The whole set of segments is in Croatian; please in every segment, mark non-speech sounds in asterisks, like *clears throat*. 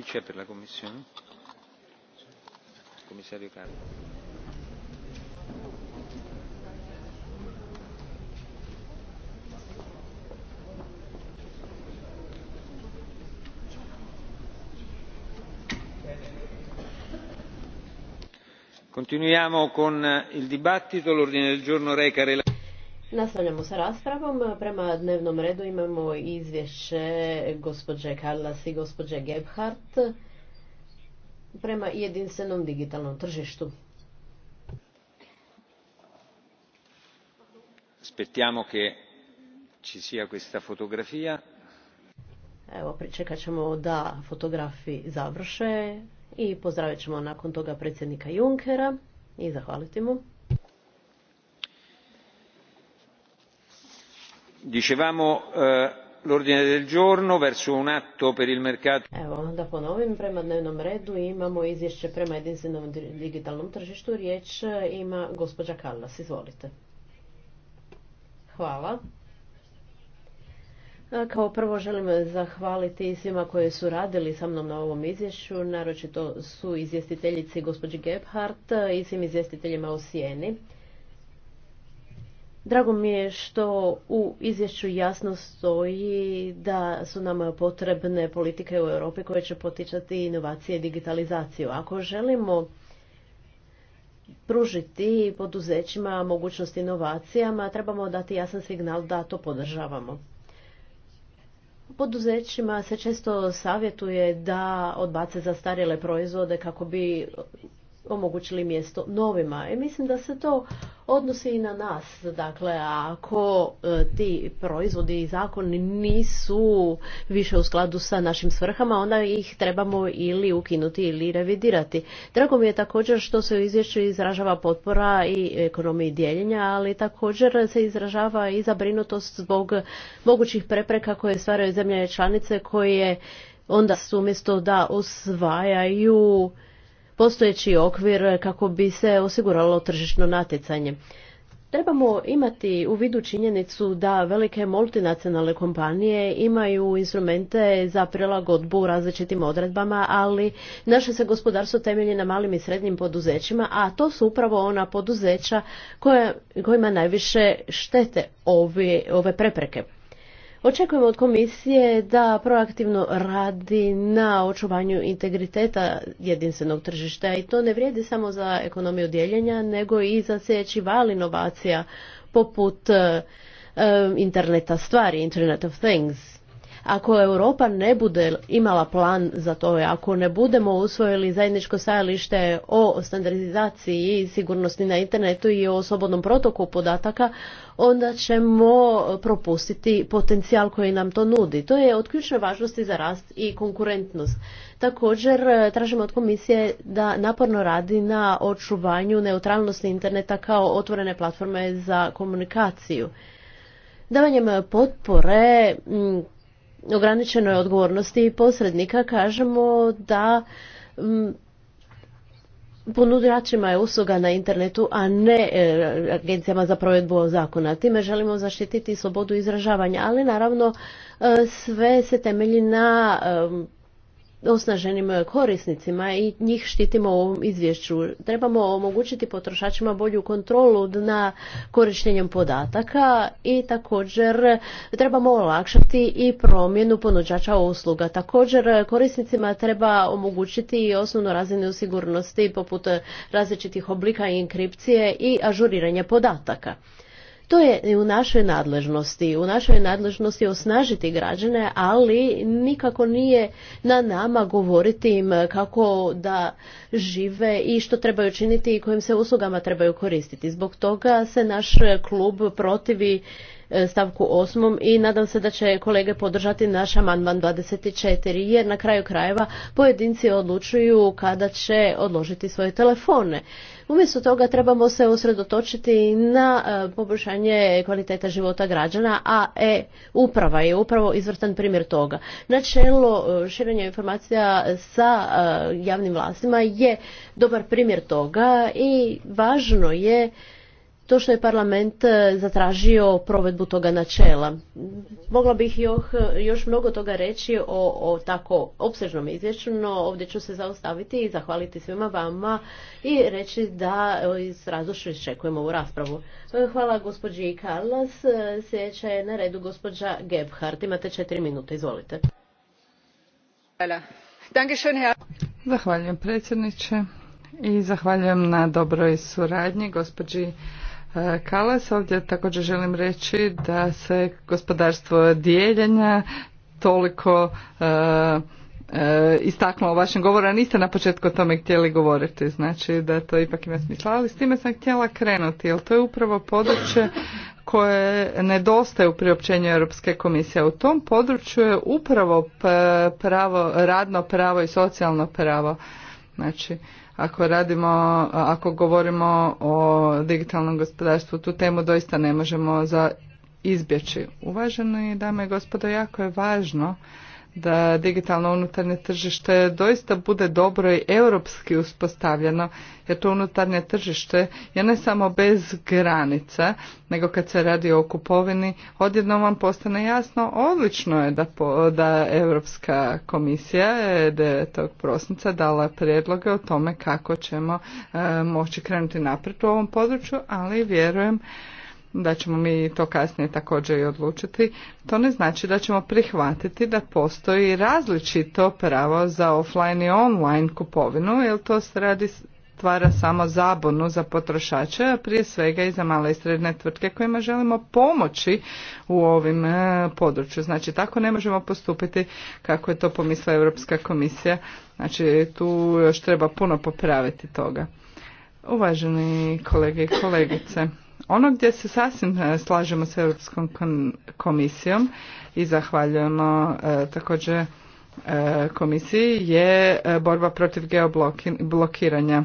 chi c'è per la commissione? commissario Continuiamo con il dibattito. L'ordine del giorno reca Nastavljamo sa raspravom. Prema dnevnom redu imamo izvješće gospođe Karlas i gospođe Gebhardt prema jedinstvenom digitalnom tržištu. Aspettiamo che ci sia questa fotografia. Evo, pričekat ćemo da fotografi završe i pozdravit ćemo nakon toga predsjednika Junkera i zahvaliti mu. dicevamo eh, l'ordine del giorno verso un atto per il mercato Evo da ponovim prema dnevnom redu imamo izvješće prema jedinstvenom digitalnom tržištu riječ ima gospođa Kallas izvolite Hvala kao prvo želim zahvaliti svima koji su radili sa mnom na ovom izvješću, naročito su izvjestiteljici gospođi Gebhardt i svim izvjestiteljima u sjeni. Drago mi je što u izvješću jasno stoji da su nam potrebne politike u Europi koje će poticati inovacije i digitalizaciju. Ako želimo pružiti poduzećima mogućnost inovacijama, trebamo dati jasan signal da to podržavamo. Poduzećima se često savjetuje da odbace zastarjele proizvode kako bi omogućili mjesto novima. I e, mislim da se to odnosi i na nas. Dakle, ako e, ti proizvodi i zakoni nisu više u skladu sa našim svrhama, onda ih trebamo ili ukinuti ili revidirati. Drago mi je također što se u izvješću izražava potpora i ekonomiji dijeljenja, ali također se izražava i zabrinutost zbog mogućih prepreka koje stvaraju zemlje članice koje onda su umjesto da osvajaju postojeći okvir kako bi se osiguralo tržišno natjecanje. Trebamo imati u vidu činjenicu da velike multinacionalne kompanije imaju instrumente za prilagodbu različitim odredbama, ali naše se gospodarstvo temelji na malim i srednjim poduzećima, a to su upravo ona poduzeća koja, kojima najviše štete ove, ove prepreke. Očekujemo od komisije da proaktivno radi na očuvanju integriteta jedinstvenog tržišta i to ne vrijedi samo za ekonomiju dijeljenja, nego i za sljedeći val inovacija poput eh, interneta stvari, Internet of Things. Ako Europa ne bude imala plan za to, ako ne budemo usvojili zajedničko stajalište o standardizaciji i sigurnosti na internetu i o slobodnom protoku podataka, onda ćemo propustiti potencijal koji nam to nudi. To je od ključne važnosti za rast i konkurentnost. Također tražimo od komisije da naporno radi na očuvanju neutralnosti interneta kao otvorene platforme za komunikaciju. Davanjem potpore ograničenoj odgovornosti posrednika kažemo da mm, ponudračima je usluga na internetu, a ne e, agencijama za provedbu zakona. Time želimo zaštititi slobodu izražavanja, ali naravno e, sve se temelji na e, osnaženim e, korisnicima i njih štitimo u ovom izvješću. Trebamo omogućiti potrošačima bolju kontrolu na korištenjem podataka i također trebamo olakšati i promjenu ponuđača usluga. Također e, korisnicima treba omogućiti i osnovnu razinu sigurnosti poput e, različitih oblika inkripcije i ažuriranja podataka. To je u našoj nadležnosti. U našoj nadležnosti osnažiti građane, ali nikako nije na nama govoriti im kako da žive i što trebaju činiti i kojim se uslugama trebaju koristiti. Zbog toga se naš klub protivi E, stavku 8. i nadam se da će kolege podržati naš amandman 24 jer na kraju krajeva pojedinci odlučuju kada će odložiti svoje telefone. Umjesto toga trebamo se usredotočiti na e, poboljšanje kvaliteta života građana, a e, uprava je upravo izvrstan primjer toga. Načelo e, širenja informacija sa javnim vlastima je dobar primjer toga i važno je to što je parlament e, zatražio provedbu toga načela. Mogla bih još, mnogo toga reći o, tako opsežnom izvješću, no ovdje ću se zaustaviti i zahvaliti svima vama i reći da s radošću iščekujem ovu raspravu. E, hvala gospođi Karlas. E, sljedeća je na redu gospođa Gebhardt. Imate četiri minute, izvolite. Hvala. Zahvaljujem predsjedniče i zahvaljujem na dobroj suradnji gospođi E, Kalas. Ovdje također želim reći da se gospodarstvo dijeljenja toliko e, e, istaknulo u vašem govoru, a niste na početku o tome htjeli govoriti, znači da to ipak ima smisla, ali s time sam htjela krenuti, jer to je upravo područje koje nedostaje u priopćenju Europske komisije. U tom području je upravo pravo, radno pravo i socijalno pravo. Znači, ako radimo, ako govorimo o digitalnom gospodarstvu, tu temu doista ne možemo za izbjeći. Uvaženi dame i gospodo, jako je važno da digitalno unutarnje tržište doista bude dobro i europski uspostavljeno, jer to unutarnje tržište je ne samo bez granica, nego kad se radi o kupovini, odjednom vam postane jasno, odlično je da, da Europska komisija je 9. prosinca dala prijedloge o tome kako ćemo eh, moći krenuti naprijed u ovom području, ali vjerujem da ćemo mi to kasnije također i odlučiti, to ne znači da ćemo prihvatiti da postoji različito pravo za offline i online kupovinu, jer to se radi stvara samo zabunu za potrošače, a prije svega i za male i srednje tvrtke kojima želimo pomoći u ovim e, području. Znači tako ne možemo postupiti kako je to pomisla Europska komisija. Znači tu još treba puno popraviti toga. Uvaženi kolege i kolegice, ono gdje se sasvim e, slažemo s Europskom komisijom i zahvaljujemo e, također e, komisiji je borba protiv geoblokiranja,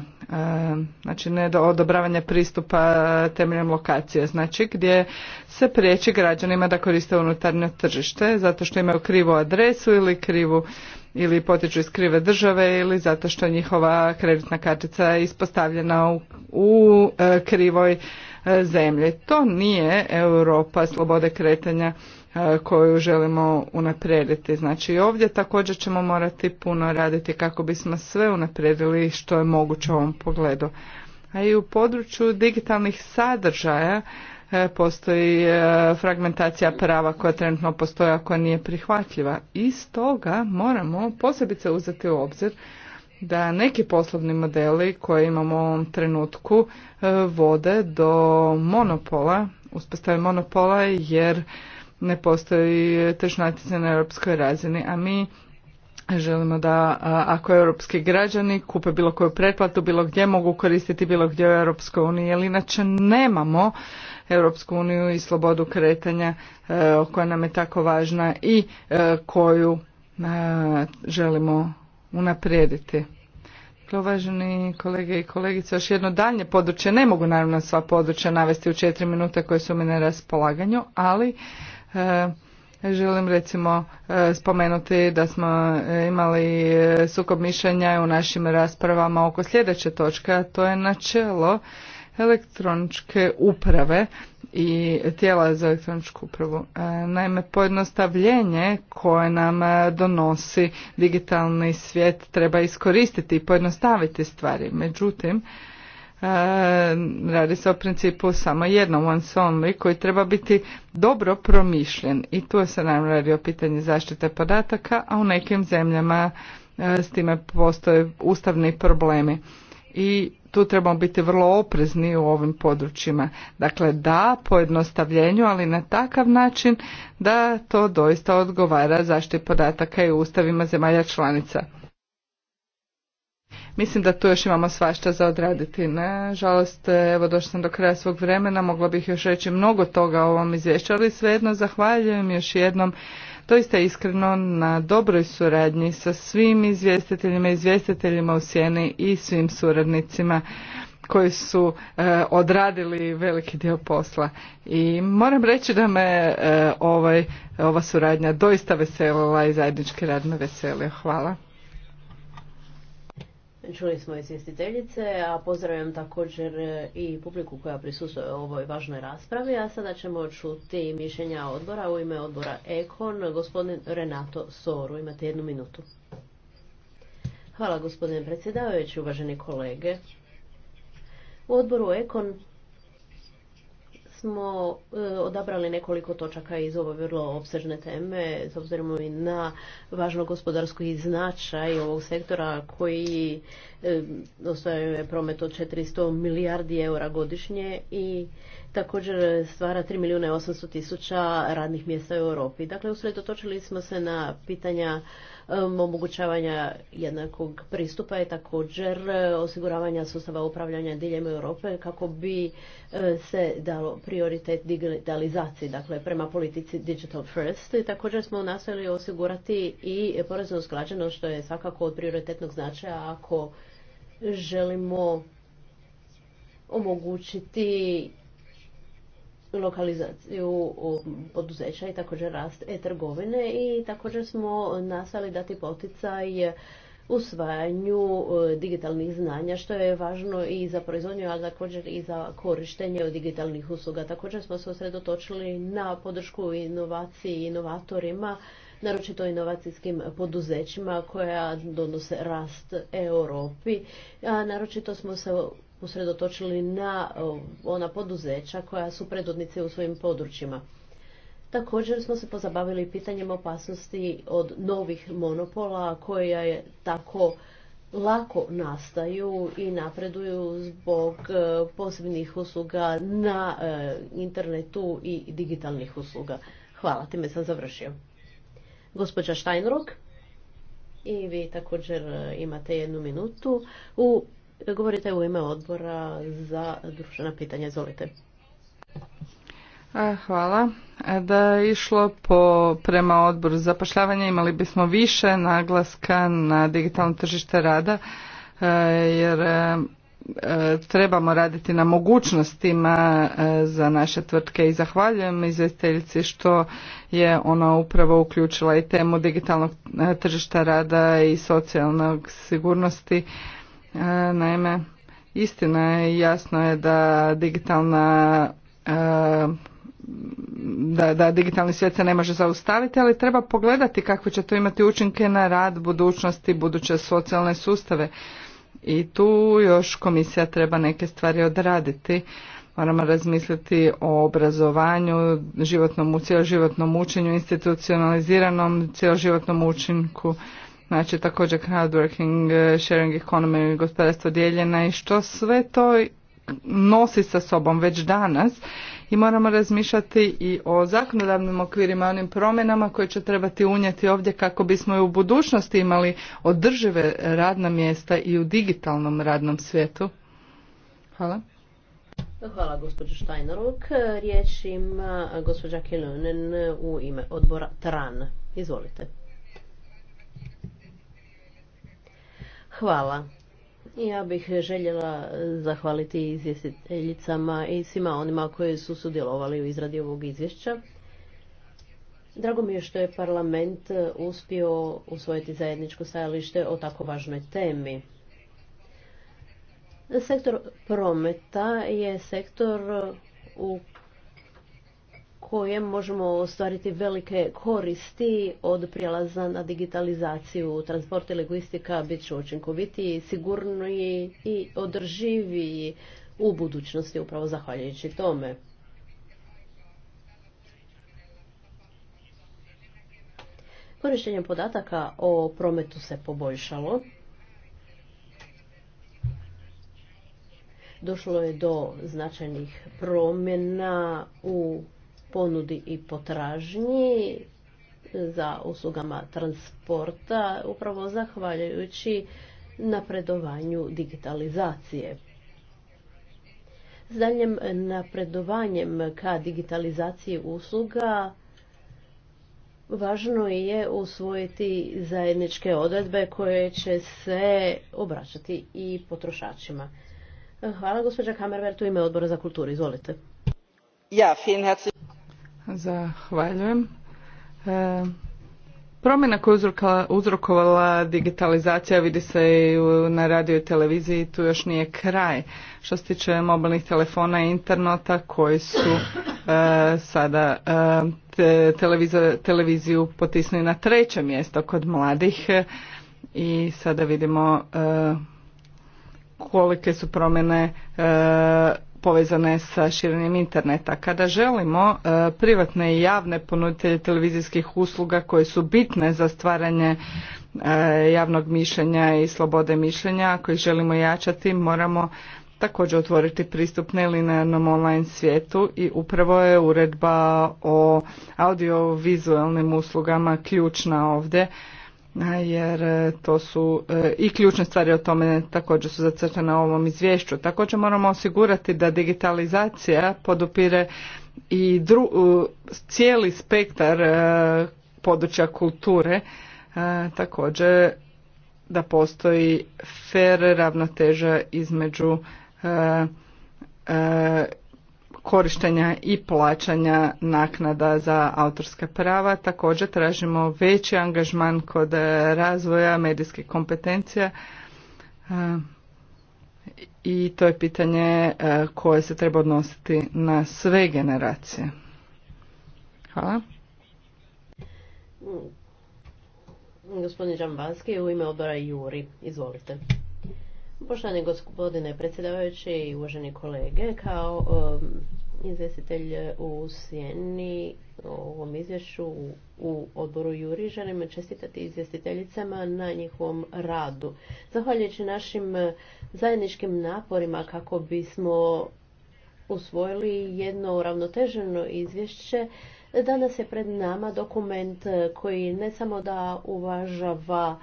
znači ne odobravanja pristupa temeljem lokacije, znači gdje se priječi građanima da koriste unutarnje tržište zato što imaju krivu adresu ili krivu ili potiču iz krive države ili zato što njihova kreditna kartica je ispostavljena u krivoj E, zemlje. To nije Europa slobode kretanja e, koju želimo unaprijediti. Znači ovdje također ćemo morati puno raditi kako bismo sve unaprijedili što je moguće u ovom pogledu. A i u području digitalnih sadržaja e, postoji fragmentacija prava koja trenutno postoji, a koja nije prihvatljiva. I stoga moramo posebice uzeti u obzir da neki poslovni modeli koje imamo u ovom trenutku e, vode do monopola, uspostave monopola jer ne postoji tržnatice na europskoj razini, a mi želimo da ako europski građani kupe bilo koju pretplatu bilo gdje mogu koristiti bilo gdje u Europskoj uniji jer inače nemamo Europsku uniju i slobodu kretanja e, koja nam je tako važna i e, koju želimo unaprijediti. Uvaženi kolege i kolegice, još jedno daljnje područje, ne mogu naravno sva područja navesti u četiri minute koje su mi na raspolaganju, ali e, želim recimo e, spomenuti da smo e, imali sukob mišljenja u našim raspravama oko sljedeće točke, a to je načelo elektroničke uprave i tijela za elektroničku upravu. E, naime, pojednostavljenje koje nam e, donosi digitalni svijet treba iskoristiti i pojednostaviti stvari. Međutim, e, radi se o principu samo jednom once only koji treba biti dobro promišljen i tu se nam radi o pitanju zaštite podataka, a u nekim zemljama s time postoje ustavni problemi i tu trebamo biti vrlo oprezni u ovim područjima. Dakle, da, pojednostavljenju, ali na takav način da to doista odgovara zaštiti podataka i ustavima zemalja članica. Mislim da tu još imamo svašta za odraditi. Nažalost, evo došla sam do kraja svog vremena, mogla bih još reći mnogo toga o ovom izvješću, ali svejedno zahvaljujem još jednom doista iskreno na dobroj suradnji sa svim izvjestiteljima, izvjestiteljima u sjeni i svim suradnicima koji su e, odradili veliki dio posla. I moram reći da me e, ovaj, ova suradnja doista veselila i zajednički rad me veselio. Hvala. Čuli smo izvjestiteljice, a pozdravljam također e, i publiku koja prisustuje ovoj važnoj raspravi, a sada ćemo čuti mišljenja odbora u ime odbora Ekon, gospodin Renato Soru. Imate jednu minutu. Hvala gospodine predsjedavajući, uvaženi kolege. U odboru Ekon smo e, odabrali nekoliko točaka iz ove vrlo obsežne teme, s obzirom i na važno gospodarsko i značaj ovog sektora koji e, ostvaruje promet od 400 milijardi eura godišnje i također stvara 3 milijuna 800 tisuća radnih mjesta u Europi. Dakle, usredotočili smo se na pitanja omogućavanja jednakog pristupa i također e, osiguravanja sustava upravljanja diljem Europe kako bi e, se dalo prioritet digitalizaciji, dakle prema politici Digital First. također smo nastojali osigurati i poreznu usklađenost što je svakako od prioritetnog značaja ako želimo omogućiti lokalizaciju poduzeća i također rast e-trgovine i također smo nastali dati poticaj usvajanju e, digitalnih znanja, što je važno i za proizvodnju, ali također i za korištenje digitalnih usluga. Također smo se usredotočili na podršku inovaciji i inovatorima naročito inovacijskim poduzećima koja donose rast Europi. A naročito smo se usredotočili na ona poduzeća koja su predodnice u svojim područjima. Također smo se pozabavili pitanjem opasnosti od novih monopola koja je tako lako nastaju i napreduju zbog e, posebnih usluga na e, internetu i digitalnih usluga. Hvala, time sam završio. Gospođa Štajnrok, i vi također e, imate jednu minutu. U, govorite u ime odbora za društvena pitanja. Izvolite. E, hvala. E, da je išlo po, prema odboru za zapošljavanje imali bismo više naglaska na digitalno tržište rada jer E, trebamo raditi na mogućnostima e, za naše tvrtke i zahvaljujem izvjestiteljici što je ona upravo uključila i temu digitalnog e, tržišta rada i socijalnog sigurnosti. Naime, istina je jasno je da digitalna da, da digitalni svijet se ne može zaustaviti, ali treba pogledati kakve će to imati učinke na rad budućnosti, buduće socijalne sustave i tu još komisija treba neke stvari odraditi. Moramo razmisliti o obrazovanju, životnom, cjeloživotnom učenju, institucionaliziranom cijeloživotnom učinku, znači također crowdworking, sharing economy, gospodarstvo dijeljena i što sve to nosi sa sobom već danas i moramo razmišljati i o zakonodavnim okvirima, onim promjenama koje će trebati unijeti ovdje kako bismo i u budućnosti imali održive radna mjesta i u digitalnom radnom svijetu. Hvala. Hvala gospođo Štajnoruk. Riječ ima gospođa Kilonen u ime odbora TRAN. Izvolite. Hvala. Ja bih željela zahvaliti izvjestiteljicama i svima onima koji su sudjelovali u izradi ovog izvješća. Drago mi je što je parlament uspio usvojiti zajedničko stajalište o tako važnoj temi. Sektor prometa je sektor u kojem možemo ostvariti velike koristi od prijelaza na digitalizaciju. Transport i linguistika bit će učinkovitiji, sigurniji i održiviji u budućnosti upravo zahvaljujući tome. Korištenje podataka o prometu se poboljšalo. Došlo je do značajnih promjena u ponudi i potražnji za uslugama transporta upravo zahvaljujući napredovanju digitalizacije. S daljem napredovanjem ka digitalizaciji usluga važno je usvojiti zajedničke odredbe koje će se obraćati i potrošačima. Hvala gospođa Kamervert u ime odbora za kulturu. Izvolite. Ja, vielen Zahvaljujem. E, promjena koja je uzrokovala digitalizacija vidi se i na radio i televiziji, tu još nije kraj. Što se tiče mobilnih telefona i interneta koji su e, sada e, televiziju potisnuli na treće mjesto kod mladih e, i sada vidimo kolike su promjene povezane sa širenjem interneta. Kada želimo e, privatne i javne ponuditelje televizijskih usluga koje su bitne za stvaranje e, javnog mišljenja i slobode mišljenja, ako ih želimo jačati, moramo također otvoriti pristup nelinearnom online svijetu i upravo je uredba o audiovizualnim uslugama ključna ovdje jer e, to su e, i ključne stvari o tome također su zacrtane u ovom izvješću. Također moramo osigurati da digitalizacija podupire i dru, cijeli spektar e, područja kulture, također da postoji fer ravnoteža između korištenja i plaćanja naknada za autorska prava. Također tražimo veći angažman kod razvoja medijskih kompetencija e, i to je pitanje e, koje se treba odnositi na sve generacije. Hvala. Gospodin Žambanski u ime odbora Juri. Izvolite. Poštovani gospodine predsjedavajući i uvaženi kolege, kao izvjestitelj eh, u Sjeni u ovom izvješću u odboru Juri. Želim čestitati izvjestiteljicama na njihovom radu. Zahvaljujući našim eh, zajedničkim naporima kako bismo usvojili jedno uravnoteženo izvješće, danas je pred nama dokument eh, koji ne samo da uvažava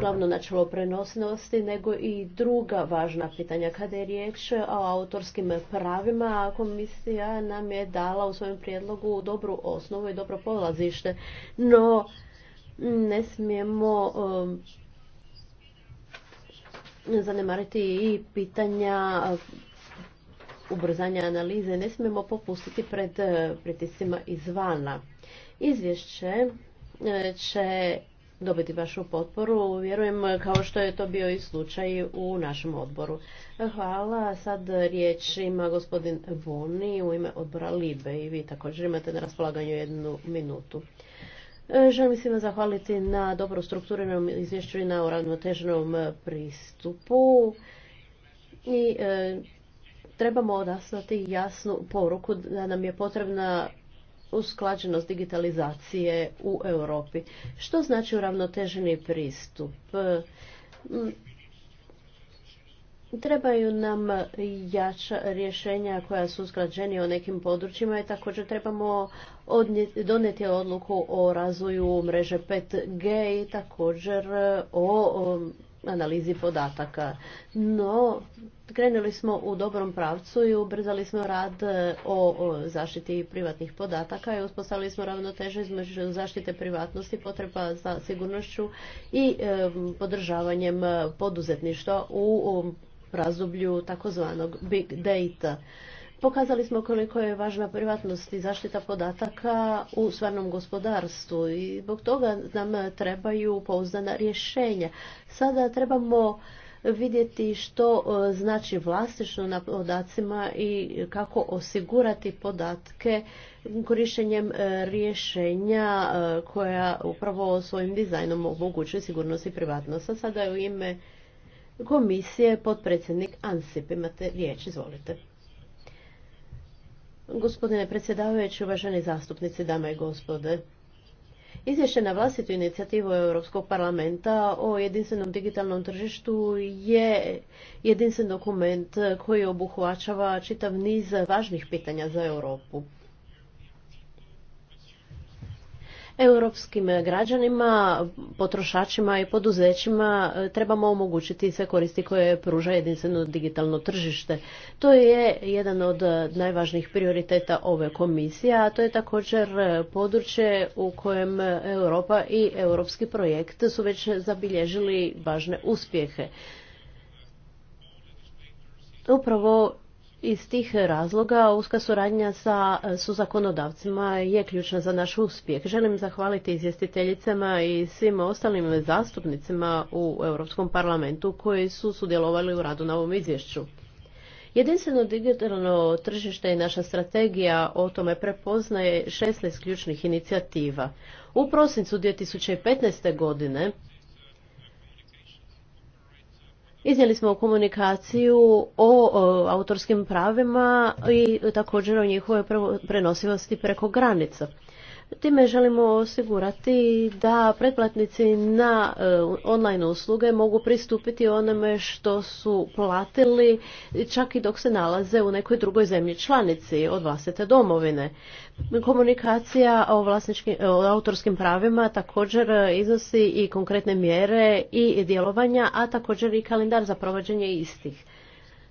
glavno načelo prenosnosti, nego i druga važna pitanja. Kada je riječ o autorskim pravima, komisija nam je dala u svojem prijedlogu dobru osnovu i dobro polazište, no ne smijemo um, zanemariti i pitanja uh, ubrzanja analize. Ne smijemo popustiti pred uh, pritiscima izvana. Izvješće uh, će dobiti vašu potporu. Vjerujem kao što je to bio i slučaj u našem odboru. Hvala. Sad riječ ima gospodin Voni u ime odbora Libe i vi također imate na raspolaganju jednu minutu. E, želim svima zahvaliti na dobro strukturiranom izvješću i na uravnoteženom pristupu. I e, trebamo odastati jasnu poruku da nam je potrebna usklađenost digitalizacije u Europi. Što znači uravnoteženi pristup? Mm, trebaju nam jača rješenja koja su usklađenije u nekim područjima i također trebamo donijeti odluku o razvoju mreže 5G i također o analizi podataka. No, krenuli smo u dobrom pravcu i ubrzali smo rad e, o zaštiti privatnih podataka i uspostavili smo ravnoteže između zaštite privatnosti, potreba za sigurnošću i e, podržavanjem e, poduzetništva u razdoblju takozvanog big data. Pokazali smo koliko je važna privatnost i zaštita podataka u stvarnom gospodarstvu i zbog toga nam trebaju pouzdana rješenja. Sada trebamo vidjeti što e, znači vlasništvo na podacima i kako osigurati podatke korištenjem e, rješenja e, koja upravo svojim dizajnom omogućuje sigurnost i privatnost. A sada je u ime komisije potpredsjednik Ansip. Imate riječ, izvolite. Gospodine predsjedavajući, uvaženi zastupnici, dame i gospode. Izvješće na vlastitu inicijativu Europskog parlamenta o jedinstvenom digitalnom tržištu je jedinstven dokument koji obuhvaćava čitav niz važnih pitanja za Europu. europskim eh, građanima, potrošačima i poduzećima eh, trebamo omogućiti sve koristi koje pruža jedinstveno digitalno tržište. To je jedan od eh, najvažnijih prioriteta ove komisije, a to je također područje u kojem Europa i europski projekt su već zabilježili važne uspjehe. Upravo iz tih razloga uska suradnja sa zakonodavcima je ključna za naš uspjeh. Želim zahvaliti izvjestiteljicama i svim ostalim zastupnicima u Europskom parlamentu koji su sudjelovali u radu na ovom izvješću. Jedinstveno digitalno tržište i naša strategija o tome prepoznaje 16 ključnih inicijativa. U prosincu 2015. godine Iznijeli smo komunikaciju o, autorskim pravima i također o njihovoj prenosivosti preko granica. Time želimo osigurati da pretplatnici na e, online usluge mogu pristupiti onome što su platili čak i dok se nalaze u nekoj drugoj zemlji članici od vlastite domovine. Komunikacija o, e, o autorskim pravima također iznosi i konkretne mjere i djelovanja, a također i kalendar za provođenje istih.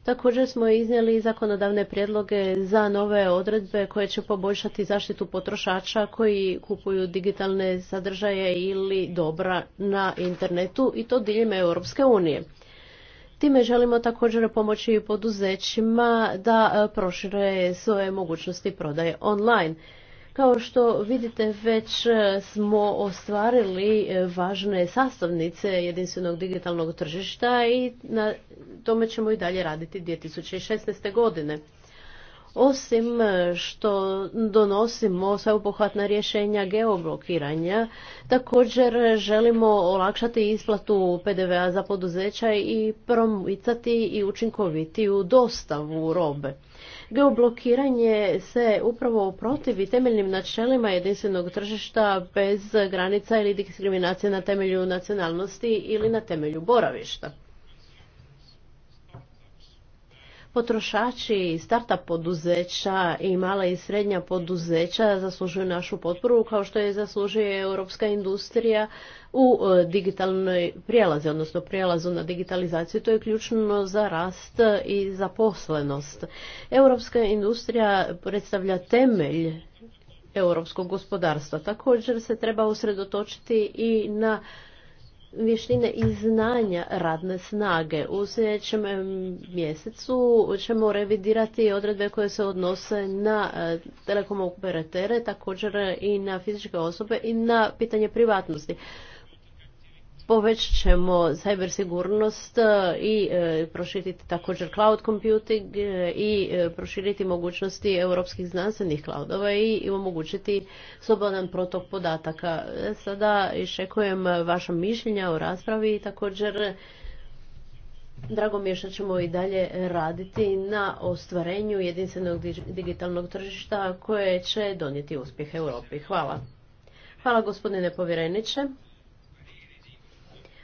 Također smo iznijeli zakonodavne prijedloge za nove odredbe koje će poboljšati zaštitu potrošača koji kupuju digitalne sadržaje ili dobra na internetu i to diljem Europske unije. Time želimo također pomoći poduzećima da prošire svoje mogućnosti prodaje online. Kao što vidite, već e, smo ostvarili e, važne sastavnice jedinstvenog digitalnog tržišta i na tome ćemo i dalje raditi 2016. godine. Osim e, što donosimo sveobuhvatna rješenja geoblokiranja, također želimo olakšati isplatu PDV-a za poduzeća i promicati i učinkovitiju dostavu robe. Geoblokiranje se upravo protivi temeljnim načelima jedinstvenog tržišta bez granica ili diskriminacije na temelju nacionalnosti ili na temelju boravišta. Potrošači, starta poduzeća i mala i srednja poduzeća zaslužuju našu potporu kao što je zaslužuje europska industrija u e, digitalnoj prijelazi, odnosno prijelazu na digitalizaciju. To je ključno za rast i zaposlenost. Europska industrija predstavlja temelj europskog gospodarstva. Također se treba usredotočiti i na vještine i znanja radne snage. U sljedećem mjesecu ćemo revidirati odredbe koje se odnose na e, telekom operatere, također i na fizičke osobe i na pitanje privatnosti povećat ćemo cyber sigurnost e, i e, proširiti također cloud computing e, i proširiti mogućnosti europskih znanstvenih cloudova i omogućiti slobodan protok podataka. Sada iščekujem vaša mišljenja o raspravi i također Drago mi je što ćemo i dalje raditi na ostvarenju jedinstvenog digitalnog tržišta koje će donijeti uspjeh Europi. Hvala. Hvala gospodine povjereniče.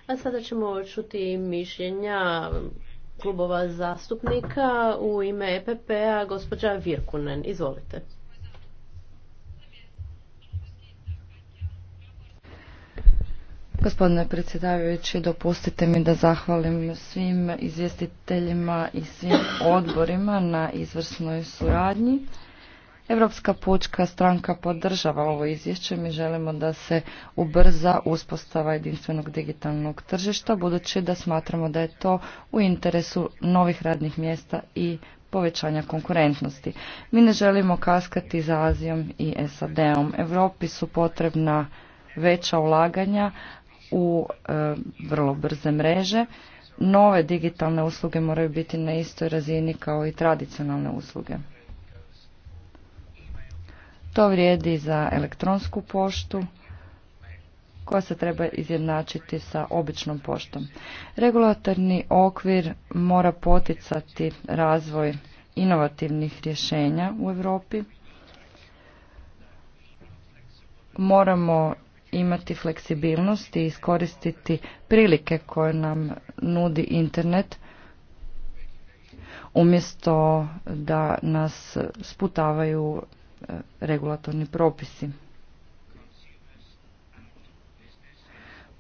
A sada ćemo čuti mišljenja klubova zastupnika u ime EPP-a gospođa Virkunen. Izvolite. Gospodine predsjedavajući, dopustite mi da zahvalim svim izvjestiteljima i svim odborima na izvrsnoj suradnji. Europska pučka stranka podržava ovo izvješće. Mi želimo da se ubrza uspostava jedinstvenog digitalnog tržišta, budući da smatramo da je to u interesu novih radnih mjesta i povećanja konkurentnosti. Mi ne želimo kaskati za Azijom i SAD-om. Europi su potrebna veća ulaganja u e, vrlo brze mreže. Nove digitalne usluge moraju biti na istoj razini kao i tradicionalne usluge. To vrijedi za elektronsku poštu koja se treba izjednačiti sa običnom poštom. Regulatorni okvir mora poticati razvoj inovativnih rješenja u Europi. Moramo imati fleksibilnost i iskoristiti prilike koje nam nudi internet umjesto da nas sputavaju E, regulatorni propisi.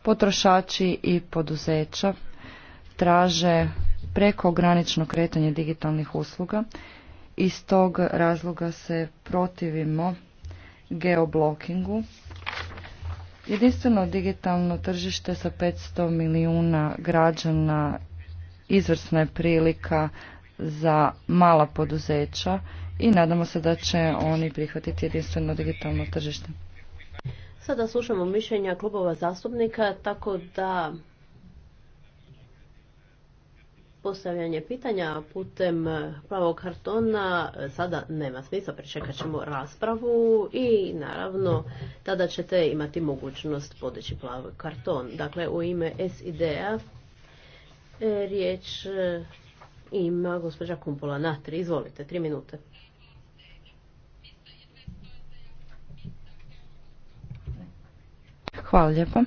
Potrošači i poduzeća traže prekogranično kretanje digitalnih usluga. Iz tog razloga se protivimo geoblokingu. Jedinstveno digitalno tržište sa 500 milijuna građana izvrsna je prilika za mala poduzeća i nadamo se da će oni prihvatiti jedinstveno digitalno tržište. Sada slušamo mišljenja klubova zastupnika, tako da postavljanje pitanja putem pravog kartona e, sada nema smisla, pričekat ćemo raspravu i naravno tada ćete imati mogućnost podići plavi karton. Dakle, u ime SID-a e, riječ e, ima gospođa Kumpola tri, Izvolite, tri minute. Hvala lijepo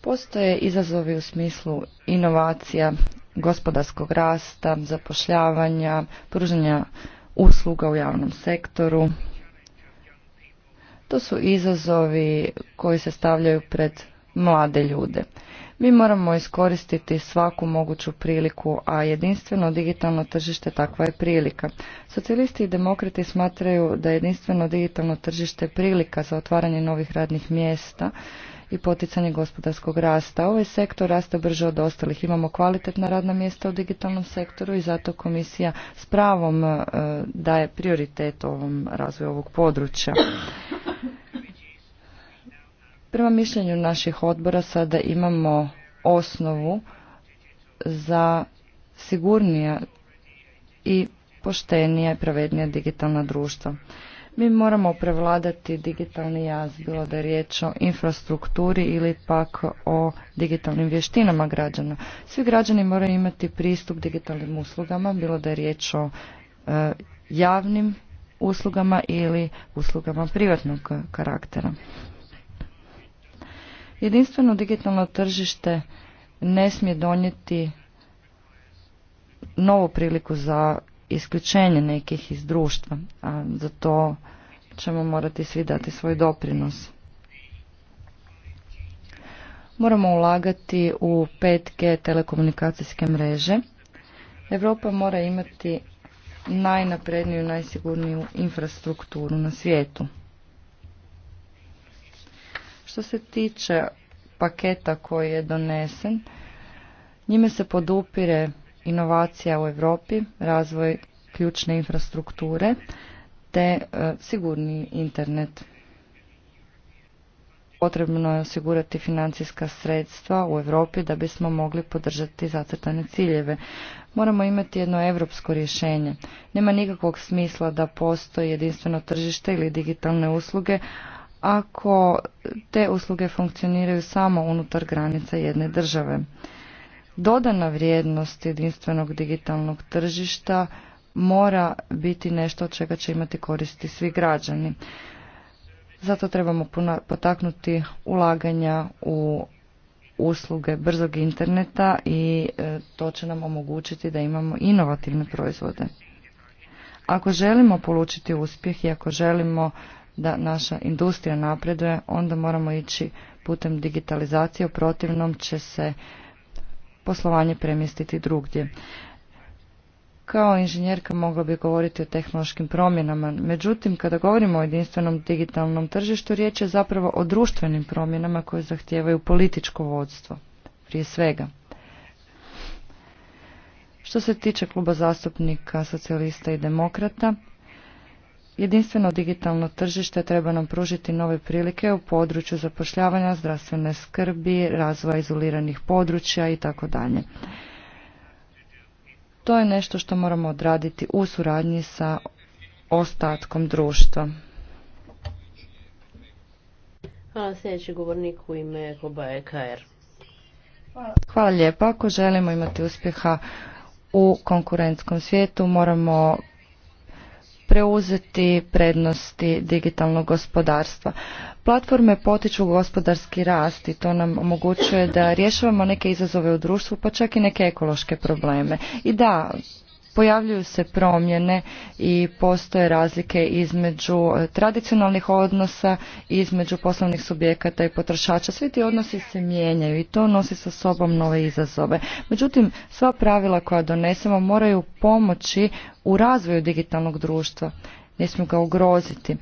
Postoje izazovi u smislu inovacija, gospodarskog rasta, zapošljavanja, pružanja usluga u javnom sektoru. To su izazovi koji se stavljaju pred mlade ljude. Mi moramo iskoristiti svaku moguću priliku, a jedinstveno digitalno tržište takva je prilika. Socijalisti i demokrati smatraju da je jedinstveno digitalno tržište prilika za otvaranje novih radnih mjesta i poticanje gospodarskog rasta. Ovaj sektor raste brže od ostalih. Imamo kvalitetna radna mjesta u digitalnom sektoru i zato komisija s pravom e, daje prioritet ovom razvoju ovog područja. Prema mišljenju naših odbora sada imamo osnovu za sigurnija i poštenija i pravednija digitalna društva. Mi moramo prevladati digitalni jaz, bilo da je riječ o infrastrukturi ili pak o digitalnim vještinama građana. Svi građani moraju imati pristup digitalnim uslugama, bilo da je riječ o e, javnim uslugama ili uslugama privatnog karaktera. Jedinstveno digitalno tržište ne smije donijeti novu priliku za isključenje nekih iz društva, a za to ćemo morati svi dati svoj doprinos. Moramo ulagati u 5G telekomunikacijske mreže. Europa mora imati najnapredniju i najsigurniju infrastrukturu na svijetu. Što se tiče paketa koji je donesen, njime se podupire inovacija u Europi, razvoj ključne infrastrukture te e, sigurni internet. Potrebno je osigurati financijska sredstva u Europi da bismo mogli podržati zacrtane ciljeve. Moramo imati jedno europsko rješenje. Nema nikakvog smisla da postoji jedinstveno tržište ili digitalne usluge ako te usluge funkcioniraju samo unutar granica jedne države. Dodana vrijednost jedinstvenog digitalnog tržišta mora biti nešto od čega će imati koristi svi građani. Zato trebamo potaknuti ulaganja u usluge brzog interneta i e, to će nam omogućiti da imamo inovativne proizvode. Ako želimo polučiti uspjeh i ako želimo da naša industrija napreduje, onda moramo ići putem digitalizacije, u protivnom će se poslovanje premjestiti drugdje. Kao inženjerka mogla bi govoriti o tehnološkim promjenama, međutim kada govorimo o jedinstvenom digitalnom tržištu riječ je zapravo o društvenim promjenama koje zahtijevaju političko vodstvo, prije svega. Što se tiče kluba zastupnika socijalista i demokrata, Jedinstveno digitalno tržište treba nam pružiti nove prilike u području zapošljavanja, zdravstvene skrbi, razvoja izoliranih područja i tako dalje. To je nešto što moramo odraditi u suradnji sa ostatkom društva. Hvala sljedeći govornik u ime kluba EKR. Er. Hvala. Hvala lijepa. Ako želimo imati uspjeha u konkurentskom svijetu, moramo preuzeti prednosti digitalnog gospodarstva. Platforme potiču gospodarski rast i to nam omogućuje da rješavamo neke izazove u društvu, pa čak i neke ekološke probleme. I da, pojavljuju se promjene i postoje razlike između e, tradicionalnih odnosa, između poslovnih subjekata i potrošača. Svi ti odnosi se mijenjaju i to nosi sa sobom nove izazove. Međutim, sva pravila koja donesemo moraju pomoći u razvoju digitalnog društva ne smiju ga ugroziti.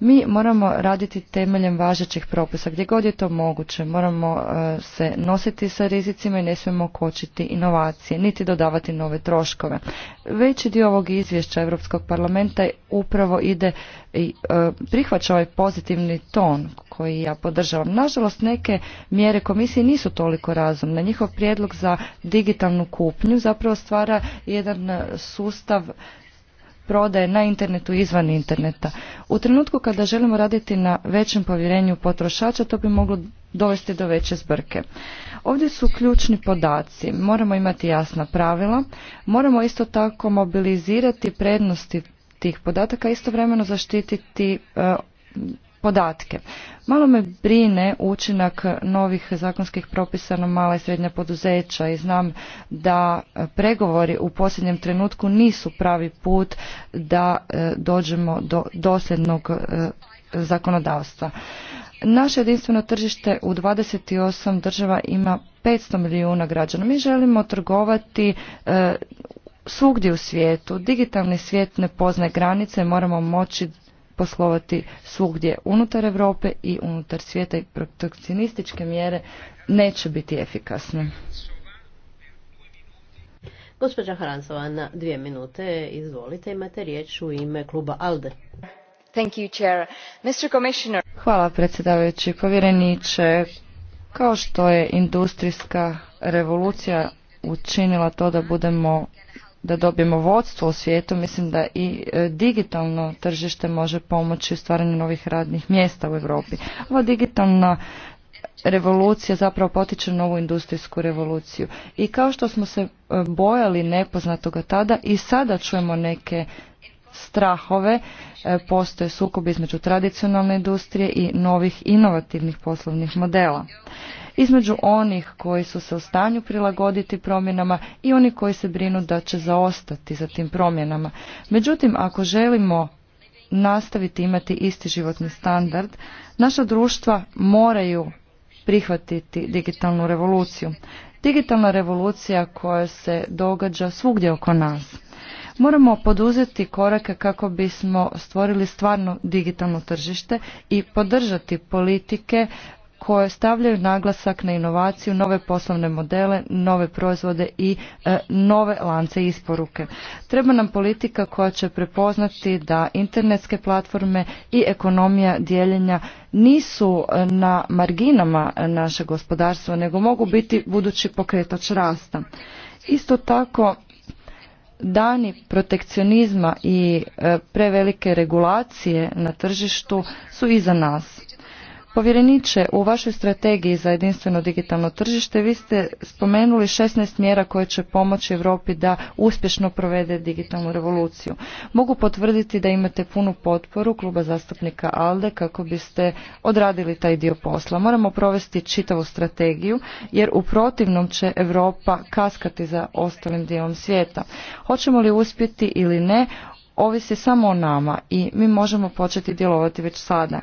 Mi moramo raditi temeljem važećih propisa, gdje god je to moguće. Moramo e, se nositi sa rizicima i ne smijemo kočiti inovacije, niti dodavati nove troškove. Veći dio ovog izvješća Europskog parlamenta upravo ide i e, prihvaća ovaj pozitivni ton koji ja podržavam. Nažalost, neke mjere komisije nisu toliko razumne. Njihov prijedlog za digitalnu kupnju zapravo stvara jedan sustav prodaje na internetu izvan interneta. U trenutku kada želimo raditi na većem povjerenju potrošača, to bi moglo dovesti do veće zbrke. Ovdje su ključni podaci. Moramo imati jasna pravila. Moramo isto tako mobilizirati prednosti tih podataka, istovremeno zaštititi e, podatke. Malo me brine učinak novih zakonskih propisa na mala i srednja poduzeća i znam da pregovori u posljednjem trenutku nisu pravi put da e, dođemo do dosljednog e, zakonodavstva. Naše jedinstveno tržište u 28 država ima 500 milijuna građana. Mi želimo trgovati e, svugdje u svijetu. Digitalni svijet ne poznaje granice, moramo moći poslovati svugdje unutar Europe i unutar svijeta i protekcionističke mjere neće biti efikasne. Gospođa Harancova na dvije minute, izvolite, imate riječ u ime kluba ALDE. Thank you, Chair. Mr. Commissioner. Hvala predsjedavajući povjereniče. Kao što je industrijska revolucija učinila to da budemo da dobijemo vodstvo u svijetu, mislim da i e, digitalno tržište može pomoći u stvaranju novih radnih mjesta u Europi. Ova digitalna revolucija zapravo potiče novu industrijsku revoluciju. I kao što smo se e, bojali nepoznatoga tada i sada čujemo neke strahove. E, postoje sukob između tradicionalne industrije i novih inovativnih poslovnih modela. Između onih koji su se u stanju prilagoditi promjenama i oni koji se brinu da će zaostati za tim promjenama. Međutim, ako želimo nastaviti imati isti životni standard, naša društva moraju prihvatiti digitalnu revoluciju. Digitalna revolucija koja se događa svugdje oko nas. Moramo poduzeti korake kako bismo stvorili stvarno digitalno tržište i podržati politike koje stavljaju naglasak na inovaciju, nove poslovne modele, nove proizvode i e, nove lance isporuke. Treba nam politika koja će prepoznati da internetske platforme i ekonomija dijeljenja nisu e, na marginama e, našeg gospodarstva, nego mogu biti budući pokretač rasta. Isto tako dani protekcionizma i e, prevelike regulacije na tržištu su iza nas. Povjereniče, u vašoj strategiji za jedinstveno digitalno tržište vi ste spomenuli 16 mjera koje će pomoći Europi da uspješno provede digitalnu revoluciju. Mogu potvrditi da imate punu potporu kluba zastupnika ALDE kako biste odradili taj dio posla. Moramo provesti čitavu strategiju jer u protivnom će Europa kaskati za ostalim dijelom svijeta. Hoćemo li uspjeti ili ne, ovisi samo o nama i mi možemo početi djelovati već sada.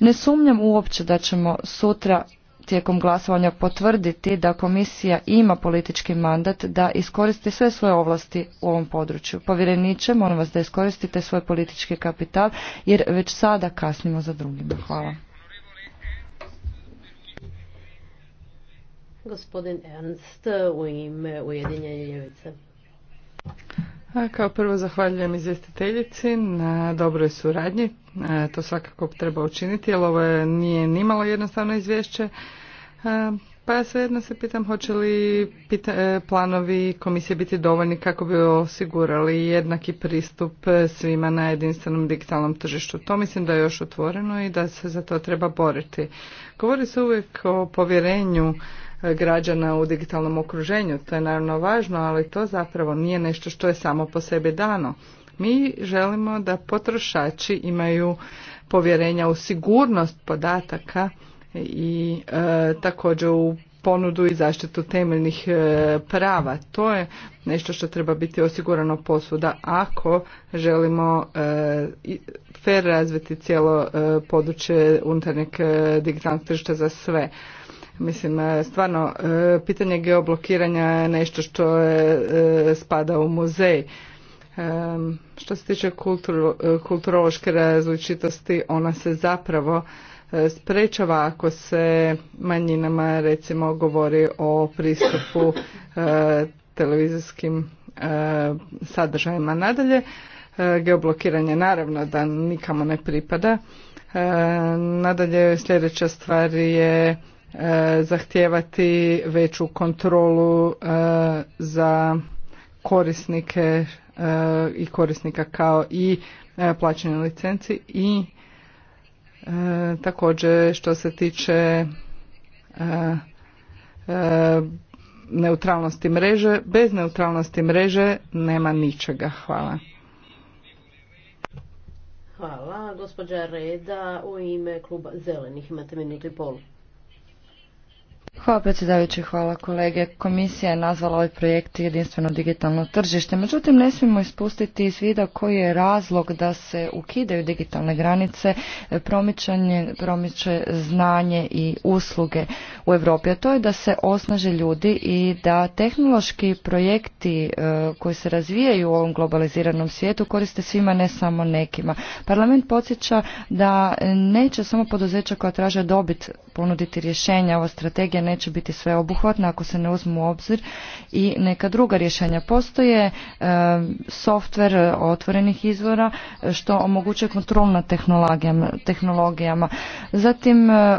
Ne sumnjam uopće da ćemo sutra tijekom glasovanja potvrditi da komisija ima politički mandat da iskoristi sve svoje ovlasti u ovom području. Povjereniče, molim vas da iskoristite svoj politički kapital jer već sada kasnimo za drugima. Hvala. Gospodin Ernst u ime Ujedinjenja Ljevice. Kao prvo zahvaljujem izvjestiteljici na dobroj suradnji. E, to svakako treba učiniti jer ovo nije nimalo jednostavno izvješće. E, pa ja svejedno se pitam hoće li e, planovi komisije biti dovoljni kako bi osigurali jednaki pristup svima na jedinstvenom digitalnom tržištu. To mislim da je još otvoreno i da se za to treba boriti. Govori se uvijek o povjerenju građana u digitalnom okruženju. To je naravno važno, ali to zapravo nije nešto što je samo po sebi dano. Mi želimo da potrošači imaju povjerenja u sigurnost podataka i e, također u ponudu i zaštitu temeljnih e, prava. To je nešto što treba biti osigurano posuda ako želimo e, fer razviti cijelo područje unutarnjeg digitalnog tržišta za sve. Mislim, e, stvarno, e, pitanje geoblokiranja je nešto što je, e, spada u muzej. Što se tiče kulturološke različitosti, ona se zapravo sprečava ako se manjinama recimo govori o pristupu televizijskim sadržajima nadalje. Geoblokiranje naravno da nikamo ne pripada. Nadalje sljedeća stvar je E, zahtijevati veću kontrolu e, za korisnike e, i korisnika kao i plaćanje licenci i također što se tiče neutralnosti mreže. Bez neutralnosti mreže nema ničega. Hvala. Hvala. Gospođa Reda u ime kluba Zelenih imate minutu i pol. Hvala predsjedavajući, hvala kolege. Komisija je nazvala ovaj projekt jedinstveno digitalno tržište, međutim ne smijemo ispustiti iz vida koji je razlog da se ukidaju digitalne granice, promičanje, promiče znanje i usluge u Europi, a to je da se osnaže ljudi i da tehnološki projekti e, koji se razvijaju u ovom globaliziranom svijetu koriste svima, ne samo nekima. Parlament podsjeća da neće samo poduzeća koja traže dobit ponuditi rješenja, ova strategija neće biti sveobuhvatna ako se ne uzmu u obzir i neka druga rješenja. Postoje e, softver otvorenih izvora e, što omogućuje kontrol nad tehnologijama. Zatim e,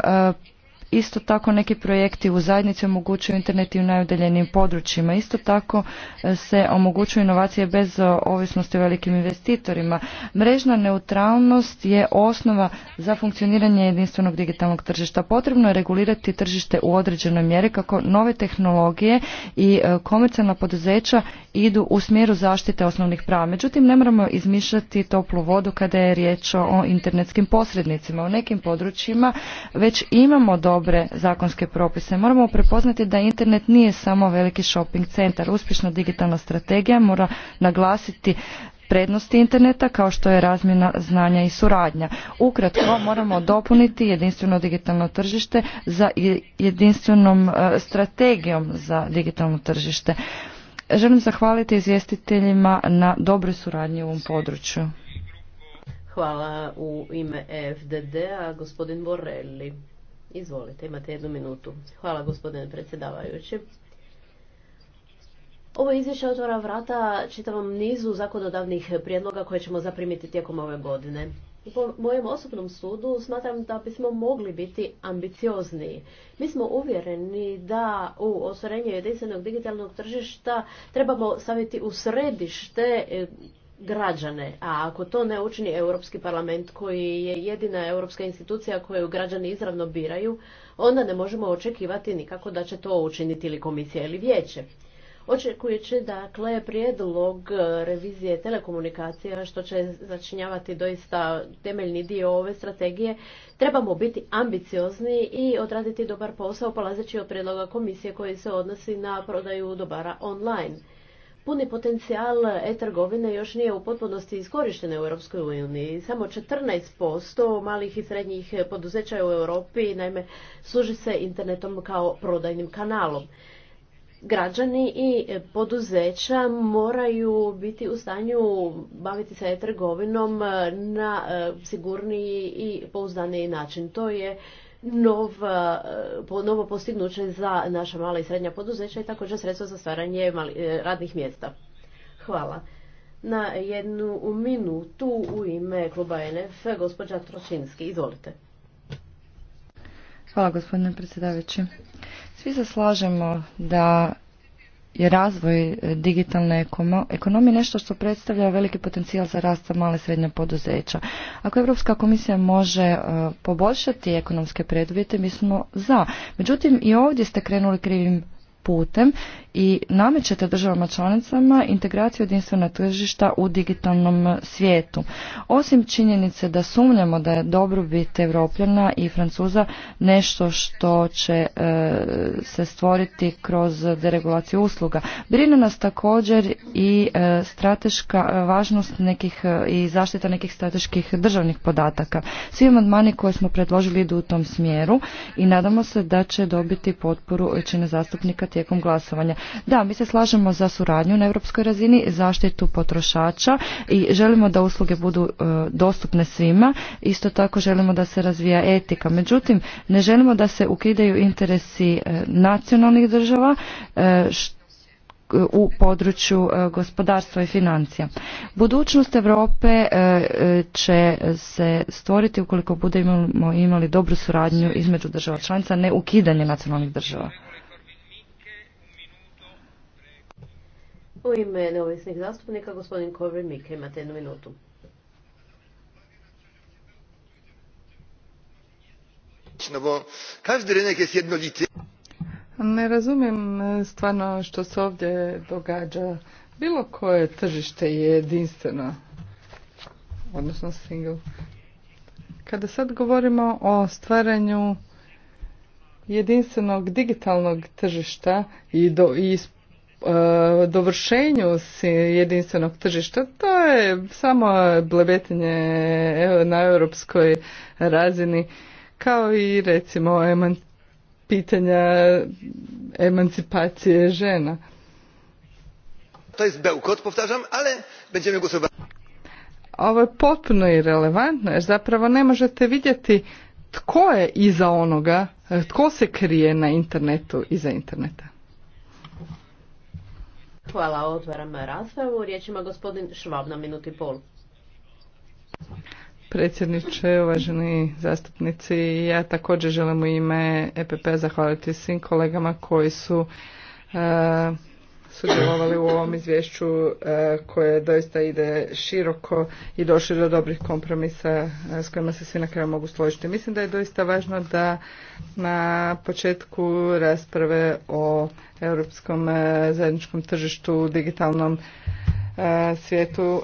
Isto tako neki projekti u zajednici omogućuju internet i u najudaljenijim područjima. Isto tako e, se omogućuju inovacije bez e, ovisnosti o velikim investitorima. Mrežna neutralnost je osnova za funkcioniranje jedinstvenog digitalnog tržišta. Potrebno je regulirati tržište u određenoj mjeri kako nove tehnologije i e, komercijalna poduzeća idu u smjeru zaštite osnovnih prava. Međutim, ne moramo izmišljati toplu vodu kada je riječ o internetskim posrednicima. U nekim područjima već imamo dobro dobre zakonske propise. Moramo prepoznati da internet nije samo veliki shopping centar. Uspješna digitalna strategija mora naglasiti prednosti interneta kao što je razmjena znanja i suradnja. Ukratko moramo dopuniti jedinstveno digitalno tržište za jedinstvenom e, strategijom za digitalno tržište. Želim zahvaliti izvjestiteljima na dobroj suradnji u ovom području. Hvala u ime FDD-a, gospodin Borelli. Izvolite, imate jednu minutu. Hvala gospodine predsjedavajući. Ovo izvješće otvara vrata čitavom nizu zakonodavnih prijedloga koje ćemo zaprimiti tijekom ove godine. Po mojem osobnom sudu smatram da bismo mogli biti ambiciozniji. Mi smo uvjereni da u ostvarenju jedinstvenog digitalnog tržišta trebamo staviti u središte e, građane, a ako to ne učini Europski parlament koji je jedina europska institucija koju građani izravno biraju, onda ne možemo očekivati nikako da će to učiniti ili komisija ili vijeće. Očekujući dakle prijedlog e, revizije telekomunikacija što će začinjavati doista temeljni dio ove strategije, trebamo biti ambiciozni i odraditi dobar posao polazeći od prijedloga komisije koji se odnosi na prodaju dobara online puni potencijal e-trgovine još nije u potpunosti iskorišten u Europskoj uniji. Samo 14% malih i srednjih poduzeća u Europi naime služi se internetom kao prodajnim kanalom. Građani i poduzeća moraju biti u stanju baviti se e-trgovinom na e, sigurniji i pouzdaniji način. To je novo postignuće za naša mala i srednja poduzeća i također sredstvo za stvaranje e, radnih mjesta. Hvala. Na jednu minutu u ime kluba NF, gospođa Trošinski, izvolite. Hvala gospodine predsjedavajući. Svi se slažemo da je razvoj e, digitalne ekonomije nešto što predstavlja veliki potencijal za rast za male i srednje poduzeća. Ako Europska komisija može e, poboljšati ekonomske preduvjete, mi smo za. Međutim, i ovdje ste krenuli krivim putem i namećete državama članicama integraciju jedinstvena tržišta u digitalnom svijetu. Osim činjenice da sumnjamo da je dobrobit Evropljana i Francuza nešto što će e, se stvoriti kroz deregulaciju usluga. Brine nas također i e, strateška e, važnost nekih i zaštita nekih strateških državnih podataka. Svi amandmani koje smo predložili idu u tom smjeru i nadamo se da će dobiti potporu većine zastupnika tijekom tijekom glasovanja. Da, mi se slažemo za suradnju na europskoj razini, zaštitu potrošača i želimo da usluge budu e, dostupne svima. Isto tako želimo da se razvija etika. Međutim, ne želimo da se ukidaju interesi e, nacionalnih država e, u području gospodarstva i financija. Budućnost Europe će se stvoriti ukoliko budemo imali dobru suradnju između država članica, ne ukidanje nacionalnih država. U ime neovisnih zastupnika, gospodin Kovri Mika, imate jednu minutu. Ne razumijem e, stvarno što se ovdje događa. Bilo koje tržište je jedinstveno, odnosno single. Kada sad govorimo o stvaranju jedinstvenog digitalnog tržišta i, do, i E, dovršenju jedinstvenog tržišta, to je samo blebetanje na europskoj razini, kao i recimo pitanja emancipacije žena. To je będziemy Ovo je potpuno irelevantno, jer zapravo ne možete vidjeti tko je iza onoga, tko se krije na internetu iza interneta. Hvala, otvaram raspravu. Riječ ima gospodin Švab na i pol. Predsjedniče, uvaženi zastupnici, ja također želim u ime EPP p-a zahvaliti svim kolegama koji su e, sudjelovali u ovom izvješću e, koje doista ide široko i došli do dobrih kompromisa e, s kojima se svi na kraju mogu složiti. Mislim da je doista važno da na početku rasprave o europskom e, zajedničkom tržištu digitalnom svijetu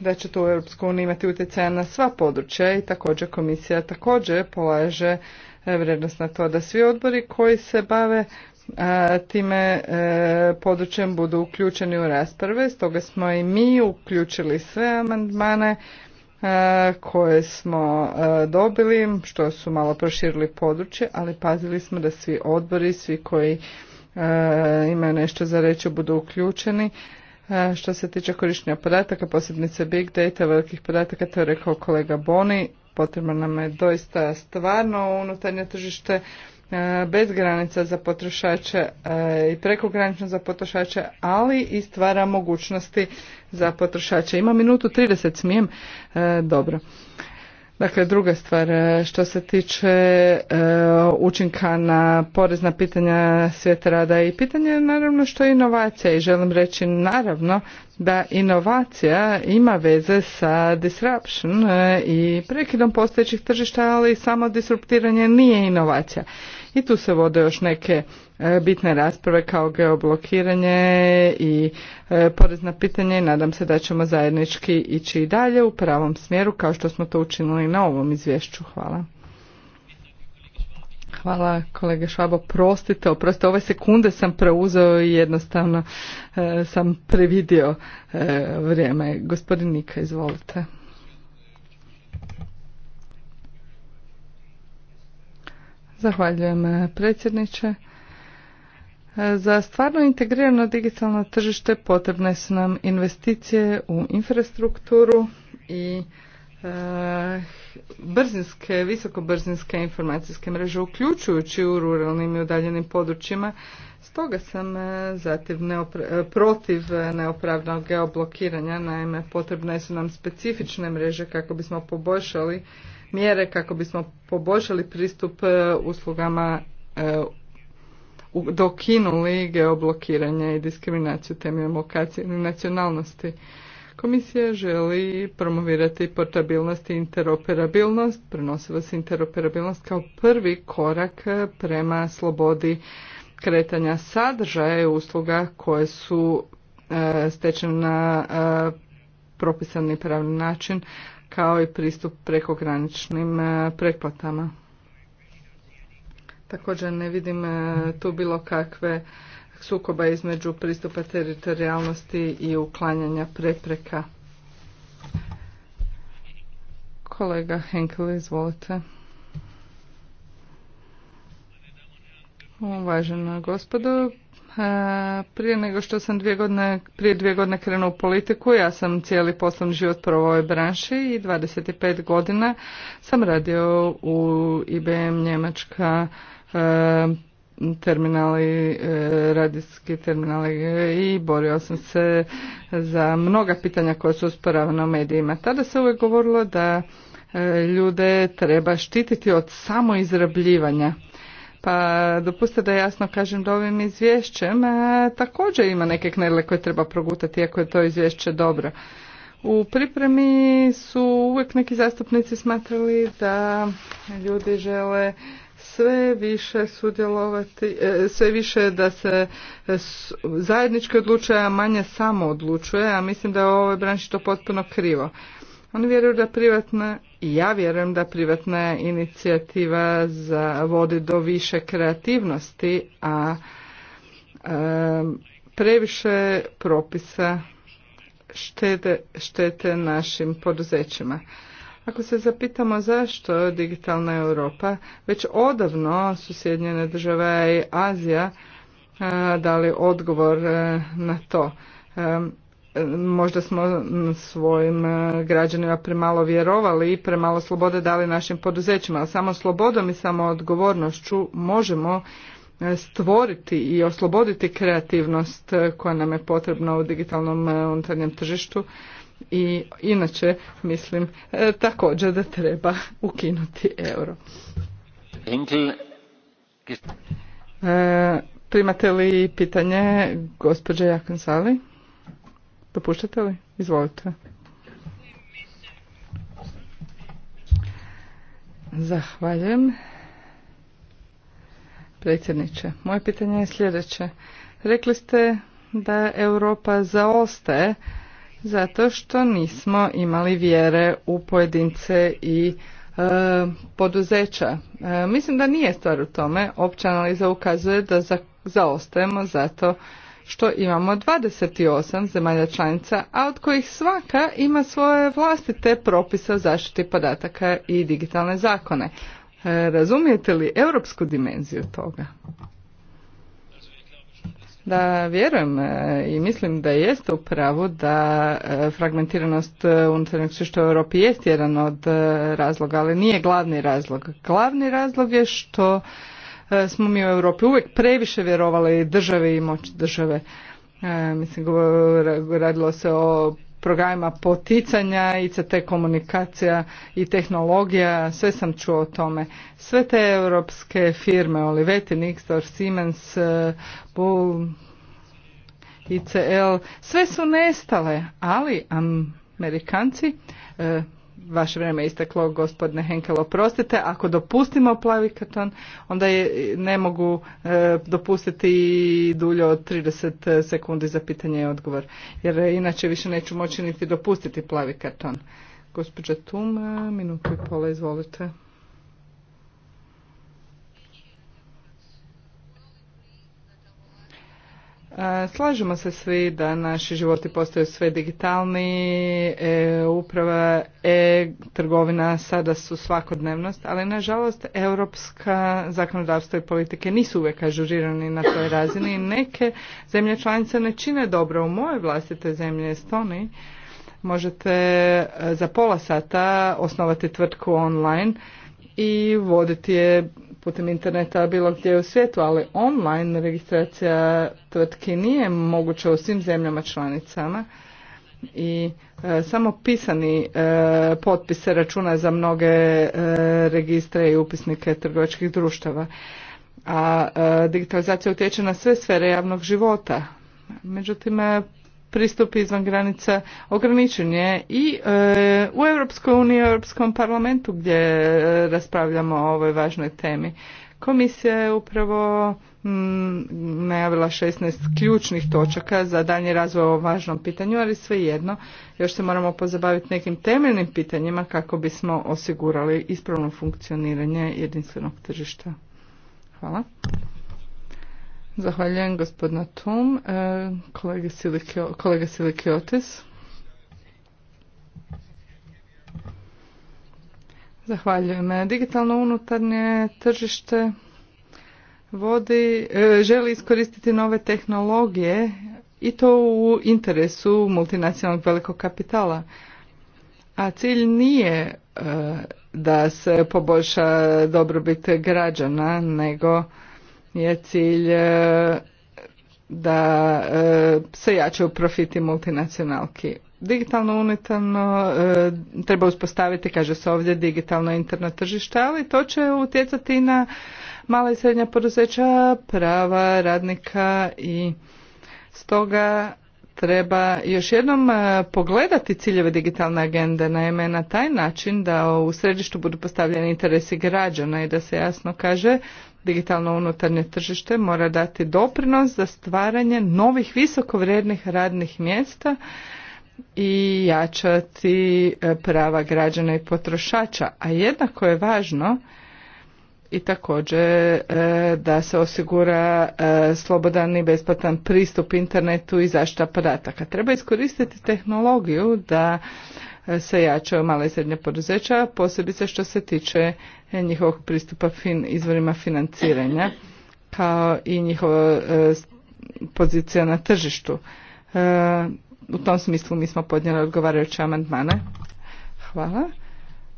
da će to u EU imati utjecaja na sva područja i također komisija također polaže vrednost na to da svi odbori koji se bave time e, područjem budu uključeni u rasprave, stoga smo i mi uključili sve amandmane e, koje smo e, dobili, što su malo proširili područje, ali pazili smo da svi odbori, svi koji e, imaju nešto za reći budu uključeni. Što se tiče korištenja podataka, posebnice big data, velikih podataka, to je rekao kolega Boni, potrebno nam je doista stvarno unutarnje tržište E, bez granica za potrošače e, i prekogranično za potrošače, ali i stvara mogućnosti za potrošače. Ima minutu 30, smijem? E, dobro. Dakle, druga stvar, što se tiče učinka na porezna pitanja svijeta rada i pitanje naravno što je inovacija i želim reći naravno da inovacija ima veze sa disruption i prekidom postojećih tržišta, ali samo disruptiranje nije inovacija i tu se vode još neke e, bitne rasprave kao geoblokiranje i e, porezna pitanja i nadam se da ćemo zajednički ići i dalje u pravom smjeru kao što smo to učinili na ovom izvješću. Hvala. Hvala kolega Švabo, prostite, oprostite, ove sekunde sam preuzeo i jednostavno e, sam previdio vrijeme. Gospodin Nika, izvolite. Zahvaljujem eh, predsjedniče. Eh, za stvarno integrirano digitalno tržište potrebne su nam investicije u infrastrukturu i eh, brzinske, visokobrzinske informacijske mreže uključujući u ruralnim i udaljenim područjima. Stoga sam zatim protiv neopravnog geoblokiranja, naime potrebne su nam specifične mreže kako bismo poboljšali mjere kako bismo poboljšali pristup e, uslugama e, dokinuli geoblokiranje i diskriminaciju temeljem lokacije i nacionalnosti. Komisija želi promovirati portabilnost i interoperabilnost, prenosila se interoperabilnost kao prvi korak prema slobodi kretanja sadržaja i usluga koje su e, stečene na propisani pravni način, kao i pristup prekograničnim e, pretplatama. Također ne vidim e, tu bilo kakve sukoba između pristupa teritorijalnosti i uklanjanja prepreka. Kolega Henkel, izvolite. Uvažena gospodo, E, prije nego što sam dvije godine, prije dvije godine krenuo u politiku, ja sam cijeli poslovni život prvo u ovoj branši i 25 godina sam radio u IBM Njemačka e, terminali, e, radijski terminali i borio sam se za mnoga pitanja koja su usporavana u medijima. Tada se uvijek govorilo da ljude treba štititi od samoizrabljivanja pa dopustite da jasno kažem da ovim izvješćem e, također ima neke knedle koje treba progutati ako je to izvješće dobro. U pripremi su uvijek neki zastupnici smatrali da ljudi žele sve više sudjelovati, e, sve više da se zajednički odlučuje, a manje samo odlučuje, a mislim da je u ovoj branši to potpuno krivo. Oni vjeruju da privatna, i ja vjerujem da privatna inicijativa za, vodi do više kreativnosti, a e, previše propisa štete, štete našim poduzećima. Ako se zapitamo zašto digitalna Europa, već odavno su Sjedinjene države i Azija e, dali odgovor e, na to možda smo svojim e, građanima premalo vjerovali i premalo slobode dali našim poduzećima, ali samo slobodom i samo odgovornošću možemo e, stvoriti i osloboditi kreativnost e, koja nam je potrebna u digitalnom unutarnjem tržištu i inače mislim također da treba ukinuti euro. primate li pitanje gospođe Jakonsali? Dopuštate li? Izvolite. Zahvaljujem. Predsjedniče, moje pitanje je sljedeće. Rekli ste da Europa zaostaje zato što nismo imali vjere u pojedince i e, poduzeća. E, mislim da nije stvar u tome. Opća analiza ukazuje da zaostajemo zato što imamo 28 zemalja članica, a od kojih svaka ima svoje vlastite propise o zaštiti podataka i digitalne zakone. E, razumijete li europsku dimenziju toga? Da, vjerujem e, i mislim da jeste u pravu da e, fragmentiranost unutarnjeg tržišta u Europi jest jedan od razloga, ali nije glavni razlog. Glavni razlog je što E, smo mi u Europi uvijek previše vjerovali države i moć države. E, mislim, radilo se o programima poticanja, ICT komunikacija i tehnologija, sve sam čuo o tome. Sve te europske firme, Olivetti, Nixdor, Siemens, e, Bull, ICL, sve su nestale, ali Amerikanci, vaše vrijeme isteklo, gospodine Henkel, oprostite. Ako dopustimo plavi karton, onda je, ne mogu e, dopustiti dulje od 30 sekundi za pitanje i odgovor. Jer inače više neću moći niti dopustiti plavi karton. Gospođa Tuma, minutu i pola, izvolite. Slažemo se svi da naši životi postaju sve digitalni, e, uprava, e-trgovina sada su svakodnevnost, ali nažalost europska zakonodavstva i politike nisu uvijek ažurirani na toj razini. Neke zemlje članice ne čine dobro u moje vlastite zemlje Estoniji. Možete e, za pola sata osnovati tvrtku online i voditi je putem interneta bilo gdje u svijetu, ali online registracija tvrtki nije moguća u svim zemljama članicama i e, samo pisani e, potpis se računa za mnoge e, registre i upisnike trgovačkih društava. A e, digitalizacija utječe na sve sfere javnog života. Međutim, pristup izvan granica ograničen je i e, u Europskoj uniji i Europskom parlamentu gdje raspravljamo o ovoj važnoj temi. Komisija je upravo mm, najavila 16 ključnih točaka za daljnji razvoj o važnom pitanju, ali svejedno još se moramo pozabaviti nekim temeljnim pitanjima kako bismo osigurali ispravno funkcioniranje jedinstvenog tržišta. Hvala. Zahvaljujem gospodina Tum. E, kolega Silikiotis. Zahvaljujem. E, digitalno unutarnje tržište vodi, e, želi iskoristiti nove tehnologije i to u interesu multinacionalnog velikog kapitala. A cilj nije da se poboljša dobrobit građana, nego je cilj e, da e, se jačaju profiti multinacionalki. Digitalno unitarno e, treba uspostaviti, kaže se ovdje, digitalno interno tržište, ali to će utjecati na mala i srednja poduzeća, prava radnika i stoga treba još jednom pogledati ciljeve digitalne agende, naime na taj način da u središtu budu postavljeni interesi građana i da se jasno kaže digitalno unutarnje tržište mora dati doprinos za stvaranje novih visokovrednih radnih mjesta i jačati e, prava građana i potrošača. A jednako je važno i također e, da se osigura e, slobodan i besplatan pristup internetu i zaštita podataka. Treba iskoristiti tehnologiju da se jačaju male i srednje poduzeća, posebice što se tiče njihovog pristupa fin, izvorima financiranja kao i njihova e, pozicija na tržištu. E, u tom smislu mi smo podnijeli odgovarajuće amandmane. Hvala.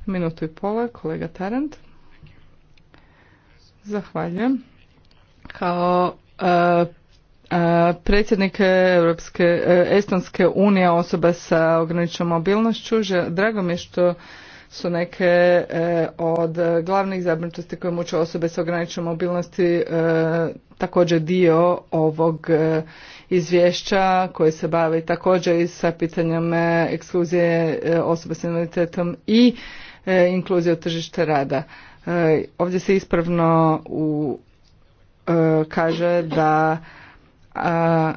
Minutu i pola, kolega Tarant. Zahvaljujem. Kao e, E, predsjednik Europske, e, Estonske unije osoba sa ograničenom mobilnošću. Drago mi je što su neke e, od glavnih zabrinutosti koje muče osobe sa ograničenom mobilnosti također dio ovog izvješća koji se bavi također i sa pitanjem ekskluzije osoba s invaliditetom i inkluzije u tržište rada. Ovdje se ispravno u, kaže da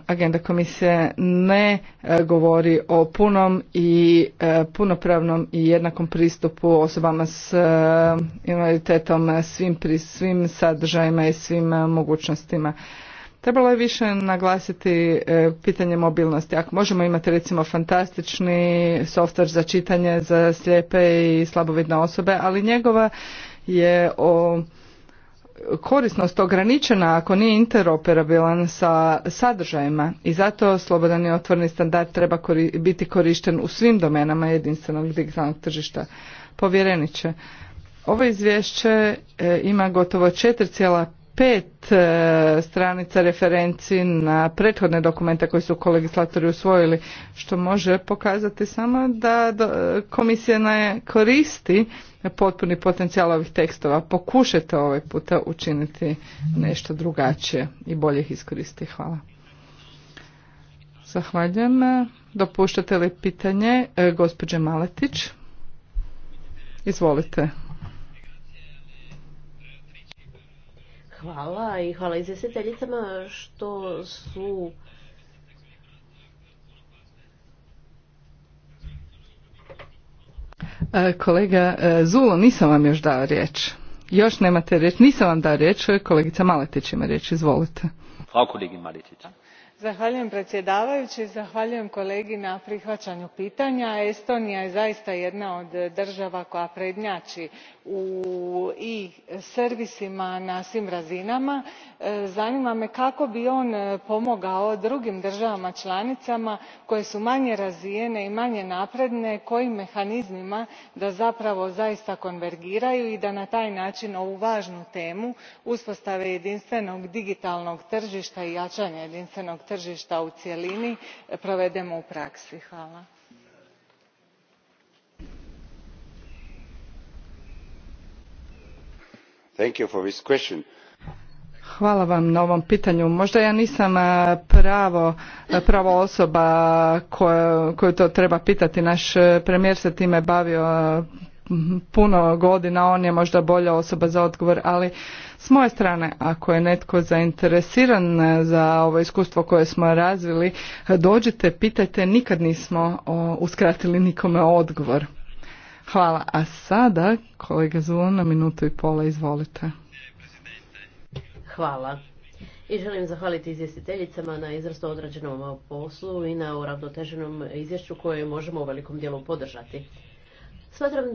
agenda komisije ne e, govori o punom i e, punopravnom i jednakom pristupu osobama s e, invaliditetom svim, svim sadržajima i svim mogućnostima. Trebalo je više naglasiti pitanje mobilnosti. Ako možemo imati recimo fantastični softver za čitanje za slijepe i slabovidne osobe, ali njegova je o korisnost ograničena ako nije interoperabilan sa sadržajima i zato slobodan i otvorni standard treba biti korišten u svim domenama jedinstvenog digitalnog tržišta. Povjereniče, ovo izvješće e, ima gotovo pet e, stranica referenci na prethodne dokumente koje su kolegislatori usvojili, što može pokazati samo da komisija ne koristi potpuni potencijal ovih tekstova. Pokušajte ovaj puta učiniti nešto drugačije i bolje ih iskoristi. Hvala. Zahvaljujem. Dopuštate li pitanje e, gospođe Maletić? Izvolite. Hvala i hvala izvjestiteljicama što su e, Kolega e, Zulo, nisam vam još dao riječ. Još nemate riječ, nisam vam dao riječ, kolegica Maletić ima riječ, izvolite. Hvala kolegi Maletić. Zahvaljujem predsjedavajući, zahvaljujem kolegi na prihvaćanju pitanja. Estonija je zaista jedna od država koja prednjači u i servisima na svim razinama e, zanima me kako bi on e, pomogao drugim državama članicama koje su manje razvijene i manje napredne kojim mehanizmima da zapravo zaista konvergiraju i da na taj način ovu važnu temu uspostave jedinstvenog digitalnog tržišta i jačanja jedinstvenog tržišta u cjelini e, provedemo u praksi. hvala. Hvala vam na ovom pitanju. Možda ja nisam e, e, pravo, osoba koju, koju to treba pitati. Naš e, premijer se time bavio puno godina, on je možda bolja osoba za odgovor, ali s moje strane, ako je netko zainteresiran za ovo iskustvo koje smo razvili, dođite, pitajte, nikad nismo uskratili nikome odgovor. Hvala. A sada, kolega Zulon, na minutu i pola, izvolite. Hvala. I želim zahvaliti izvjestiteljicama na izrasto odrađenom poslu i na uravnoteženom izvješću koje možemo u velikom dijelu podržati. Smatram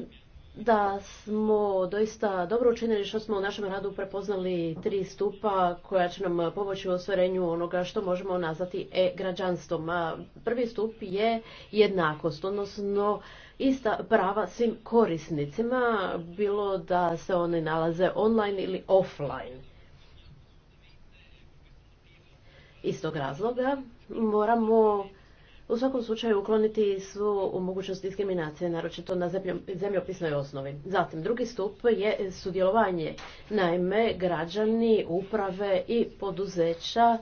da smo doista dobro učinili što smo u našem radu prepoznali tri stupa koja će nam pomoći u ostvarenju onoga što možemo nazvati e-građanstvom. Prvi stup je jednakost, odnosno ista prava svim korisnicima, bilo da se oni nalaze online ili offline. Iz tog razloga moramo u svakom slučaju ukloniti svu mogućnost diskriminacije, naročito na zemljopisnoj osnovi. Zatim, drugi stup je sudjelovanje. Naime, građani, uprave i poduzeća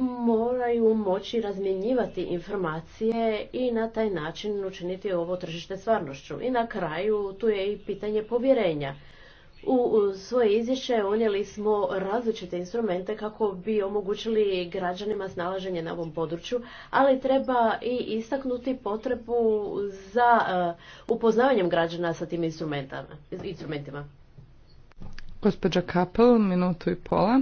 moraju moći razmjenjivati informacije i na taj način učiniti ovo tržište stvarnošću. I na kraju tu je i pitanje povjerenja. U svoje izvješće unijeli smo različite instrumente kako bi omogućili građanima snalaženje na ovom području, ali treba i istaknuti potrebu za e, upoznavanjem građana sa tim instrumentima. Gospođa Kapel, minutu i pola.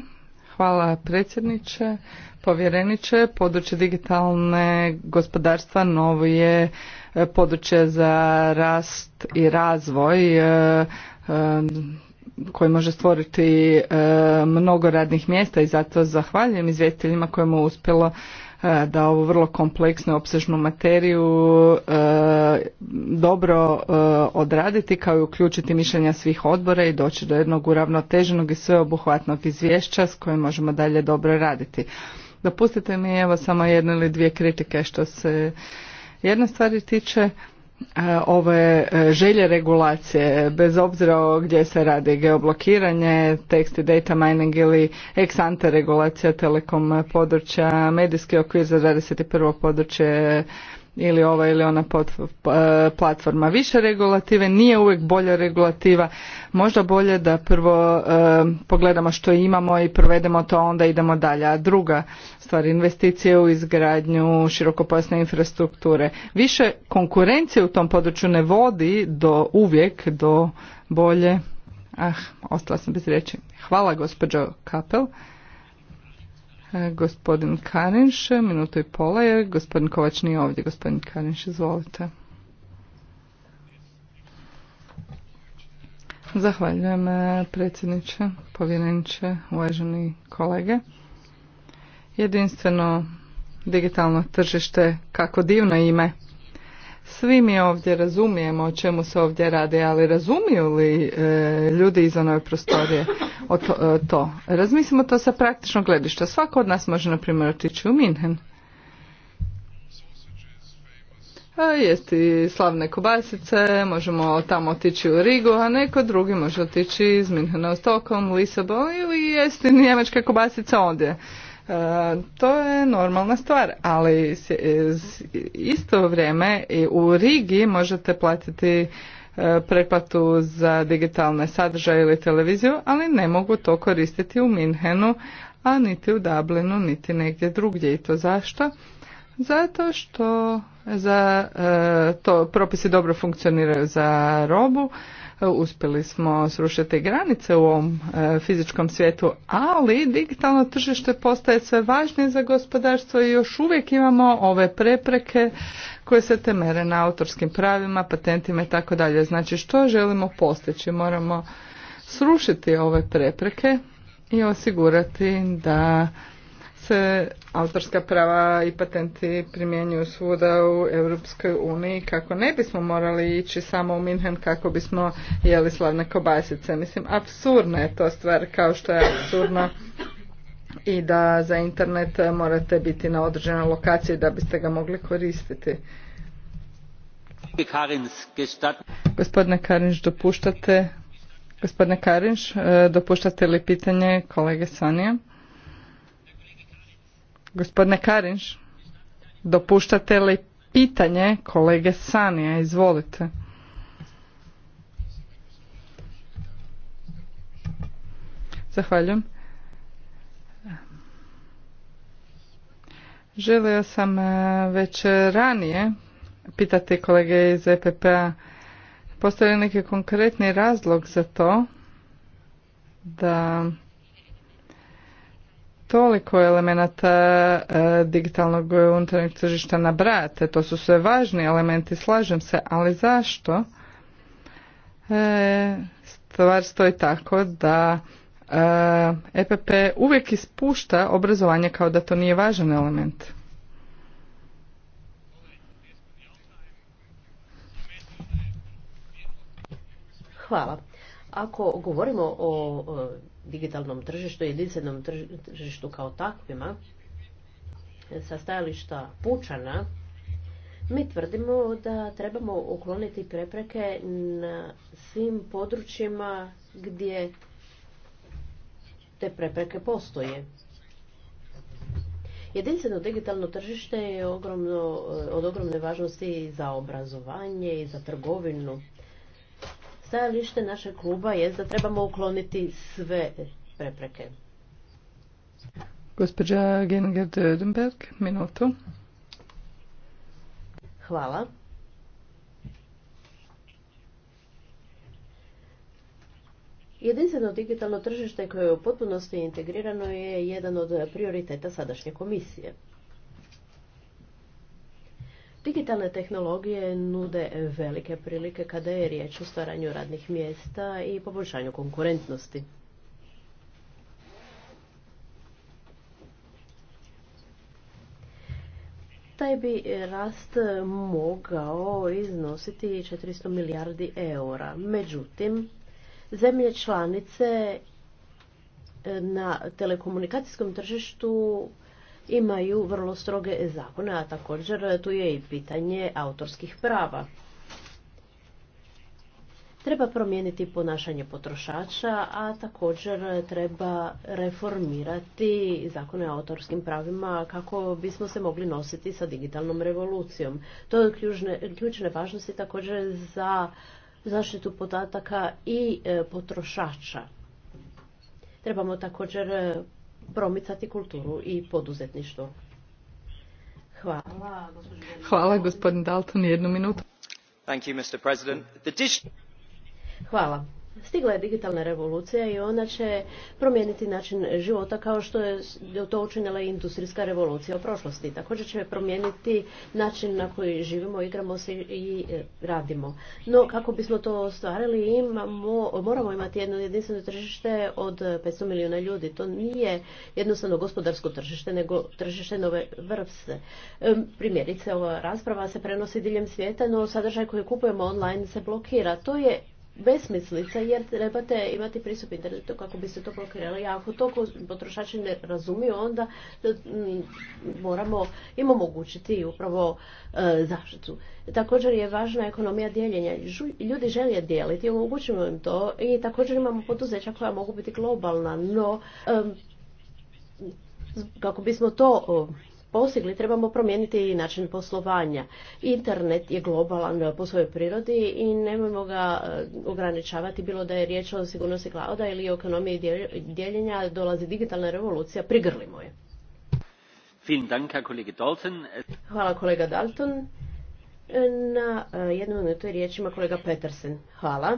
Hvala predsjedniče povjereniče. Područje digitalne gospodarstva novo je e, područje za rast i razvoj e, e, koji može stvoriti mnogo radnih mjesta i zato zahvaljujem izvjestiteljima kojima je uspjelo da ovu vrlo kompleksnu i opsežnu materiju dobro odraditi kao i uključiti mišljenja svih odbora i doći do jednog uravnoteženog i sveobuhvatnog izvješća s kojim možemo dalje dobro raditi. Dopustite mi evo samo jedne ili dvije kritike što se jedne stvari tiče e, ove e, želje regulacije, bez obzira gdje se radi geoblokiranje, teksti data mining ili ex ante regulacija telekom područja, medijski okvir za 21. područje ili ova ili ona e, platforma. Više regulative nije uvijek bolja regulativa. Možda bolje da prvo e, pogledamo što imamo i provedemo to, onda idemo dalje. A druga stvar, investicije u izgradnju širokopojasne infrastrukture. Više konkurencije u tom području ne vodi do uvijek do bolje. Ah, ostala sam bez riječi. Hvala gospođo Kapel gospodin Karinš, minuto i pola je. gospodin Kovač nije ovdje. Gospodin Karinš, izvolite. Zahvaljujem e, predsjedniče, povjereniče, uvaženi kolege. Jedinstveno digitalno tržište, kako divno ime, svi mi ovdje razumijemo o čemu se ovdje radi, ali razumiju li e, ljudi iz ove prostorije e, to, Razmislimo to sa praktičnog gledišta. Svako od nas može, na primjer, otići u Minhen. jesti slavne kobasice, možemo tamo otići u Rigu, a neko drugi može otići iz Minhena u Stokom, Lisabon ili jesti njemačke kobasice ovdje. E, to je normalna stvar, ali isto vrijeme i u Rigi možete platiti e, pretplatu za digitalne sadržaje ili televiziju, ali ne mogu to koristiti u Minhenu, a niti u Dublinu, niti negdje drugdje. I to zašto? Zato što za, e, to propisi dobro funkcioniraju za robu, uspjeli smo srušiti granice u ovom e, fizičkom svijetu, ali digitalno tržište postaje sve važnije za gospodarstvo i još uvijek imamo ove prepreke koje se temere na autorskim pravima, patentima i tako dalje. Znači što želimo postići? Moramo srušiti ove prepreke i osigurati da se autorska prava i patenti primjenjuju svuda u Europskoj uniji, kako ne bismo morali ići samo u Minhen kako bismo jeli slavne kobasice. Mislim, absurdna je to stvar kao što je absurdna i da za internet morate biti na određenoj lokaciji da biste ga mogli koristiti. gospodine Karinš, dopuštate Gospodine Karinš, dopuštate li pitanje kolege Sonija? Gospodine Karinš, dopuštate li pitanje kolege Sanija? Izvolite. Zahvaljujem. Želio sam e, već ranije pitati kolege iz EPP-a postoji neki konkretni razlog za to da toliko elemenata e, digitalnog unutarnjeg tržišta nabrajate, to su sve važni elementi, slažem se, ali zašto e, stvar stoji tako da EPP e uvijek ispušta obrazovanje kao da to nije važan element? Hvala. Ako govorimo o digitalnom tržištu i jedinstvenom tržištu kao takvima, sa stajališta pučana, mi tvrdimo da trebamo ukloniti prepreke na svim područjima gdje te prepreke postoje. Jedinstveno digitalno tržište je ogromno, od ogromne važnosti za obrazovanje i za trgovinu. Stajalište našeg kluba je da trebamo ukloniti sve prepreke. Gospođa Gengert Ödenberg, minuto. Hvala. Jedinstveno digitalno tržište koje je u potpunosti integrirano je jedan od prioriteta sadašnje komisije. Digitalne tehnologije nude velike prilike kada je riječ o stvaranju radnih mjesta i poboljšanju konkurentnosti. Taj bi rast mogao iznositi 400 milijardi eura. Međutim, zemlje članice na telekomunikacijskom tržištu imaju vrlo stroge zakone, a također tu je i pitanje autorskih prava. Treba promijeniti ponašanje potrošača, a također treba reformirati zakone o autorskim pravima kako bismo se mogli nositi sa digitalnom revolucijom. To je ključne, ključne važnosti također za zaštitu podataka i e, potrošača. Trebamo također promicati kulturu i poduzetništvo. Hvala. Hvala, gospodin Dalton, jednu minutu. Hvala. Stigla je digitalna revolucija i ona će promijeniti način života kao što je to učinila industrijska revolucija u prošlosti. Također će promijeniti način na koji živimo, igramo se i e, radimo. No kako bismo to ostvarili imamo, moramo imati jedno jedinstveno tržište od 500 milijuna ljudi. To nije jednostavno gospodarsko tržište nego tržište nove vrste. E, primjerice ova rasprava se prenosi diljem svijeta no sadržaj koji kupujemo online se blokira. To je besmislica jer trebate imati pristup internetu kako se to pokrenuli. i ako to potrošači ne razumiju, onda mm, moramo im omogućiti upravo e, zaštitu. Također je važna ekonomija dijeljenja. Ljudi žele dijeliti, omogućimo im to i također imamo poduzeća koja mogu biti globalna, no kako bismo to postigli, trebamo promijeniti i način poslovanja. Internet je globalan e, po svojoj prirodi i nemojmo ga e, ograničavati, bilo da je riječ o sigurnosti klauda ili o ekonomiji dijeljenja, dolazi digitalna revolucija, prigrlimo je. Hvala kolega Dalton. E, na jednu minutu je riječ ima kolega Petersen. Hvala.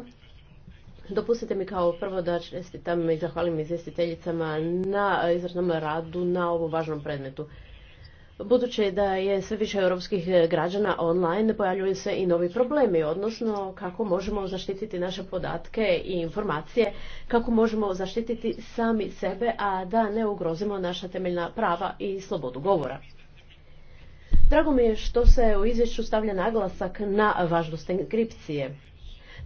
Dopustite mi kao prvo da čestitam i zahvalim izvjestiteljicama na izraznom radu na ovom važnom predmetu. Budući da je sve više europskih građana online, pojavljuju se i novi problemi, odnosno kako možemo zaštititi naše podatke i informacije, kako možemo zaštititi sami sebe, a da ne ugrozimo naša temeljna prava i slobodu govora. Drago mi je što se u izvješću stavlja naglasak na važnost enkripcije.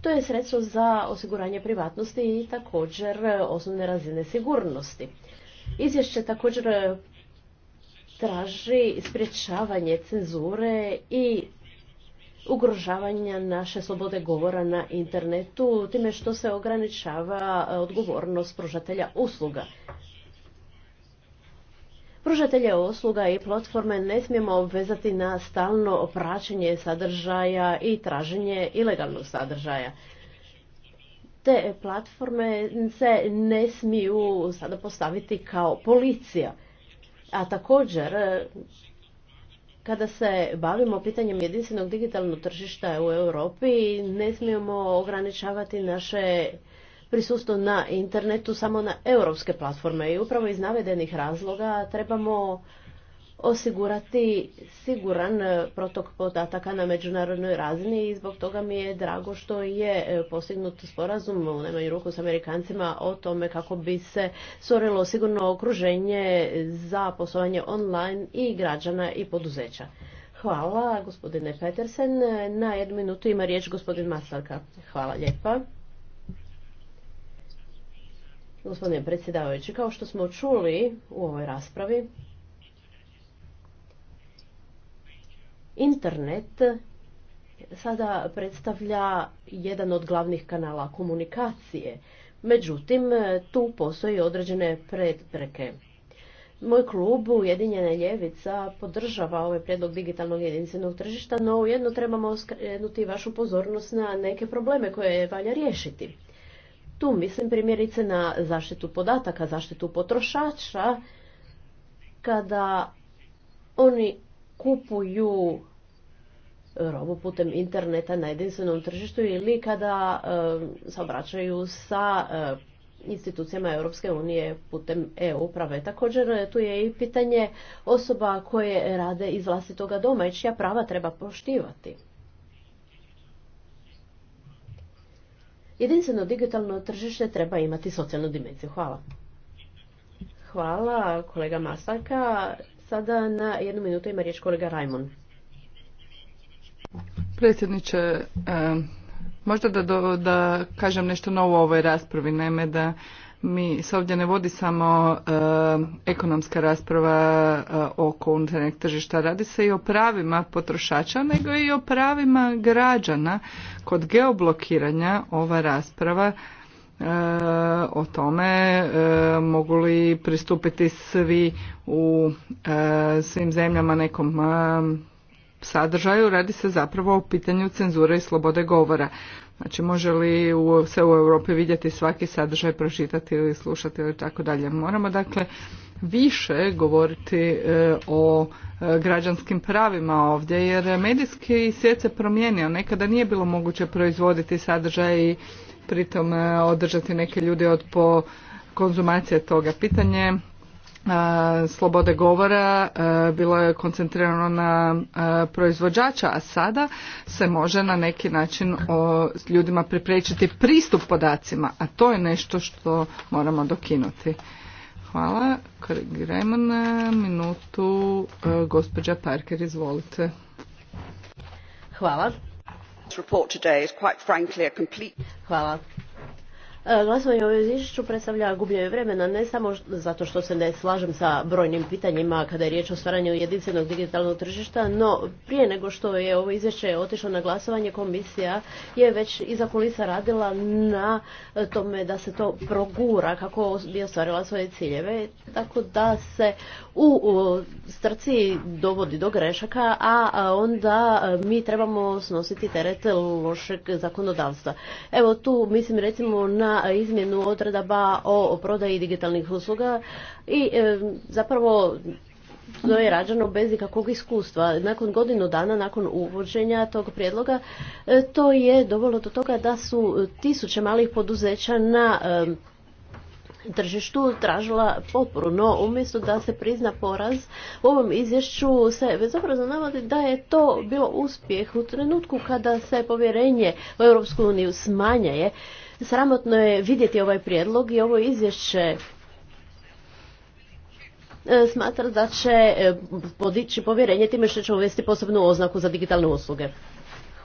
To je sredstvo za osiguranje privatnosti i također osnovne razine sigurnosti. Izvješće također traži sprječavanje cenzure i ugrožavanja naše slobode govora na internetu, time što se ograničava e, odgovornost pružatelja usluga. Pružatelje usluga i platforme ne smijemo obvezati na stalno praćenje sadržaja i traženje ilegalnog sadržaja. Te platforme se ne smiju sada postaviti kao policija. A također, e, kada se bavimo pitanjem jedinstvenog digitalnog tržišta u Europi, ne smijemo ograničavati naše prisustvo na internetu samo na europske platforme i upravo iz navedenih razloga trebamo osigurati siguran e, protok podataka na međunarodnoj razini i zbog toga mi je drago što je e, postignut sporazum u najmanju ruku s Amerikancima o tome kako bi se stvorilo sigurno okruženje za poslovanje online i građana i poduzeća. Hvala gospodine Petersen. Na jednu minutu ima riječ gospodin Masarka. Hvala lijepa. Gospodine predsjedavajući, kao što smo čuli u ovoj raspravi, Internet sada predstavlja jedan od glavnih kanala komunikacije. Međutim, tu postoji određene predpreke. Moj klub Ujedinjena ljevica podržava ovaj prijedlog digitalnog jedinstvenog tržišta, no ujedno trebamo skrenuti vašu pozornost na neke probleme koje valja riješiti. Tu mislim primjerice na zaštitu podataka, zaštitu potrošača, kada oni kupuju eh, robu putem interneta na jedinstvenom tržištu ili kada eh, se obraćaju sa eh, institucijama Europske unije putem EU uprave Također tu je i pitanje osoba koje rade iz vlastitoga doma i čija prava treba poštivati. Jedinstveno digitalno tržište treba imati socijalnu dimenziju. Hvala. Hvala kolega Masaka. Sada na jednu minutu ima riječ kolega Rajmon. Predsjedniče, možda da, do, da kažem nešto novo o ovoj raspravi, naime da mi se ovdje ne vodi samo ekonomska rasprava e, oko unutarnjeg tržišta, radi se i o pravima potrošača, nego i o pravima građana. Kod geoblokiranja ova rasprava E, o tome e, mogu li pristupiti svi u e, svim zemljama nekom sadržaju, radi se zapravo o pitanju cenzure i slobode govora. Znači može li u, se u Europi vidjeti svaki sadržaj, pročitati ili slušati ili tako dalje. Moramo dakle više govoriti o građanskim pravima ovdje jer medijski svijet se promijenio. Nekada nije bilo moguće proizvoditi sadržaj i pritom e, održati neke ljude od po konzumacije toga. Pitanje e, slobode govora e, bilo je koncentrirano na proizvođača, a sada se može na neki način ljudima priprečiti pristup podacima, a to je nešto što moramo dokinuti. Hvala. Gremo na minutu. Gospođa Parker, izvolite. Hvala this report today is quite frankly a complete E, glasovanje o izvješću predstavlja gubljenje vremena ne samo zato što se ne slažem sa brojnim pitanjima kada je riječ o stvaranju jedinstvenog digitalnog tržišta, no prije nego što je ovo izvješće otišlo na glasovanje, komisija je već iza kulisa radila na e, tome da se to progura kako bi ostvarila svoje ciljeve, tako da se u strci dovodi do grešaka, a onda e, mi trebamo snositi teret lošeg zakonodavstva. Evo tu mislim recimo na izmjenu odredaba o prodaji digitalnih usluga i e, zapravo to je rađeno bez ikakvog iskustva. Nakon godinu dana, nakon uvođenja tog prijedloga, e, to je dovoljno do toga da su tisuće malih poduzeća na e, tržištu tražila potporu, no umjesto da se prizna poraz, u ovom izvješću se bezobrazno navodi da je to bilo uspjeh u trenutku kada se povjerenje u Europsku uniju smanjaje. Sramotno je vidjeti ovaj prijedlog i ovo izvješće e, smatra da će e, podići povjerenje time što će uvesti posebnu oznaku za digitalne usluge.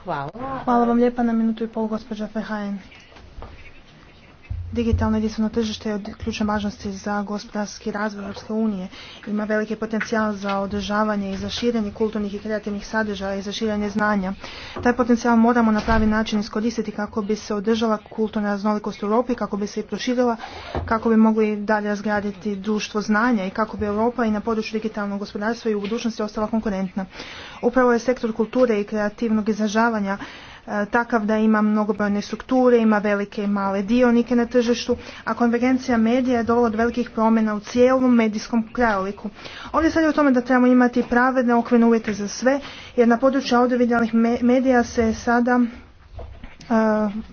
Hvala. Hvala vam lijepa na minutu i pol, gospođa Fehajen. Digitalno jedinstveno tržište je od ključne važnosti za gospodarski razvoj Europske unije. Ima veliki potencijal za održavanje i za širenje kulturnih i kreativnih sadržaja i za širenje znanja. Taj potencijal moramo na pravi način iskoristiti kako bi se održala kulturna raznolikost u Europi, kako bi se i proširila, kako bi mogli dalje razgraditi društvo znanja i kako bi Europa i na području digitalnog gospodarstva i u budućnosti ostala konkurentna. Upravo je sektor kulture i kreativnog izražavanja E, takav da ima mnogobrojne strukture, ima velike i male dionike na tržištu, a konvergencija medija je dovela od velikih promjena u cijelom medijskom krajoliku. Ovdje sad je o tome da trebamo imati pravedne okvirne uvjete za sve, jer na području audiovidealnih medija se sada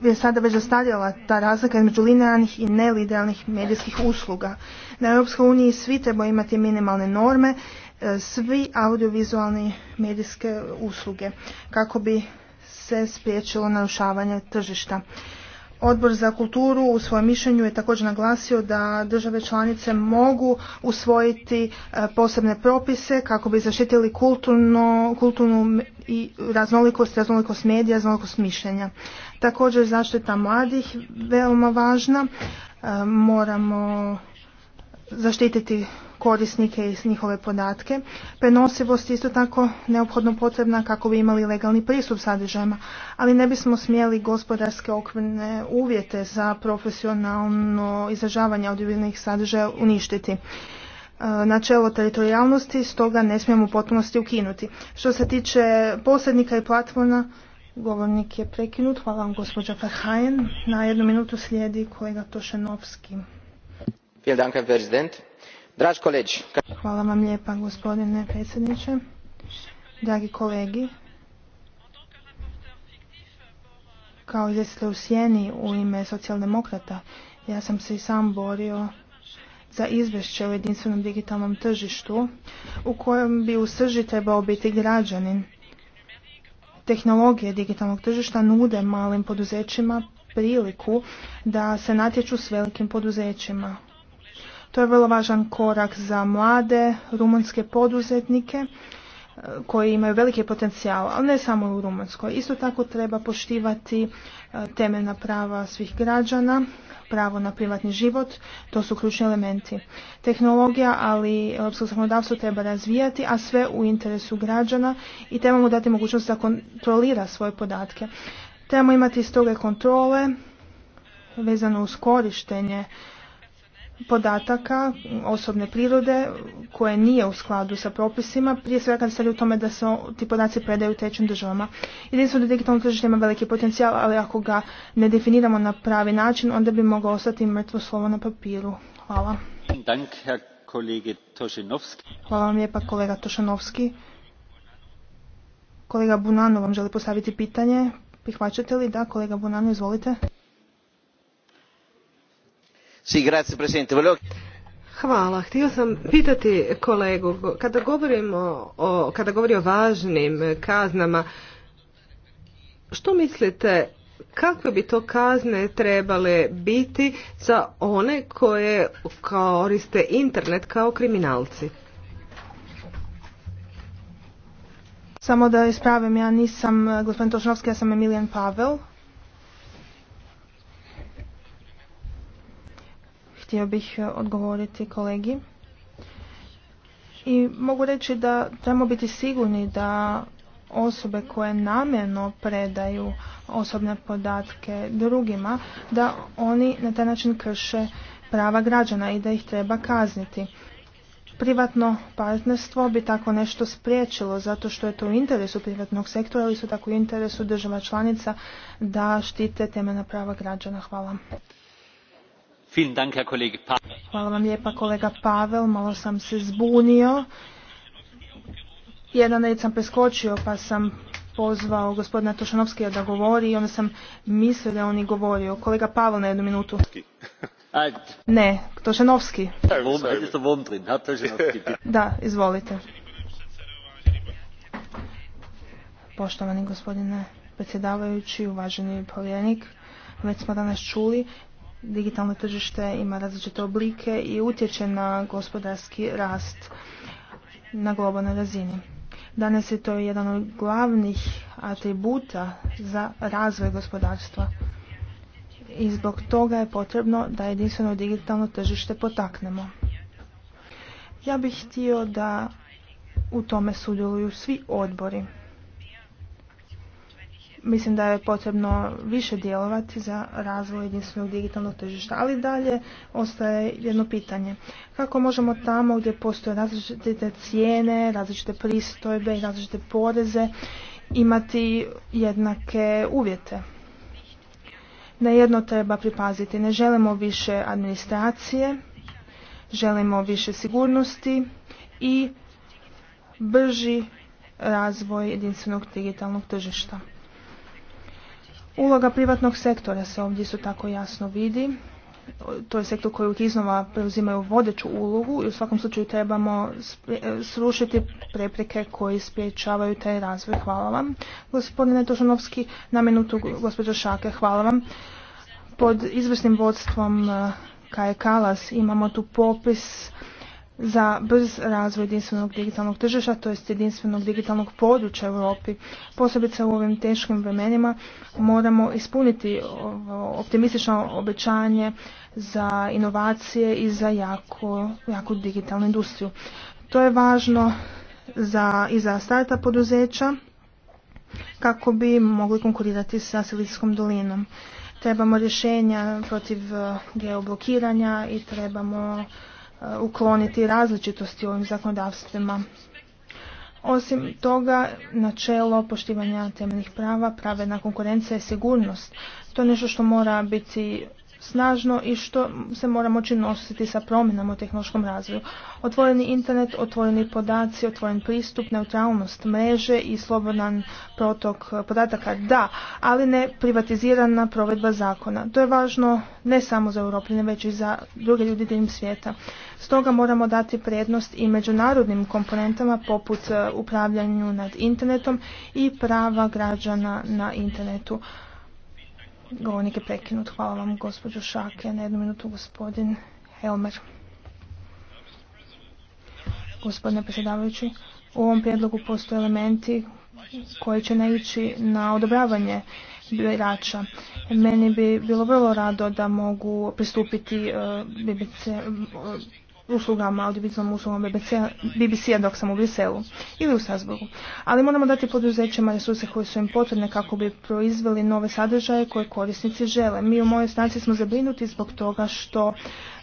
e, je sada već zastarjala ta razlika između linearnih i nelidealnih medijskih usluga. Na Europskoj uniji svi trebaju imati minimalne norme, e, svi audiovizualni medijske usluge kako bi se spriječilo narušavanje tržišta. Odbor za kulturu u svojem mišljenju je također naglasio da države članice mogu usvojiti e, posebne propise kako bi zaštitili kulturno, kulturnu i raznolikost, raznolikost medija, raznolikost mišljenja. Također zaštita mladih veoma važna. E, moramo zaštititi korisnike i njihove podatke. Prenosivost je isto tako neophodno potrebna kako bi imali legalni pristup sadržajima, ali ne bismo smjeli gospodarske okvirne uvjete za profesionalno izražavanje audiovizualnih sadržaja uništiti e, načelo teritorijalnosti, stoga ne smijemo u potpunosti ukinuti. Što se tiče posrednika i platforma, govornik je prekinut. Hvala vam gospođa Farhajen. Na jednu minutu slijedi kolega Tošenovski. Hvala Hvala vam lijepa gospodine predsjedniče. Dragi kolegi, kao izvjestitelj u Sjeni u ime socijaldemokrata, ja sam se i sam borio za izvješće o jedinstvenom digitalnom tržištu u kojem bi u srži trebao biti građanin. Tehnologije digitalnog tržišta nude malim poduzećima priliku da se natječu s velikim poduzećima to je vrlo važan korak za mlade rumunske poduzetnike e, koji imaju veliki potencijal, ali ne samo u Rumunskoj. Isto tako treba poštivati e, temeljna prava svih građana, pravo na privatni život, to su ključni elementi. Tehnologija, ali europsko zakonodavstvo treba razvijati, a sve u interesu građana i trebamo dati mogućnost da kontrolira svoje podatke. Trebamo imati stroge kontrole vezano uz korištenje podataka osobne prirode koje nije u skladu sa propisima, prije svega kad se u tome da se ti podaci predaju trećim državama. Jedinstveno digitalno tržište ima veliki potencijal, ali ako ga ne definiramo na pravi način, onda bi mogao ostati mrtvo slovo na papiru. Hvala. Hvala vam lijepa kolega Tošanovski. Kolega Bunano vam želi postaviti pitanje. Prihvaćate li? Da, kolega Bunano, izvolite. Hvala. Htio sam pitati kolegu, kada govorimo o, kada govori o važnim kaznama, što mislite kakve bi to kazne trebale biti za one koje koriste internet kao kriminalci? Samo da ispravim, ja nisam gospodin Tošnovski, ja sam Emilijan Pavel. Htio bih e, odgovoriti kolegi. I mogu reći da trebamo biti sigurni da osobe koje namjerno predaju osobne podatke drugima, da oni na taj način krše prava građana i da ih treba kazniti. Privatno partnerstvo bi tako nešto spriječilo zato što je to u interesu privatnog sektora, ali su tako u interesu država članica da štite temena prava građana. Hvala. Pa- Hvala vam lijepa kolega Pavel, malo sam se zbunio. Jedan red sam preskočio pa sam pozvao gospodina toanovskija da govori i onda sam mislio da on i govorio. Kolega Pavel na jednu minutu. Ne, Tošanovski. Da, izvolite. Poštovani gospodine predsjedavajući, uvaženi povjerenik, već smo danas čuli digitalno tržište ima različite oblike i utječe na gospodarski rast na globalnoj razini. Danas je to jedan od glavnih atributa za razvoj gospodarstva i zbog toga je potrebno da jedinstveno digitalno tržište potaknemo. Ja bih htio da u tome sudjeluju svi odbori. Mislim da je potrebno više djelovati za razvoj jedinstvenog digitalnog tržišta, ali dalje ostaje jedno pitanje. Kako možemo tamo gdje postoje različite cijene, različite pristojbe i različite poreze imati jednake uvjete? Na jedno treba pripaziti. Ne želimo više administracije, želimo više sigurnosti i brži razvoj jedinstvenog digitalnog tržišta. Uloga privatnog sektora se ovdje su tako jasno vidi. To je sektor koji iznova preuzimaju vodeću ulogu i u svakom slučaju trebamo e, srušiti prepreke koje spriječavaju taj razvoj. Hvala vam. Gospodine Tošanovski, na minutu gospođo Šake, hvala vam. Pod izvrsnim vodstvom e, Kaje Kalas imamo tu popis za brz razvoj jedinstvenog digitalnog tržišta, to jest jedinstvenog digitalnog područja u Europi. Posebice u ovim teškim vremenima moramo ispuniti optimistično obećanje za inovacije i za jako digitalnu industriju. To je važno za, i za starta poduzeća kako bi mogli konkurirati sa Silijskom dolinom. Trebamo rješenja protiv eh, geoblokiranja i trebamo Uh, ukloniti različitosti u ovim zakonodavstvima. Osim toga, načelo poštivanja temeljnih prava, pravedna konkurencija i sigurnost. To je nešto što mora biti snažno i što se mora moći nositi sa promjenama u tehnološkom razvoju. Otvoreni internet, otvoreni podaci, otvoren pristup, neutralnost mreže i slobodan protok podataka, da, ali ne privatizirana provedba zakona. To je važno ne samo za Europljane, već i za druge ljudi diljem svijeta. Stoga moramo dati prednost i međunarodnim komponentama poput e, upravljanju nad internetom i prava građana na internetu. Govornik je prekinut. Hvala vam gospođo Šake. Na jednu minutu gospodin Helmer. Gospodine predsjedavajući, u ovom prijedlogu postoje elementi koji će naići na odobravanje birača. Meni bi bilo vrlo rado da mogu pristupiti e, uslugama, audiovizualnom uslugom BBC-a dok sam u Briselu ili u Strasburgu. Ali moramo dati poduzećima resurse koji su im potrebne kako bi proizveli nove sadržaje koje korisnici žele. Mi u mojoj stanci smo zabrinuti zbog toga što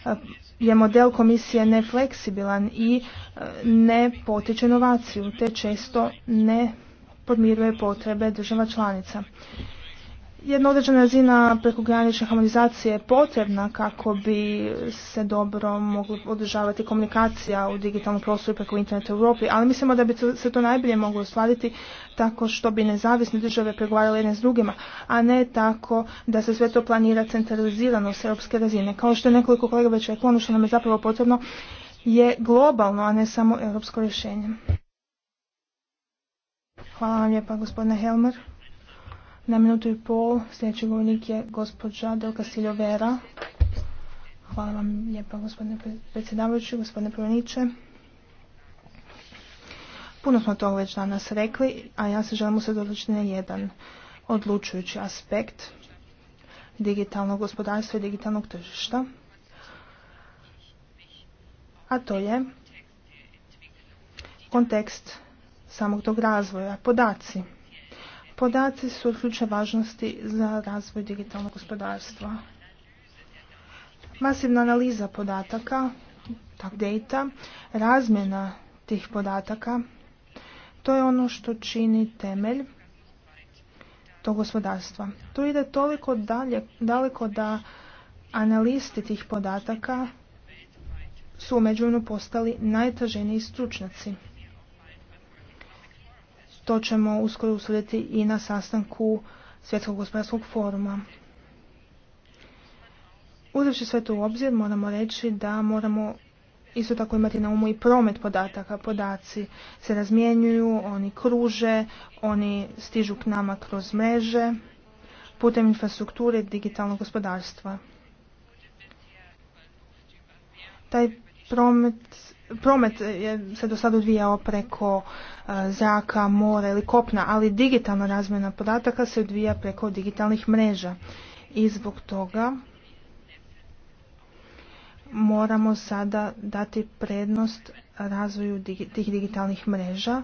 eh, je model komisije nefleksibilan i eh, ne potiče inovaciju, te često ne podmiruje potrebe država članica jedna određena razina prekogranične harmonizacije je potrebna kako bi se dobro mogla održavati komunikacija u digitalnom prostoru preko interneta u Europi, ali mislimo da bi se to najbolje moglo ostvariti tako što bi nezavisne države pregovarale jedne s drugima, a ne tako da se sve to planira centralizirano s europske razine. Kao što je nekoliko kolega već rekla, ono što nam je zapravo potrebno je globalno, a ne samo europsko rješenje. Hvala vam lijepa, gospodine Helmer. Na minutu i pol sljedeći govornik je gospođa Delka Siljovera. Hvala vam lijepa gospodine predsjedavajući, gospodine Proveniče. Puno smo toga već danas rekli, a ja se želim usredotočiti na jedan odlučujući aspekt digitalnog gospodarstva i digitalnog tržišta. A to je kontekst samog tog razvoja, podaci. Podaci su od ključne važnosti za razvoj digitalnog gospodarstva. Masivna analiza podataka, tak data, razmjena tih podataka, to je ono što čini temelj tog gospodarstva. To ide toliko dalje, daleko da analisti tih podataka su umeđujemno postali najtraženiji stručnjaci. To ćemo uskoro usuditi i na sastanku Svjetskog gospodarskog foruma. Uzevši sve to u obzir, moramo reći da moramo isto tako imati na umu i promet podataka. Podaci se razmjenjuju, oni kruže, oni stižu k nama kroz mreže, putem infrastrukture digitalnog gospodarstva. Taj promet promet je se do sada odvijao preko e, zraka, mora ili kopna, ali digitalna razmjena podataka se odvija preko digitalnih mreža. I zbog toga moramo sada dati prednost razvoju tih digitalnih mreža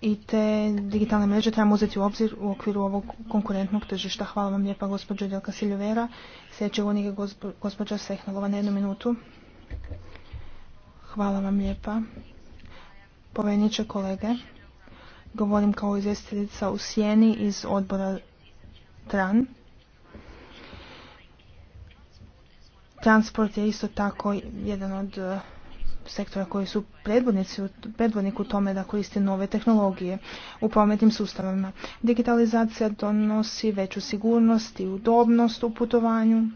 i te digitalne mreže trebamo uzeti u obzir u okviru ovog konkurentnog tržišta. Hvala vam lijepa gospođo Delka Siljovera. Sljedeće gospođa Sehnalova na jednu minutu. Hvala vam lijepa. Poveniče kolege, govorim kao izvjestiteljica u Sjeni iz odbora TRAN. Transport je isto tako jedan od eh, sektora koji su predvodnik u tome da koriste nove tehnologije u prometnim sustavima. Digitalizacija donosi veću sigurnost i udobnost u putovanju,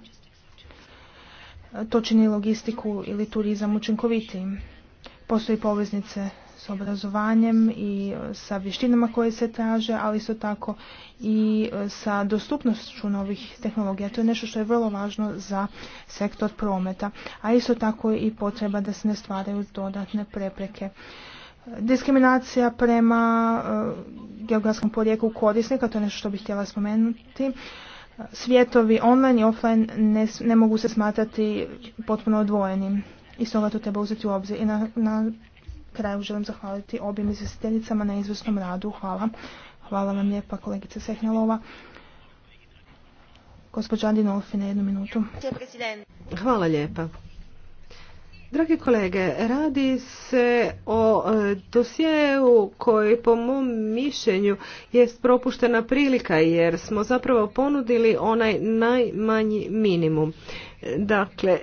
to čini logistiku ili turizam učinkovitijim. Postoji poveznice s obrazovanjem i e, sa vještinama koje se traže, ali isto tako i e, sa dostupnošću novih tehnologija. To je nešto što je vrlo važno za sektor prometa, a isto tako i potreba da se ne stvaraju dodatne prepreke. Diskriminacija prema e, geografskom porijeku korisnika, to je nešto što bih htjela spomenuti svijetovi online i offline ne, mogu se smatrati potpuno odvojenim. I stoga to treba uzeti u obzir. I na, na kraju želim zahvaliti obim izvjestiteljicama na izvrsnom radu. Hvala. Hvala vam lijepa kolegice Sehnalova. Gospođa Dinolfi na jednu minutu. Hvala lijepa. Dragi kolege, radi se o e, dosjeu koji po mom mišljenju je propuštena prilika jer smo zapravo ponudili onaj najmanji minimum. Dakle,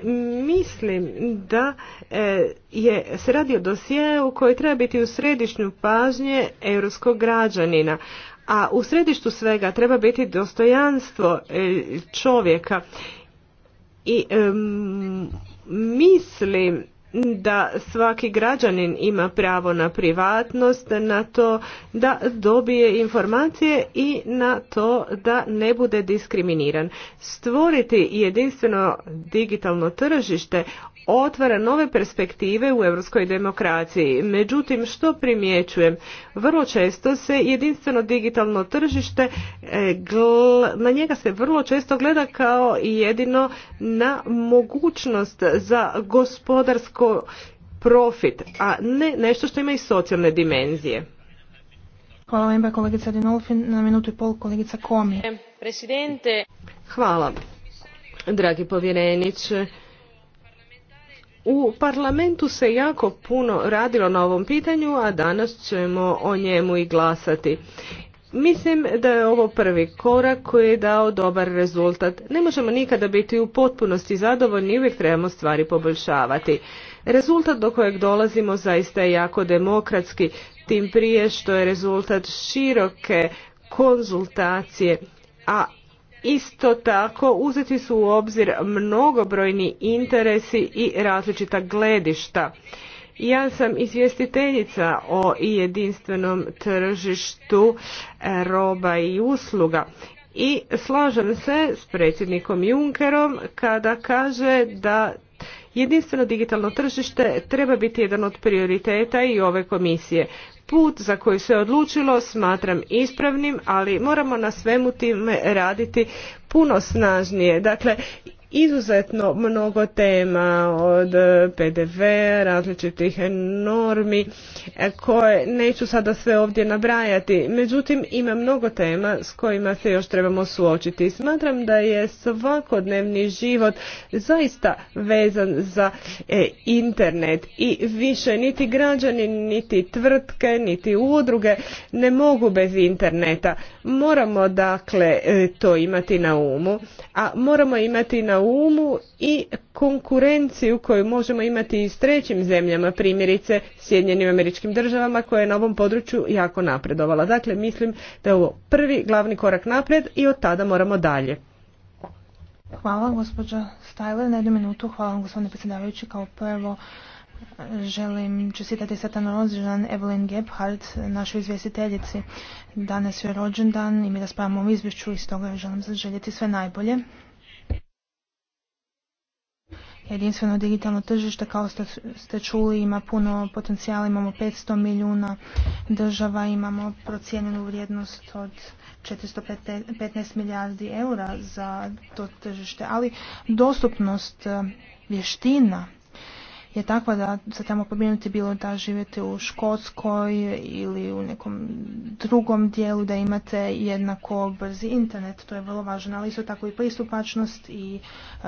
mislim da e, je, se radi o dosjeu koji treba biti u središnju pažnje europskog građanina, a u središtu svega treba biti dostojanstvo e, čovjeka i mislim da svaki građanin ima pravo na privatnost, na to da dobije informacije i na to da ne bude diskriminiran. Stvoriti jedinstveno digitalno tržište otvara nove perspektive u europskoj demokraciji. Međutim, što primjećujem? Vrlo često se jedinstveno digitalno tržište, e, na njega se vrlo često gleda kao jedino na mogućnost za gospodarsko profit, a ne nešto što ima i socijalne dimenzije. Hvala vam, kolegica Dinolfin. Na minutu i pol, kolegica Komi. Hvala, dragi povjereniče. U parlamentu se jako puno radilo na ovom pitanju, a danas ćemo o njemu i glasati. Mislim da je ovo prvi korak koji je dao dobar rezultat. Ne možemo nikada biti u potpunosti zadovoljni, uvijek trebamo stvari poboljšavati. Rezultat do kojeg dolazimo zaista je jako demokratski, tim prije što je rezultat široke konzultacije, a Isto tako uzeti su u obzir mnogobrojni interesi i različita gledišta. Ja sam izvjestiteljica o jedinstvenom tržištu e, roba i usluga i slažem se s predsjednikom Junkerom kada kaže da jedinstveno digitalno tržište treba biti jedan od prioriteta i ove komisije. Put za koji se odlučilo smatram ispravnim, ali moramo na svemu time raditi puno snažnije. Dakle, izuzetno mnogo tema od PDV, različitih normi e, koje neću sada sve ovdje nabrajati. Međutim, ima mnogo tema s kojima se još trebamo suočiti. Smatram da je svakodnevni život zaista vezan za e, internet i više niti građani, niti tvrtke, niti udruge ne mogu bez interneta. Moramo dakle e, to imati na umu, a moramo imati na umu i konkurenciju koju možemo imati i s trećim zemljama, primjerice Sjedinjenim američkim državama koja je na ovom području jako napredovala. Dakle, mislim da je ovo prvi glavni korak napred i od tada moramo dalje. Hvala gospođa Stajler. Na jednu minutu hvala vam gospodine predsjedavajući. Kao prvo želim čestitati Satan rođendan Evelyn Gebhardt, našoj izvjestiteljici. Danas je rođendan i mi raspravamo o izvješću i stoga želim zaželjeti sve najbolje jedinstveno digitalno tržište, kao što ste čuli, ima puno potencijala, imamo 500 milijuna država, imamo procijenjenu vrijednost od 415 milijardi eura za to tržište, ali dostupnost eh, vještina je takva da se tamo pobrinuti bilo da živete u Škotskoj ili u nekom drugom dijelu da imate jednako brzi internet. To je vrlo važno, ali isto tako i pristupačnost i e,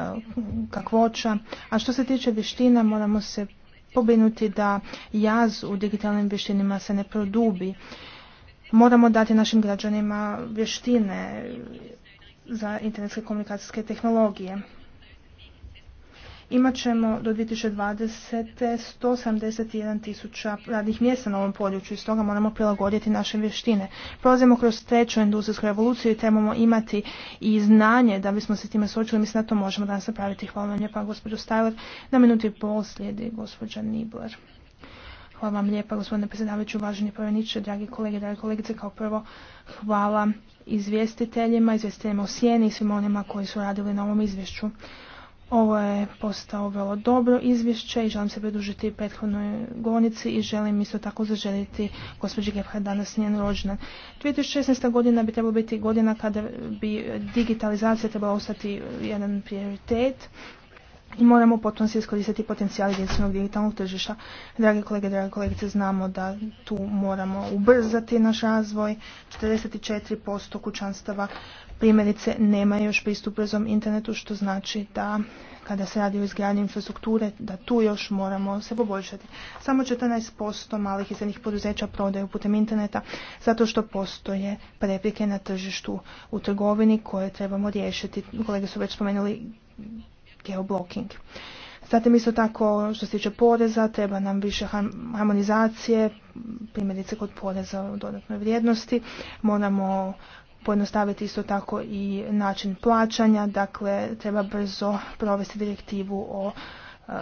kakvoća. A što se tiče vještina, moramo se pobrinuti da jaz u digitalnim vještinima se ne produbi. Moramo dati našim građanima vještine za internetske komunikacijske tehnologije. Imat ćemo do 2020. 181 tisuća radnih mjesta na ovom području i stoga moramo prilagoditi naše vještine. Prolazimo kroz treću industrijsku revoluciju i trebamo imati i znanje da bismo se time suočili. Mislim da to možemo danas napraviti. Hvala vam lijepa gospođo Stajler. Na minuti i pol gospođa Nibler. Hvala vam lijepa gospodine predsjedavajući, uvaženi povjereniče, dragi kolege, dragi kolegice. Kao prvo hvala izvjestiteljima, izvjestiteljima o sjeni i svima onima koji su radili na ovom izvješću. Ovo je postao vrlo dobro izvješće i želim se pridružiti prethodnoj govornici i želim isto tako zaželiti gospođi Gebhardt danas njen rođendan. 2016. godina bi trebala biti godina kada bi digitalizacija trebala ostati jedan prioritet i moramo potpuno se iskoristiti potencijal jedinstvenog digitalnog tržišta. Drage kolege, drage kolegice, znamo da tu moramo ubrzati naš razvoj. 44% kućanstava primjerice nema još pristup brzom internetu što znači da kada se radi o izgradnji infrastrukture da tu još moramo se poboljšati. Samo 14% malih i srednjih poduzeća prodaju putem interneta zato što postoje prepreke na tržištu u trgovini koje trebamo riješiti. Kolege su već spomenuli geoblocking. Zatim isto tako što se tiče poreza, treba nam više harmonizacije, primjerice kod poreza u dodatnoj vrijednosti. Moramo pojednostaviti isto tako i način plaćanja, dakle treba brzo provesti direktivu o e,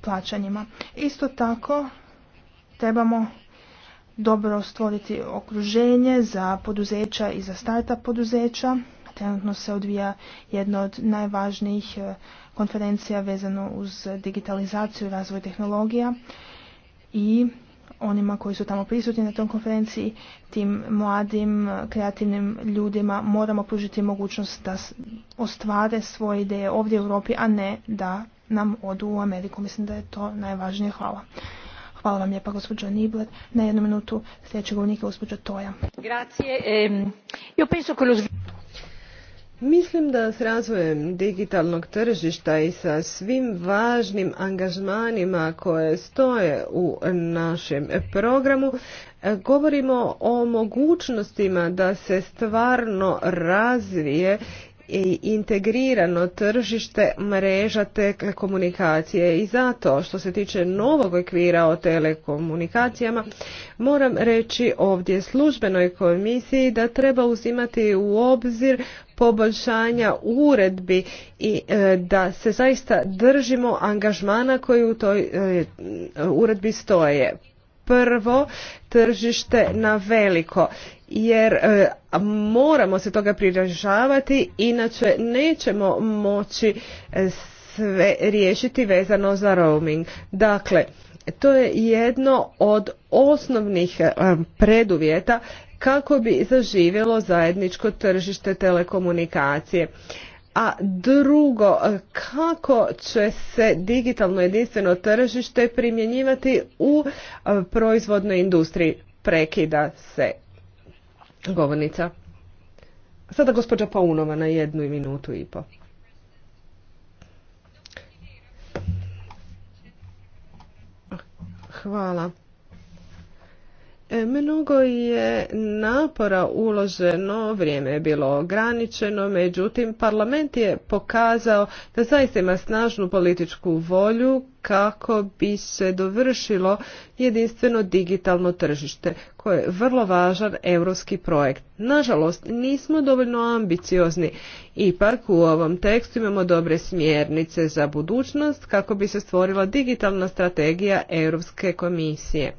plaćanjima. Isto tako trebamo dobro stvoriti okruženje za poduzeća i za starta poduzeća. Trenutno se odvija jedna od najvažnijih e, konferencija vezano uz digitalizaciju i razvoj tehnologija i onima koji su tamo prisutni na tom konferenciji, tim mladim, kreativnim ljudima moramo pružiti mogućnost da ostvare svoje ideje ovdje u Europi, a ne da nam odu u Ameriku. Mislim da je to najvažnije. Hvala. Hvala vam lijepa gospođo Nibler. Na jednu minutu sljedećeg govornika gospođa Toja. Grazie. Ehm, io penso Mislim da s razvojem digitalnog tržišta i sa svim važnim angažmanima koje stoje u našem programu e, govorimo o mogućnostima da se stvarno razvije integrirano tržište mreža te komunikacije i zato što se tiče novog okvira o telekomunikacijama moram reći ovdje službenoj komisiji da treba uzimati u obzir poboljšanja uredbi i e, da se zaista držimo angažmana koji u toj e, uredbi stoje. Prvo, tržište na veliko jer e, moramo se toga priražavati inače nećemo moći e, sve riješiti vezano za roaming. Dakle, to je jedno od osnovnih e, preduvjeta kako bi zaživjelo zajedničko tržište telekomunikacije. A drugo, kako će se digitalno jedinstveno tržište primjenjivati u proizvodnoj industriji? Prekida se govornica. Sada gospođa Paunova na jednu minutu i po. Hvala. E, mnogo je napora uloženo, vrijeme je bilo ograničeno, međutim parlament je pokazao da zaista ima snažnu političku volju kako bi se dovršilo jedinstveno digitalno tržište koje je vrlo važan europski projekt. Nažalost, nismo dovoljno ambiciozni. Ipak u ovom tekstu imamo dobre smjernice za budućnost kako bi se stvorila digitalna strategija Europske komisije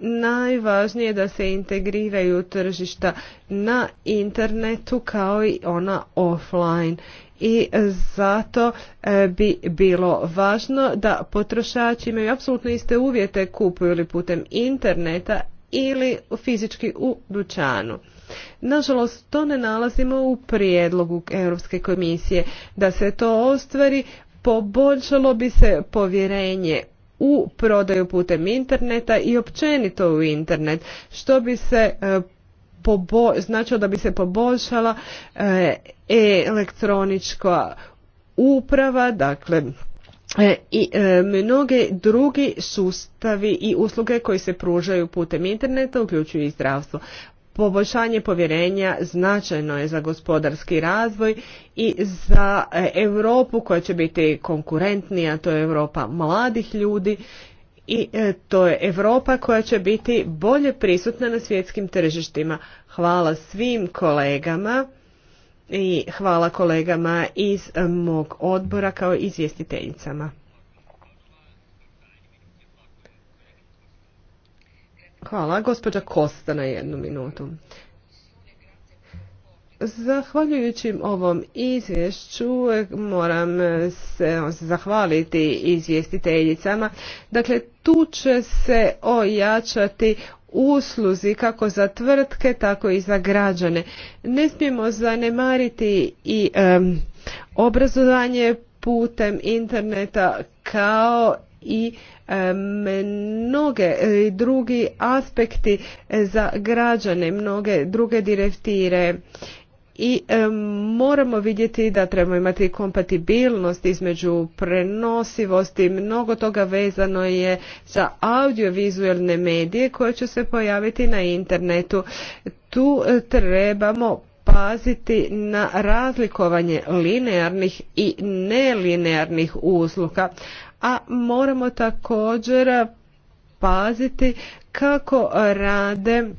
najvažnije je da se integriraju tržišta na internetu kao i ona offline i zato e, bi bilo važno da potrošači imaju apsolutno iste uvjete kupuju li putem interneta ili fizički u dućanu. Nažalost, to ne nalazimo u prijedlogu Europske komisije. Da se to ostvari, poboljšalo bi se povjerenje u prodaju putem interneta i općenito u internet, što bi se e, pobo značilo da bi se poboljšala e, elektronička uprava, dakle e, i e, mnoge drugi sustavi i usluge koji se pružaju putem interneta, uključuju i zdravstvo. Poboljšanje povjerenja značajno je za gospodarski razvoj i za e, Europu koja će biti konkurentnija, to je Europa mladih ljudi i e, to je Europa koja će biti bolje prisutna na svjetskim tržištima. Hvala svim kolegama i hvala kolegama iz e, mog odbora kao izvjestiteljicama. Hvala. Gospođa Kosta na jednu minutu. Zahvaljujući ovom izvješću moram se zahvaliti izvjestiteljicama. Dakle, tu će se ojačati usluzi kako za tvrtke, tako i za građane. Ne smijemo zanemariti i obrazovanje putem interneta kao i e, mnoge e, drugi aspekti e, za građane, mnoge druge direktire i moramo vidjeti da trebamo imati kompatibilnost između prenosivosti mnogo toga vezano je za audiovizualne medije koje će se pojaviti na internetu tu trebamo paziti na razlikovanje linearnih i nelinearnih usluga a moramo također paziti kako rade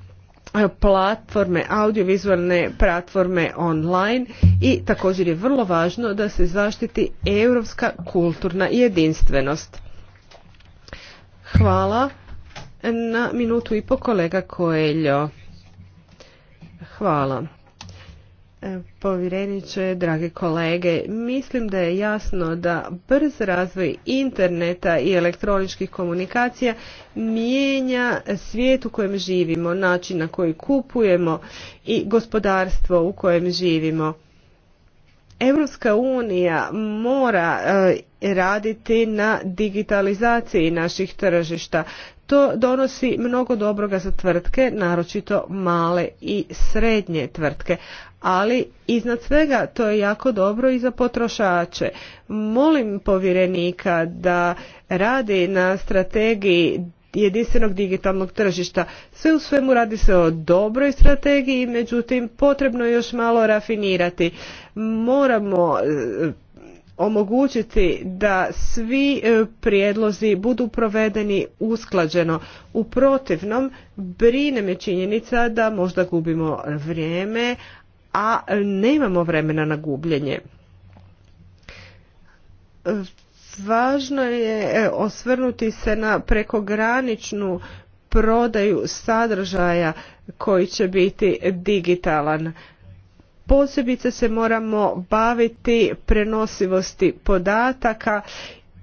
platforme, audiovizualne platforme online i također je vrlo važno da se zaštiti europska kulturna jedinstvenost. Hvala na minutu i po kolega Koeljo. Hvala. E, povjereniče, drage kolege, mislim da je jasno da brz razvoj interneta i elektroničkih komunikacija mijenja svijet u kojem živimo, način na koji kupujemo i gospodarstvo u kojem živimo. Europska unija mora e, raditi na digitalizaciji naših tržišta. To donosi mnogo dobroga za tvrtke, naročito male i srednje tvrtke, ali iznad svega to je jako dobro i za potrošače. Molim povjerenika da radi na strategiji jedinstvenog digitalnog tržišta. Sve u svemu radi se o dobroj strategiji, međutim potrebno je još malo rafinirati. Moramo e, omogućiti da svi e, prijedlozi budu provedeni usklađeno. U protivnom, brine me činjenica da možda gubimo vrijeme, a nemamo vremena na gubljenje. Važno je e, osvrnuti se na prekograničnu prodaju sadržaja koji će biti digitalan. Posebice se moramo baviti prenosivosti podataka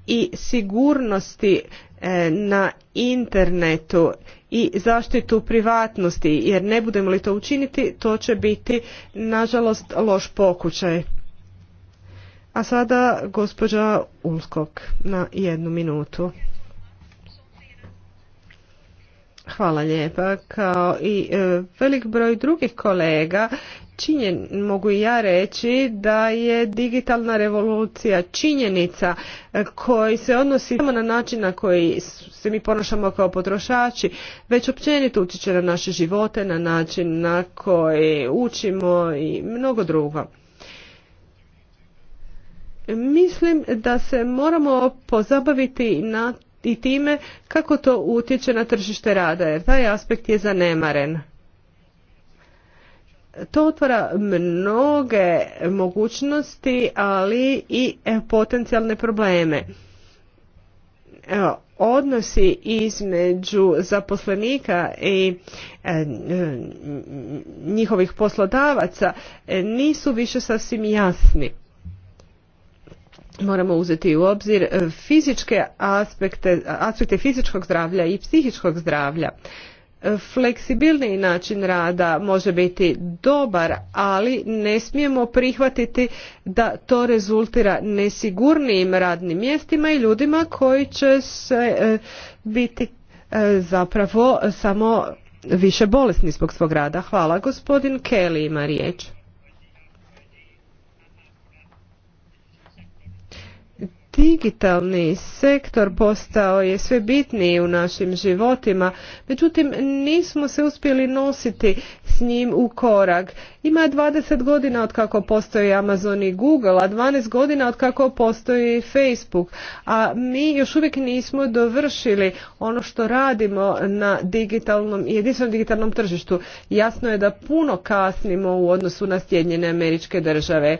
i sigurnosti E, na internetu i zaštitu privatnosti jer ne budemo li to učiniti to će biti nažalost loš pokušaj. A sada gospođa Ulskog na jednu minutu. Hvala lijepa. Kao i e, velik broj drugih kolega činjen, mogu i ja reći da je digitalna revolucija činjenica e, koji se odnosi samo na način na koji se mi ponašamo kao potrošači, već općenito utječe na naše živote, na način na koji učimo i mnogo drugo. Mislim da se moramo pozabaviti na i time kako to utječe na tržište rada, jer taj aspekt je zanemaren. To otvara mnoge mogućnosti, ali i e, potencijalne probleme. Evo, odnosi između zaposlenika i e, njihovih poslodavaca e, nisu više sasvim jasni. Moramo uzeti u obzir fizičke aspekte, aspekte fizičkog zdravlja i psihičkog zdravlja fleksibilniji način rada može biti dobar, ali ne smijemo prihvatiti da to rezultira nesigurnijim radnim mjestima i ljudima koji će se e, biti e, zapravo samo više bolesni zbog svog rada. Hvala. Gospodin Kelly ima riječ. digitalni sektor postao je sve bitniji u našim životima, međutim nismo se uspjeli nositi s njim u korak. Ima 20 godina od kako postoji Amazon i Google, a 12 godina od kako postoji Facebook, a mi još uvijek nismo dovršili ono što radimo na digitalnom, jedinstvenom digitalnom tržištu. Jasno je da puno kasnimo u odnosu na Sjedinjene američke države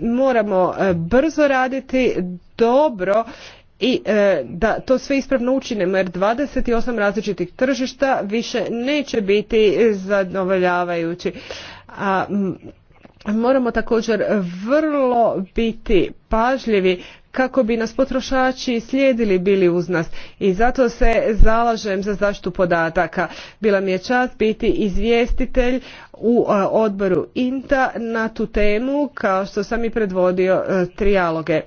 moramo e, brzo raditi dobro i e, da to sve ispravno učinimo jer 28 različitih tržišta više neće biti zadovoljavajući. A, moramo također vrlo biti pažljivi kako bi nas potrošači slijedili bili uz nas i zato se zalažem za zaštitu podataka. Bila mi je čast biti izvjestitelj u odboru INTA na tu temu kao što sam i predvodio e, trijaloge.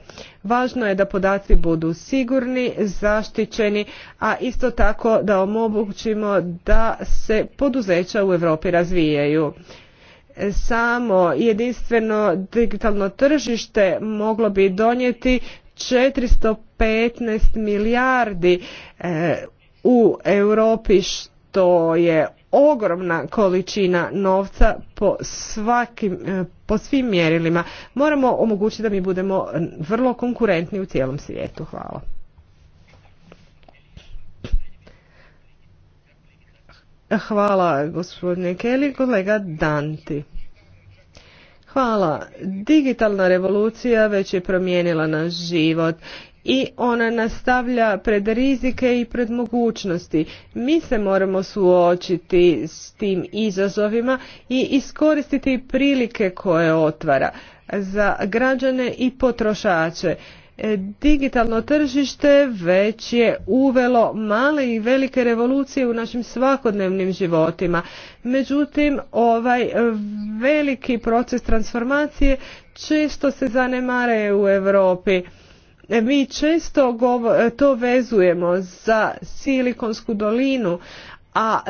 Važno je da podaci budu sigurni, zaštićeni, a isto tako da omogućimo da se poduzeća u Europi razvijaju samo jedinstveno digitalno tržište moglo bi donijeti 415 milijardi e, u Europi što je ogromna količina novca po, svakim, e, po svim mjerilima. Moramo omogućiti da mi budemo vrlo konkurentni u cijelom svijetu. Hvala. Hvala gospodine Kelly, kolega Danti. Hvala. Digitalna revolucija već je promijenila naš život i ona nastavlja pred rizike i pred mogućnosti. Mi se moramo suočiti s tim izazovima i iskoristiti prilike koje otvara za građane i potrošače. E, digitalno tržište već je uvelo male i velike revolucije u našim svakodnevnim životima. Međutim, ovaj veliki proces transformacije često se zanemare u Europi. E, mi često to vezujemo za Silikonsku dolinu, a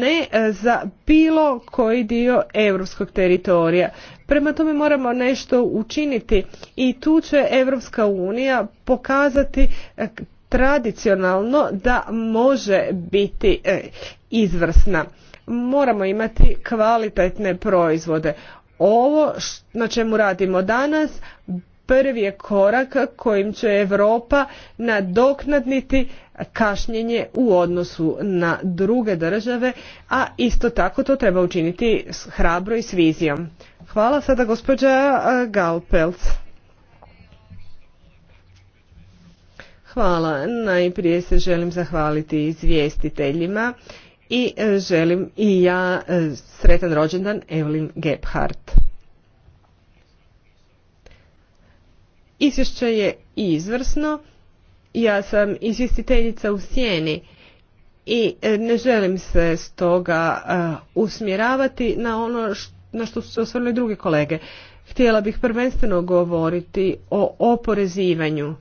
ne e, za bilo koji dio europskog teritorija. Prema tome moramo nešto učiniti i tu će Europska unija pokazati e, tradicionalno da može biti e, izvrsna. Moramo imati kvalitetne proizvode. Ovo na čemu radimo danas prvi je korak kojim će Europa nadoknadniti kašnjenje u odnosu na druge države, a isto tako to treba učiniti hrabro i s vizijom. Hvala sada gospođa Galpelc. Hvala. Najprije se želim zahvaliti izvjestiteljima i e, želim i ja e, sretan rođendan Evelyn Gebhardt. Izvješće je izvrsno ja sam izvjestiteljica u sjeni i e, ne želim se stoga e, usmjeravati na ono na što su se drugi kolege. Htjela bih prvenstveno govoriti o oporezivanju.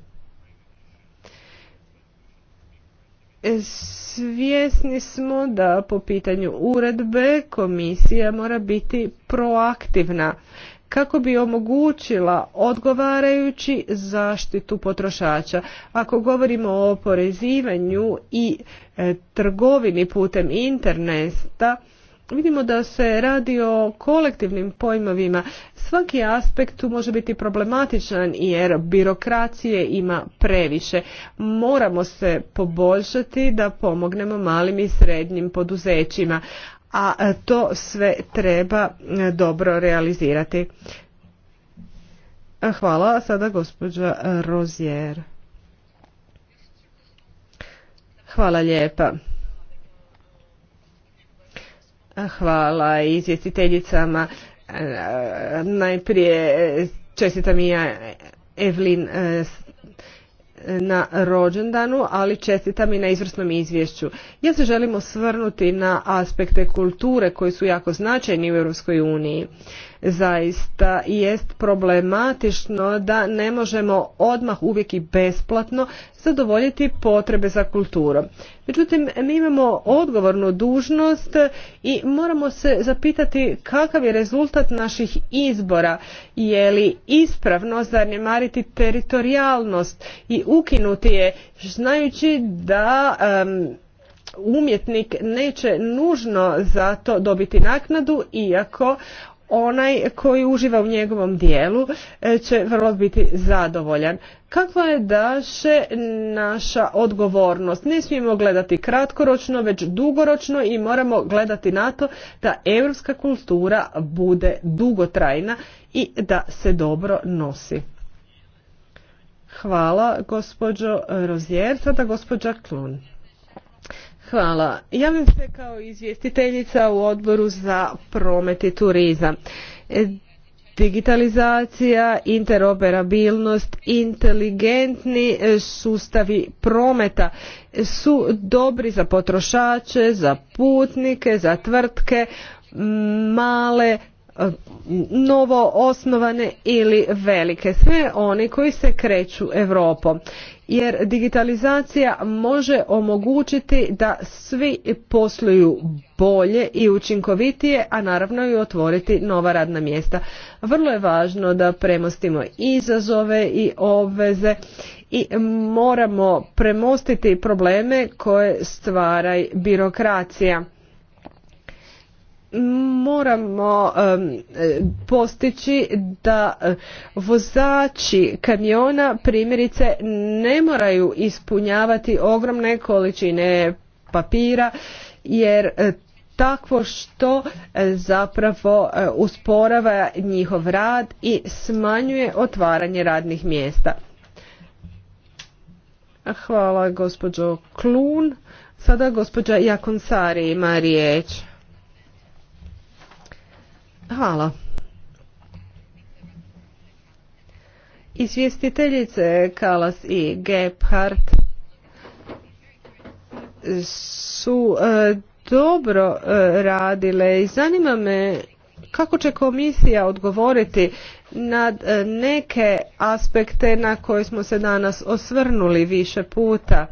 E, svjesni smo da po pitanju uredbe komisija mora biti proaktivna kako bi omogućila odgovarajući zaštitu potrošača. Ako govorimo o oporezivanju i e, trgovini putem interneta, vidimo da se radi o kolektivnim pojmovima. Svaki aspekt tu može biti problematičan jer birokracije ima previše. Moramo se poboljšati da pomognemo malim i srednjim poduzećima, a e, to sve treba e, dobro realizirati. E, hvala, sada gospođa Rozier. Hvala lijepa. Hvala izvjestiteljicama. Najprije čestitam i ja Evelin na rođendanu, ali čestitam i na izvrsnom izvješću. Ja se želim osvrnuti na aspekte kulture koji su jako značajni u Europskoj uniji zaista jest problematično da ne možemo odmah uvijek i besplatno zadovoljiti potrebe za kulturom. Međutim, mi imamo odgovornu dužnost i moramo se zapitati kakav je rezultat naših izbora, je li ispravno zanemariti teritorijalnost i ukinuti je znajući da umjetnik neće nužno za to dobiti naknadu iako onaj koji uživa u njegovom dijelu e, će vrlo biti zadovoljan. Kakva je daše naša odgovornost? Ne smijemo gledati kratkoročno, već dugoročno i moramo gledati na to da europska kultura bude dugotrajna i da se dobro nosi. Hvala gospođo Rozier. sada gospođa Klun. Hvala. Javim se kao izvjestiteljica u odboru za promet i turizam. E, digitalizacija, interoperabilnost, inteligentni e, sustavi prometa su dobri za potrošače, za putnike, za tvrtke, male novo osnovane ili velike, sve oni koji se kreću Europom. Jer digitalizacija može omogućiti da svi posluju bolje i učinkovitije, a naravno i otvoriti nova radna mjesta. Vrlo je važno da premostimo izazove i obveze i moramo premostiti probleme koje stvara birokracija moramo e, postići da e, vozači kamiona primjerice ne moraju ispunjavati ogromne količine papira jer e, takvo što zapravo usporava njihov rad i smanjuje otvaranje radnih mjesta. Hvala gospođo Klun. Sada gospođa Jakonsari ima riječ. Hvala. Izvjestiteljice Kalas i Gebhardt su e, dobro e, radile i zanima me kako će komisija odgovoriti na e, neke aspekte na koje smo se danas osvrnuli više puta.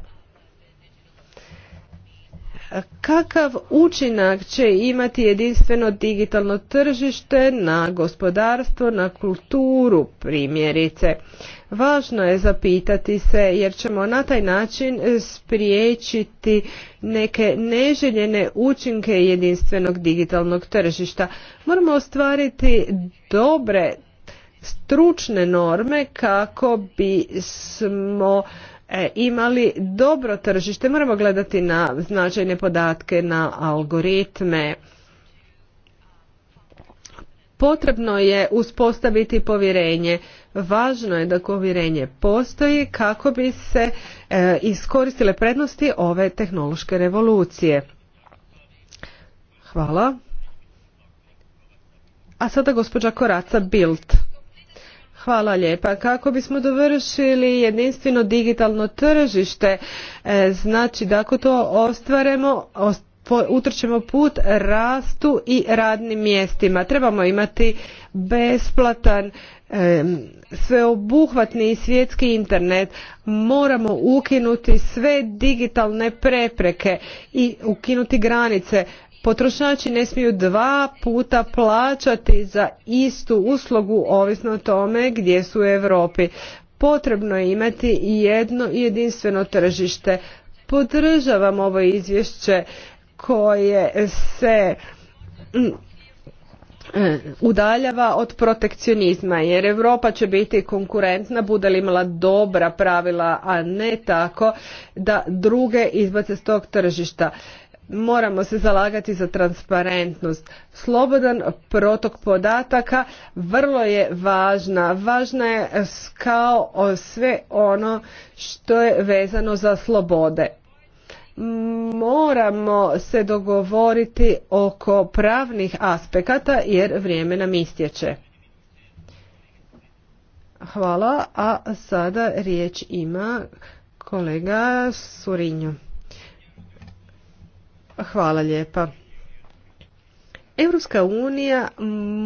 Kakav učinak će imati jedinstveno digitalno tržište na gospodarstvo, na kulturu primjerice? Važno je zapitati se jer ćemo na taj način spriječiti neke neželjene učinke jedinstvenog digitalnog tržišta. Moramo ostvariti dobre stručne norme kako bi smo E, imali dobro tržište, moramo gledati na značajne podatke, na algoritme. Potrebno je uspostaviti povjerenje. Važno je da povjerenje postoji kako bi se e, iskoristile prednosti ove tehnološke revolucije. Hvala. A sada gospođa Koraca Bild. Hvala lijepa. Kako bismo dovršili jedinstveno digitalno tržište, e, znači da ako to ostvaremo, utrčemo put rastu i radnim mjestima. Trebamo imati besplatan e, sveobuhvatni svjetski internet moramo ukinuti sve digitalne prepreke i ukinuti granice Potrošači ne smiju dva puta plaćati za istu uslugu ovisno o tome gdje su u Europi. Potrebno je imati jedno i jedinstveno tržište. Podržavam ovo izvješće koje se mm, e, udaljava od protekcionizma jer Europa će biti konkurentna bude li imala dobra pravila a ne tako da druge izbace s tog tržišta moramo se zalagati za transparentnost. Slobodan protok podataka vrlo je važna. Važna je kao sve ono što je vezano za slobode. Moramo se dogovoriti oko pravnih aspekata jer vrijeme nam istječe. Hvala, a sada riječ ima kolega Surinju. Hvala lijepa. Europska unija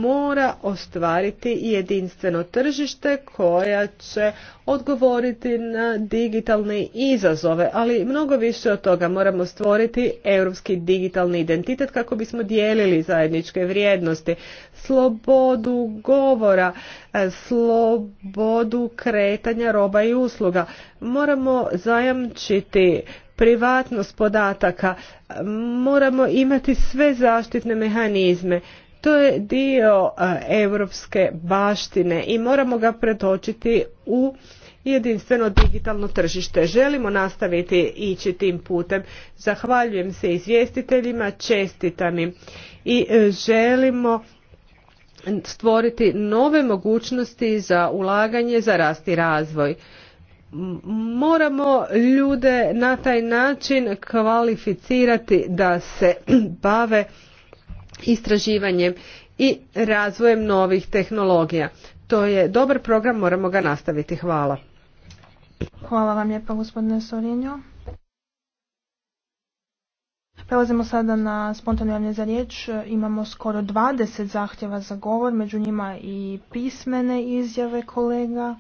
mora ostvariti jedinstveno tržište koja će odgovoriti na digitalne izazove, ali mnogo više od toga moramo stvoriti europski digitalni identitet kako bismo dijelili zajedničke vrijednosti, slobodu govora, slobodu kretanja roba i usluga. Moramo zajamčiti privatnost podataka. Moramo imati sve zaštitne mehanizme. To je dio europske baštine i moramo ga pretočiti u jedinstveno digitalno tržište. Želimo nastaviti ići tim putem. Zahvaljujem se izvjestiteljima, čestitam im i e, želimo stvoriti nove mogućnosti za ulaganje za rast i razvoj moramo ljude na taj način kvalificirati da se *clears throat* bave istraživanjem i razvojem novih tehnologija. To je dobar program, moramo ga nastaviti. Hvala. Hvala vam lijepa gospodine Sorinjo. Prelazimo sada na spontano javne za riječ. Imamo skoro 20 zahtjeva za govor, među njima i pismene izjave kolega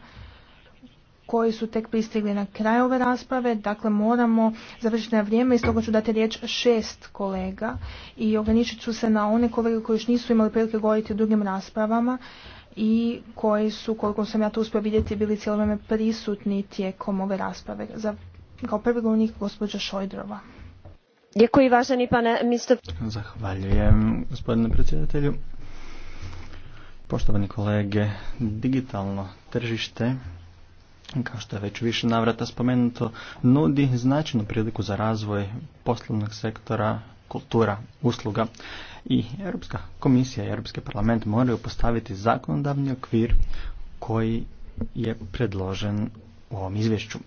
koji su tek pristigli na kraj ove rasprave. Dakle, moramo završiti na vrijeme i stoga ću dati riječ šest kolega i ograničit ću se na one kolege koji još nisu imali prilike govoriti o drugim raspravama i koji su, koliko sam ja to uspio vidjeti, bili cijelo vrijeme prisutni tijekom ove rasprave. kao prvi govornik gospođa Šojdrova. Zahvaljujem gospodine predsjedatelju. Poštovani kolege, digitalno tržište kao što je već više navrata spomenuto, nudi značajnu priliku za razvoj poslovnog sektora, kultura, usluga i Europska komisija i Europski parlament moraju postaviti zakonodavni okvir koji je predložen u ovom izvješću.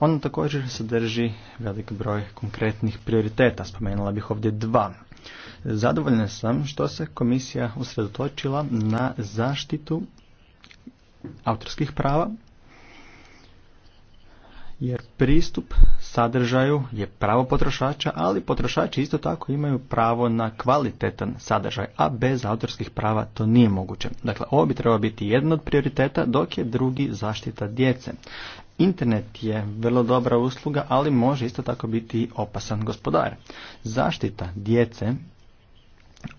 Ono također sadrži veliki broj konkretnih prioriteta, spomenula bih ovdje dva. Zadovoljna sam što se komisija usredotočila na zaštitu autorskih prava jer pristup sadržaju je pravo potrošača, ali potrošači isto tako imaju pravo na kvalitetan sadržaj, a bez autorskih prava to nije moguće. Dakle, ovo bi trebalo biti jedan od prioriteta, dok je drugi zaštita djece. Internet je vrlo dobra usluga, ali može isto tako biti opasan gospodar. Zaštita djece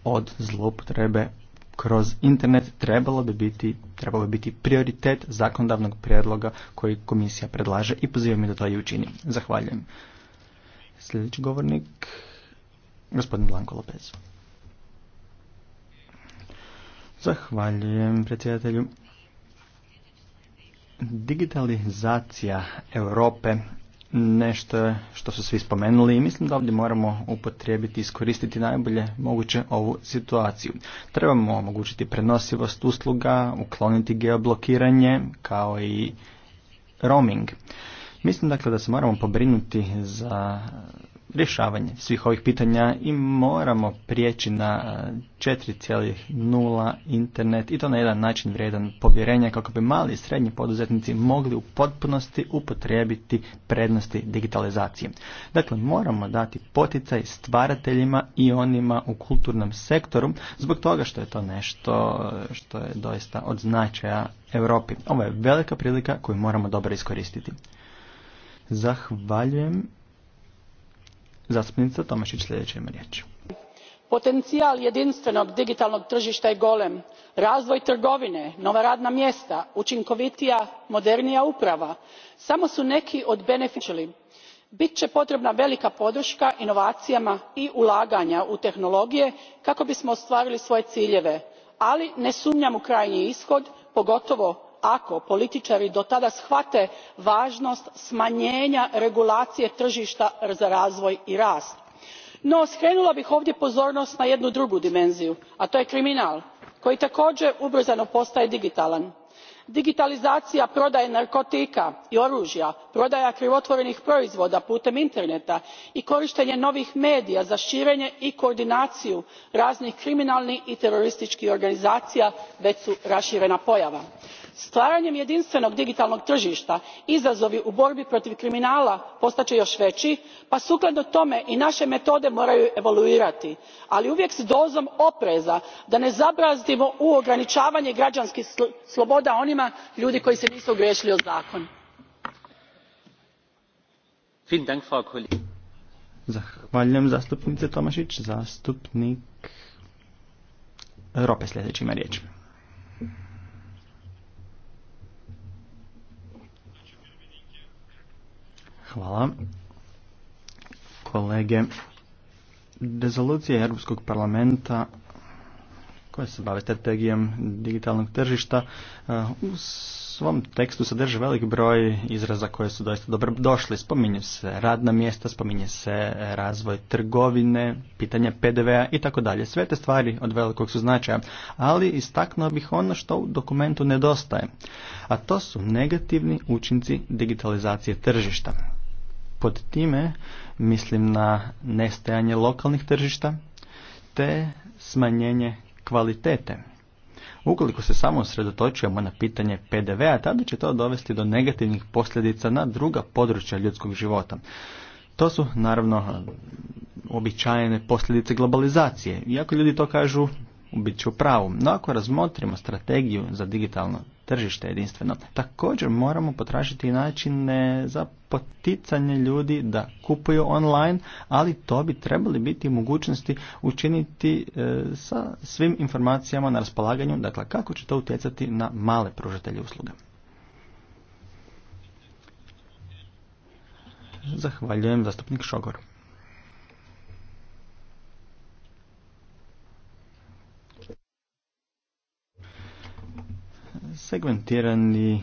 od zloupotrebe kroz internet trebalo bi biti, trebalo bi biti prioritet zakonodavnog prijedloga koji komisija predlaže i pozivam je da to i učini. Zahvaljujem. Sljedeći govornik, gospodin Blanko Lopez. Zahvaljujem predsjedatelju. Digitalizacija Europe nešto što su svi spomenuli i mislim da ovdje moramo upotrijebiti i iskoristiti najbolje moguće ovu situaciju. Trebamo omogućiti prenosivost usluga, ukloniti geoblokiranje kao i roaming. Mislim dakle da se moramo pobrinuti za rješavanje svih ovih pitanja i moramo prijeći na 4.0 e, internet i to na jedan način vrijedan povjerenja kako bi mali i srednji poduzetnici mogli u potpunosti upotrijebiti prednosti digitalizacije. Dakle, moramo dati poticaj stvarateljima i onima u kulturnom sektoru zbog toga što je to nešto što je doista od značaja Europi. Ovo je velika prilika koju moramo dobro iskoristiti. Zahvaljujem Zastupnica Tomašić sljedeća ima Potencijal jedinstvenog digitalnog tržišta je golem. Razvoj trgovine, nova radna mjesta, učinkovitija, modernija uprava samo su neki od benefita bit će potrebna velika podrška inovacijama i ulaganja u tehnologije kako bismo ostvarili svoje ciljeve ali ne sumnjam u krajnji ishod pogotovo ako političari do tada shvate važnost smanjenja regulacije tržišta za razvoj i rast. no skrenula bih ovdje pozornost na jednu drugu dimenziju a to je kriminal koji također ubrzano postaje digitalan. digitalizacija prodaje narkotika i oružja prodaja krivotvorenih proizvoda putem interneta i korištenje novih medija za širenje i koordinaciju raznih kriminalnih i terorističkih organizacija već su raširena pojava stvaranjem jedinstvenog digitalnog tržišta izazovi u borbi protiv kriminala postat će još veći pa sukladno tome i naše metode moraju evoluirati ali uvijek s dozom opreza da ne zabrazdimo u ograničavanje građanskih sloboda onima ljudi koji se nisu ogriješili o zakon. zastupnice Zastupnik Hvala. Kolege, rezolucija Europskog parlamenta koja se bave strategijom digitalnog tržišta eh, u svom tekstu sadrže velik broj izraza koje su doista dobro došli. Spominje se radna mjesta, spominje se razvoj trgovine, pitanje PDV-a i tako dalje. Sve te stvari od velikog su značaja, ali istaknuo bih ono što u dokumentu nedostaje, a to su negativni učinci digitalizacije tržišta. Pod time mislim na nestajanje lokalnih tržišta te smanjenje kvalitete. Ukoliko se samo usredotočujemo na pitanje PDV-a, tada će to dovesti do negativnih posljedica na druga područja ljudskog života. To su naravno običajene posljedice globalizacije. Iako ljudi to kažu bit će u pravu. No ako razmotrimo strategiju za digitalno tržište jedinstveno, također moramo potražiti načine za poticanje ljudi da kupuju online, ali to bi trebali biti mogućnosti učiniti e, sa svim informacijama na raspolaganju, dakle kako će to utjecati na male pružatelje usluga. Zahvaljujem zastupnik Šogor. segmentirani e,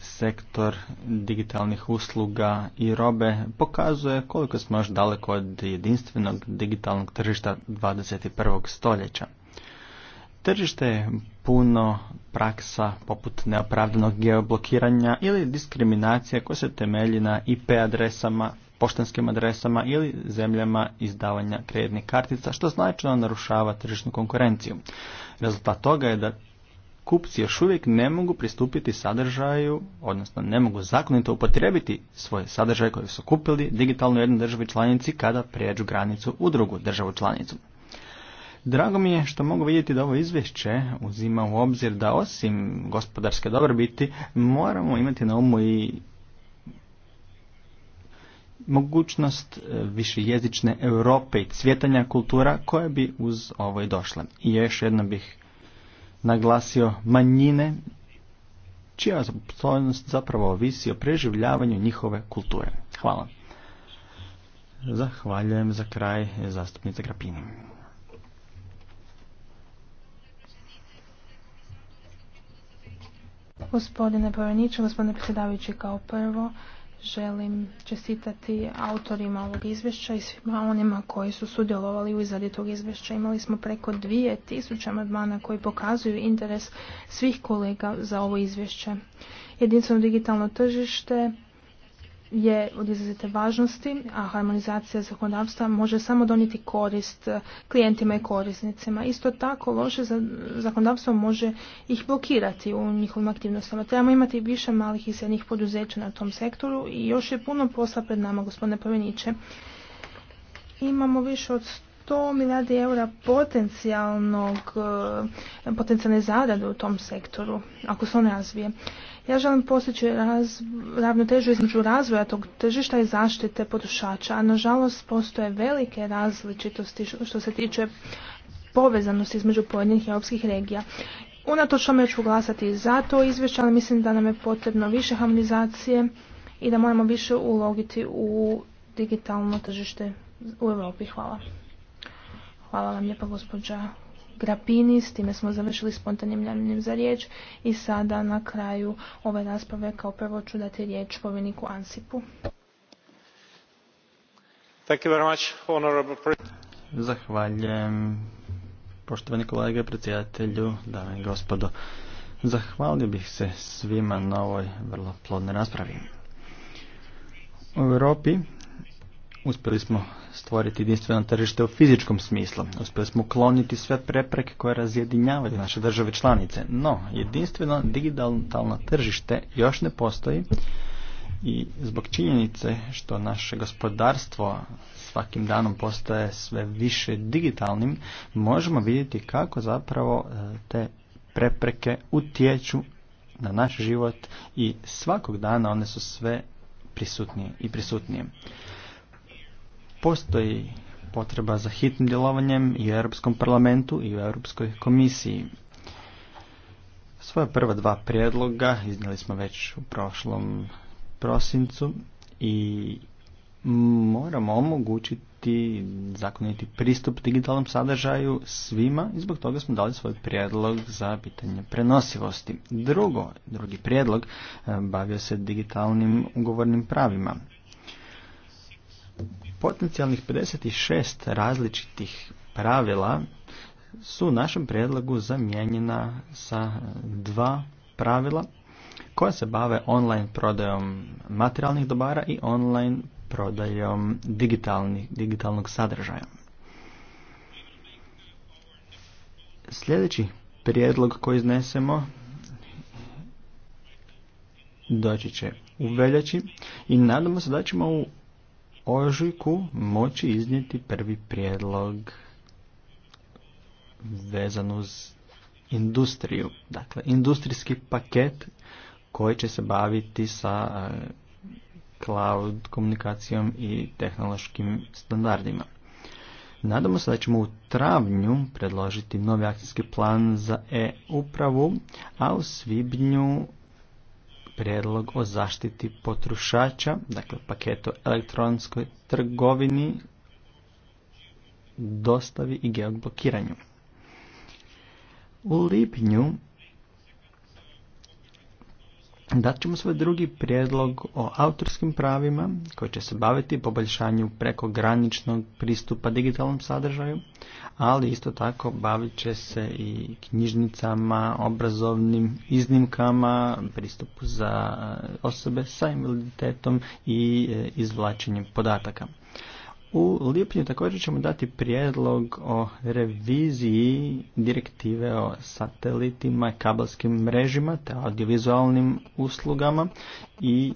sektor digitalnih usluga i robe pokazuje koliko smo još daleko od jedinstvenog digitalnog tržišta 21. stoljeća. Tržište je puno praksa poput neopravdanog geoblokiranja ili diskriminacije koja se temelji na IP adresama, poštanskim adresama ili zemljama izdavanja kreditnih kartica, što značajno narušava tržišnu konkurenciju. Rezultat toga je da kupci još uvijek ne mogu pristupiti sadržaju, odnosno ne mogu zakonito upotrijebiti svoje sadržaje koje su kupili digitalno jednoj državi članici kada prijeđu granicu u drugu državu članicu. Drago mi je što mogu vidjeti da ovo izvješće uzima u obzir da osim gospodarske dobrobiti moramo imati na umu i mogućnost e, višejezične Europe i cvjetanja kultura koja bi uz ovo i došla. I još jedno bih naglasio manjine čija opstojnost zapravo ovisi o preživljavanju njihove kulture. Hvala. Zahvaljujem za kraj zastupnice Grapini. Gospodine Poraniće, gospodine predsjedavajući, kao prvo želim čestitati autorima ovog izvješća i svima onima koji su sudjelovali u izradi tog izvješća. Imali smo preko 2000 amandmana koji pokazuju interes svih kolega za ovo izvješće. Jedinstveno digitalno tržište je od izrazite važnosti, a harmonizacija zakonodavstva može samo doniti korist klijentima i korisnicima. Isto tako loše zakonodavstvo može ih blokirati u njihovim aktivnostima. Trebamo imati više malih i srednjih poduzeća na tom sektoru i još je puno posla pred nama, gospodine Poveniće. Imamo više od 100 milijardi eura potencijalnog, eh, potencijalne zarade u tom sektoru, ako se on razvije. Ja želim postići ravnotežu između razvoja tog tržišta i zaštite potrošača, a nažalost postoje velike različitosti što se tiče povezanosti između pojedinih europskih regija. Unatoč tome ću glasati za to izvješće, ali mislim da nam je potrebno više harmonizacije i da moramo više ulogiti u digitalno tržište u Europi. Hvala. Hvala vam lijepa gospođa Grapini, s time smo završili spontanim javljanjem za riječ i sada na kraju ove rasprave kao prvo ću dati riječ povjeniku Ansipu. very Zahvaljujem poštovani kolege, predsjedatelju, dame i gospodo. Zahvalio bih se svima na ovoj vrlo plodnoj raspravi. U Europi uspjeli smo stvoriti jedinstveno tržište u fizičkom smislu. Uspjeli smo ukloniti sve prepreke koje razjedinjavaju naše države članice. No, jedinstveno digitalno tržište još ne postoji i zbog činjenice što naše gospodarstvo svakim danom postaje sve više digitalnim, možemo vidjeti kako zapravo e, te prepreke utječu na naš život i svakog dana one su sve prisutnije i prisutnije. Postoji potreba za hitnim djelovanjem i u Europskom parlamentu i u Europskoj komisiji. Svoja prva dva prijedloga iznijeli smo već u prošlom prosincu i moramo omogućiti zakoniti pristup digitalnom sadržaju svima i zbog toga smo dali svoj prijedlog za pitanje prenosivosti. Drugo, drugi prijedlog e, bavio se digitalnim ugovornim pravima. Potencijalnih 56 različitih pravila su u našem prijedlogu zamijenjena sa dva pravila koja se bave online prodajom materijalnih dobara i online prodajom digitalnog sadržaja. Sljedeći prijedlog koji iznesemo doći će u veljači i nadamo se da ćemo u ožujku moći iznijeti prvi prijedlog vezan uz industriju. Dakle, industrijski paket koji će se baviti sa e, cloud komunikacijom i tehnološkim standardima. Nadamo se da ćemo u travnju predložiti novi akcijski plan za e-upravu, a u svibnju prijedlog o zaštiti potrošača, dakle paketo elektronskoj trgovini, dostavi i geoblokiranju. U lipnju dat ćemo svoj drugi prijedlog o autorskim pravima koji će se baviti poboljšanju prekograničnog pristupa digitalnom sadržaju, ali isto tako bavit će se i knjižnicama, obrazovnim iznimkama, pristupu za e, osobe sa invaliditetom i e, izvlačenjem podataka. U lipnju također ćemo dati prijedlog o reviziji direktive o satelitima, kabelskim mrežima te audiovizualnim uslugama i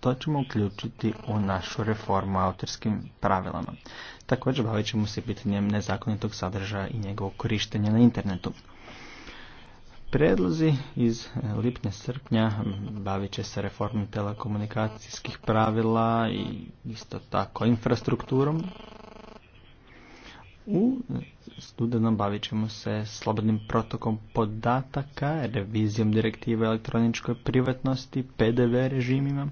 to ćemo uključiti u našu reformu autorskim pravilama. Također bavit ćemo se pitanjem nezakonitog sadržaja i njegovog korištenja na internetu. Predlozi iz eh, lipnja srpnja bavit će se reformom telekomunikacijskih pravila i isto tako infrastrukturom. U eh, studenom bavit ćemo se slobodnim protokom podataka, revizijom direktive elektroničkoj privatnosti, PDV režimima.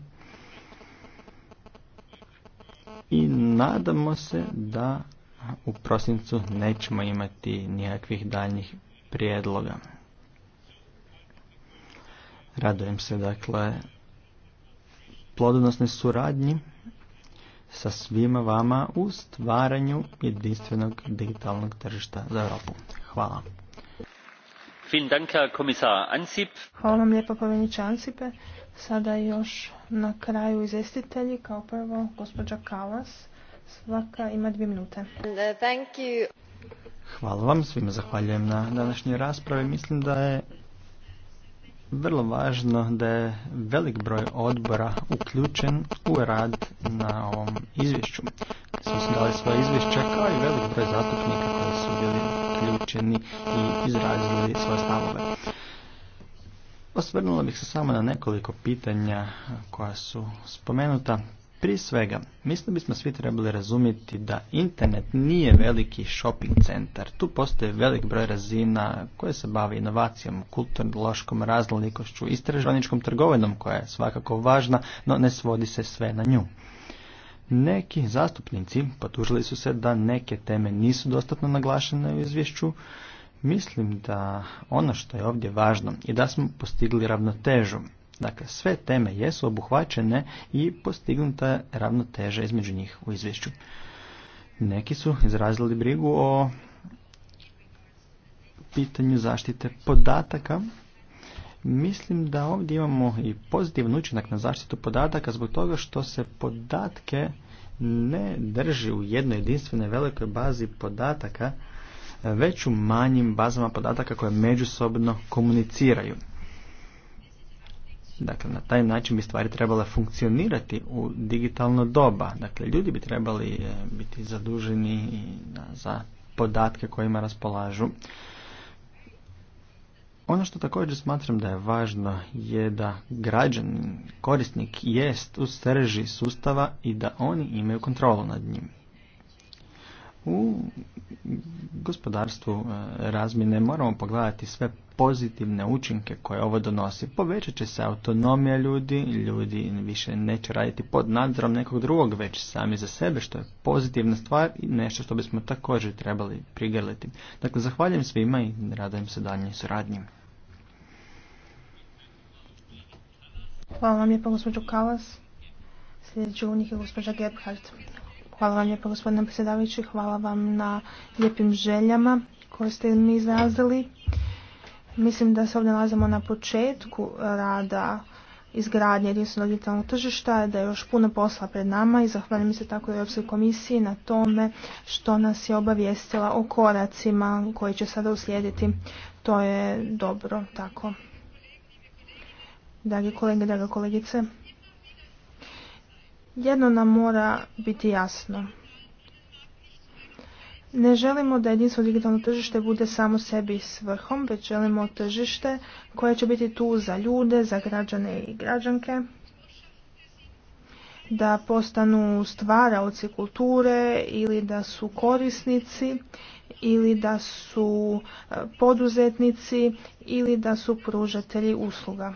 I nadamo se da eh, u prosincu nećemo imati nijakvih daljnjih prijedloga. Radujem se dakle plodonosnoj suradnji sa svima vama u stvaranju jedinstvenog digitalnog tržišta za Europu. Hvala. Hvala vam lijepo, povjeniče Ansipe. Sada još na kraju izvjestitelji, kao prvo gospođa Kalas. Svaka ima dvije minute. Uh, Hvala vam, svima zahvaljujem na današnjoj raspravi. Mislim da je vrlo važno da je velik broj odbora uključen u rad na ovom izvješću. Svi su dali svoje izvješća kao i velik broj zatupnika koji su bili uključeni i izrazili svoje stavove. Osvrnula bih se samo na nekoliko pitanja koja su spomenuta. Prije svega, mislim bismo svi trebali razumjeti da internet nije veliki shopping centar. Tu postoje velik broj razina koje se bavi inovacijom, kulturno-loškom raznolikošću, istraživaničkom trgovinom koja je svakako važna, no ne svodi se sve na nju. Neki zastupnici potužili su se da neke teme nisu dostatno naglašene u izvješću. Mislim da ono što je ovdje važno je da smo postigli ravnotežu Dakle, sve teme jesu obuhvaćene i postignuta je ravnoteža između njih u izvješću. Neki su izrazili brigu o pitanju zaštite podataka. Mislim da ovdje imamo i pozitivan učinak na zaštitu podataka zbog toga što se podatke ne drži u jednoj jedinstvenoj velikoj bazi podataka, već u manjim bazama podataka koje međusobno komuniciraju. Dakle, na taj način bi stvari trebale funkcionirati u digitalno doba. Dakle, ljudi bi trebali eh, biti zaduženi za podatke kojima raspolažu. Ono što također smatram da je važno je da građan korisnik jest u srži sustava i da oni imaju kontrolu nad njim. U gospodarstvu eh, razmjene moramo pogledati sve pozitivne učinke koje ovo donosi. Povećat će se autonomija ljudi, ljudi više neće raditi pod nadzorom nekog drugog, već sami za sebe, što je pozitivna stvar i nešto što bismo također trebali prigrliti. Dakle, zahvaljujem svima i radujem se daljnjoj suradnji. Hvala vam lijepo, gospođo Kalas. Sljedeći njih je gospođa Gebhardt. Hvala vam lijepo, gospodine predsjedavajući. Hvala vam na lijepim željama koje ste mi izrazili. Mislim da se ovdje nalazimo na početku rada izgradnje jedinstvenog digitalnog tržišta, da je još puno posla pred nama i zahvaljujem se tako i Europskoj komisiji na tome što nas je obavijestila o koracima koji će sada uslijediti. To je dobro tako. Dragi kolege, draga kolegice, jedno nam mora biti jasno. Ne želimo da jedinstvo digitalno tržište bude samo sebi svrhom, već želimo tržište koje će biti tu za ljude, za građane i građanke, da postanu stvaraoci kulture ili da su korisnici ili da su e, poduzetnici ili da su pružatelji usluga.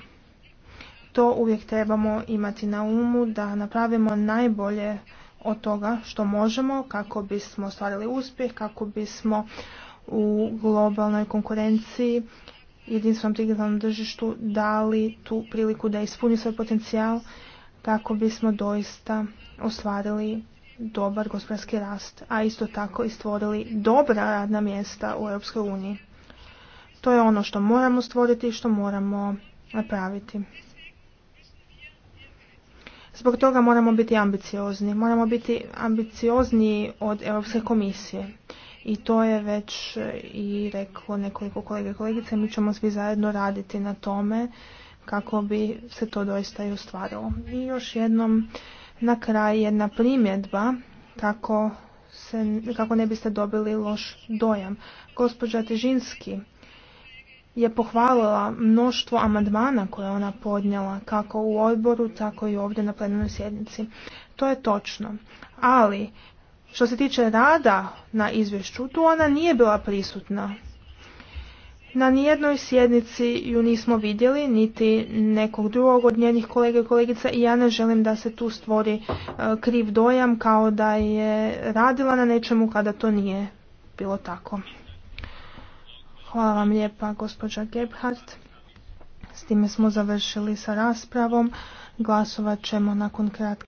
To uvijek trebamo imati na umu da napravimo najbolje od toga što možemo kako bismo ostvarili uspjeh, kako bismo u globalnoj konkurenciji jedinstvenom digitalnom tržištu dali tu priliku da ispuni svoj potencijal kako bismo doista ostvarili dobar gospodarski rast, a isto tako i stvorili dobra radna mjesta u EU To je ono što moramo stvoriti i što moramo napraviti. Zbog toga moramo biti ambiciozni. Moramo biti ambiciozniji od Europske komisije. I to je već eh, i reklo nekoliko kolega i kolegice. Mi ćemo svi zajedno raditi na tome kako bi se to doista i ostvarilo. I još jednom na kraj jedna primjedba kako, se, kako ne biste dobili loš dojam. Gospođa Težinski je pohvalila mnoštvo amandmana koje ona podnjela, kako u odboru, tako i ovdje na plenarnoj sjednici. To je točno. Ali, što se tiče rada na izvješću, tu ona nije bila prisutna. Na nijednoj sjednici ju nismo vidjeli, niti nekog drugog od njenih kolega i kolegica i ja ne želim da se tu stvori e, kriv dojam kao da je radila na nečemu kada to nije bilo tako. Hvala vam lijepa gospođa Gebhardt. S time smo završili sa raspravom. Glasovat ćemo nakon kratka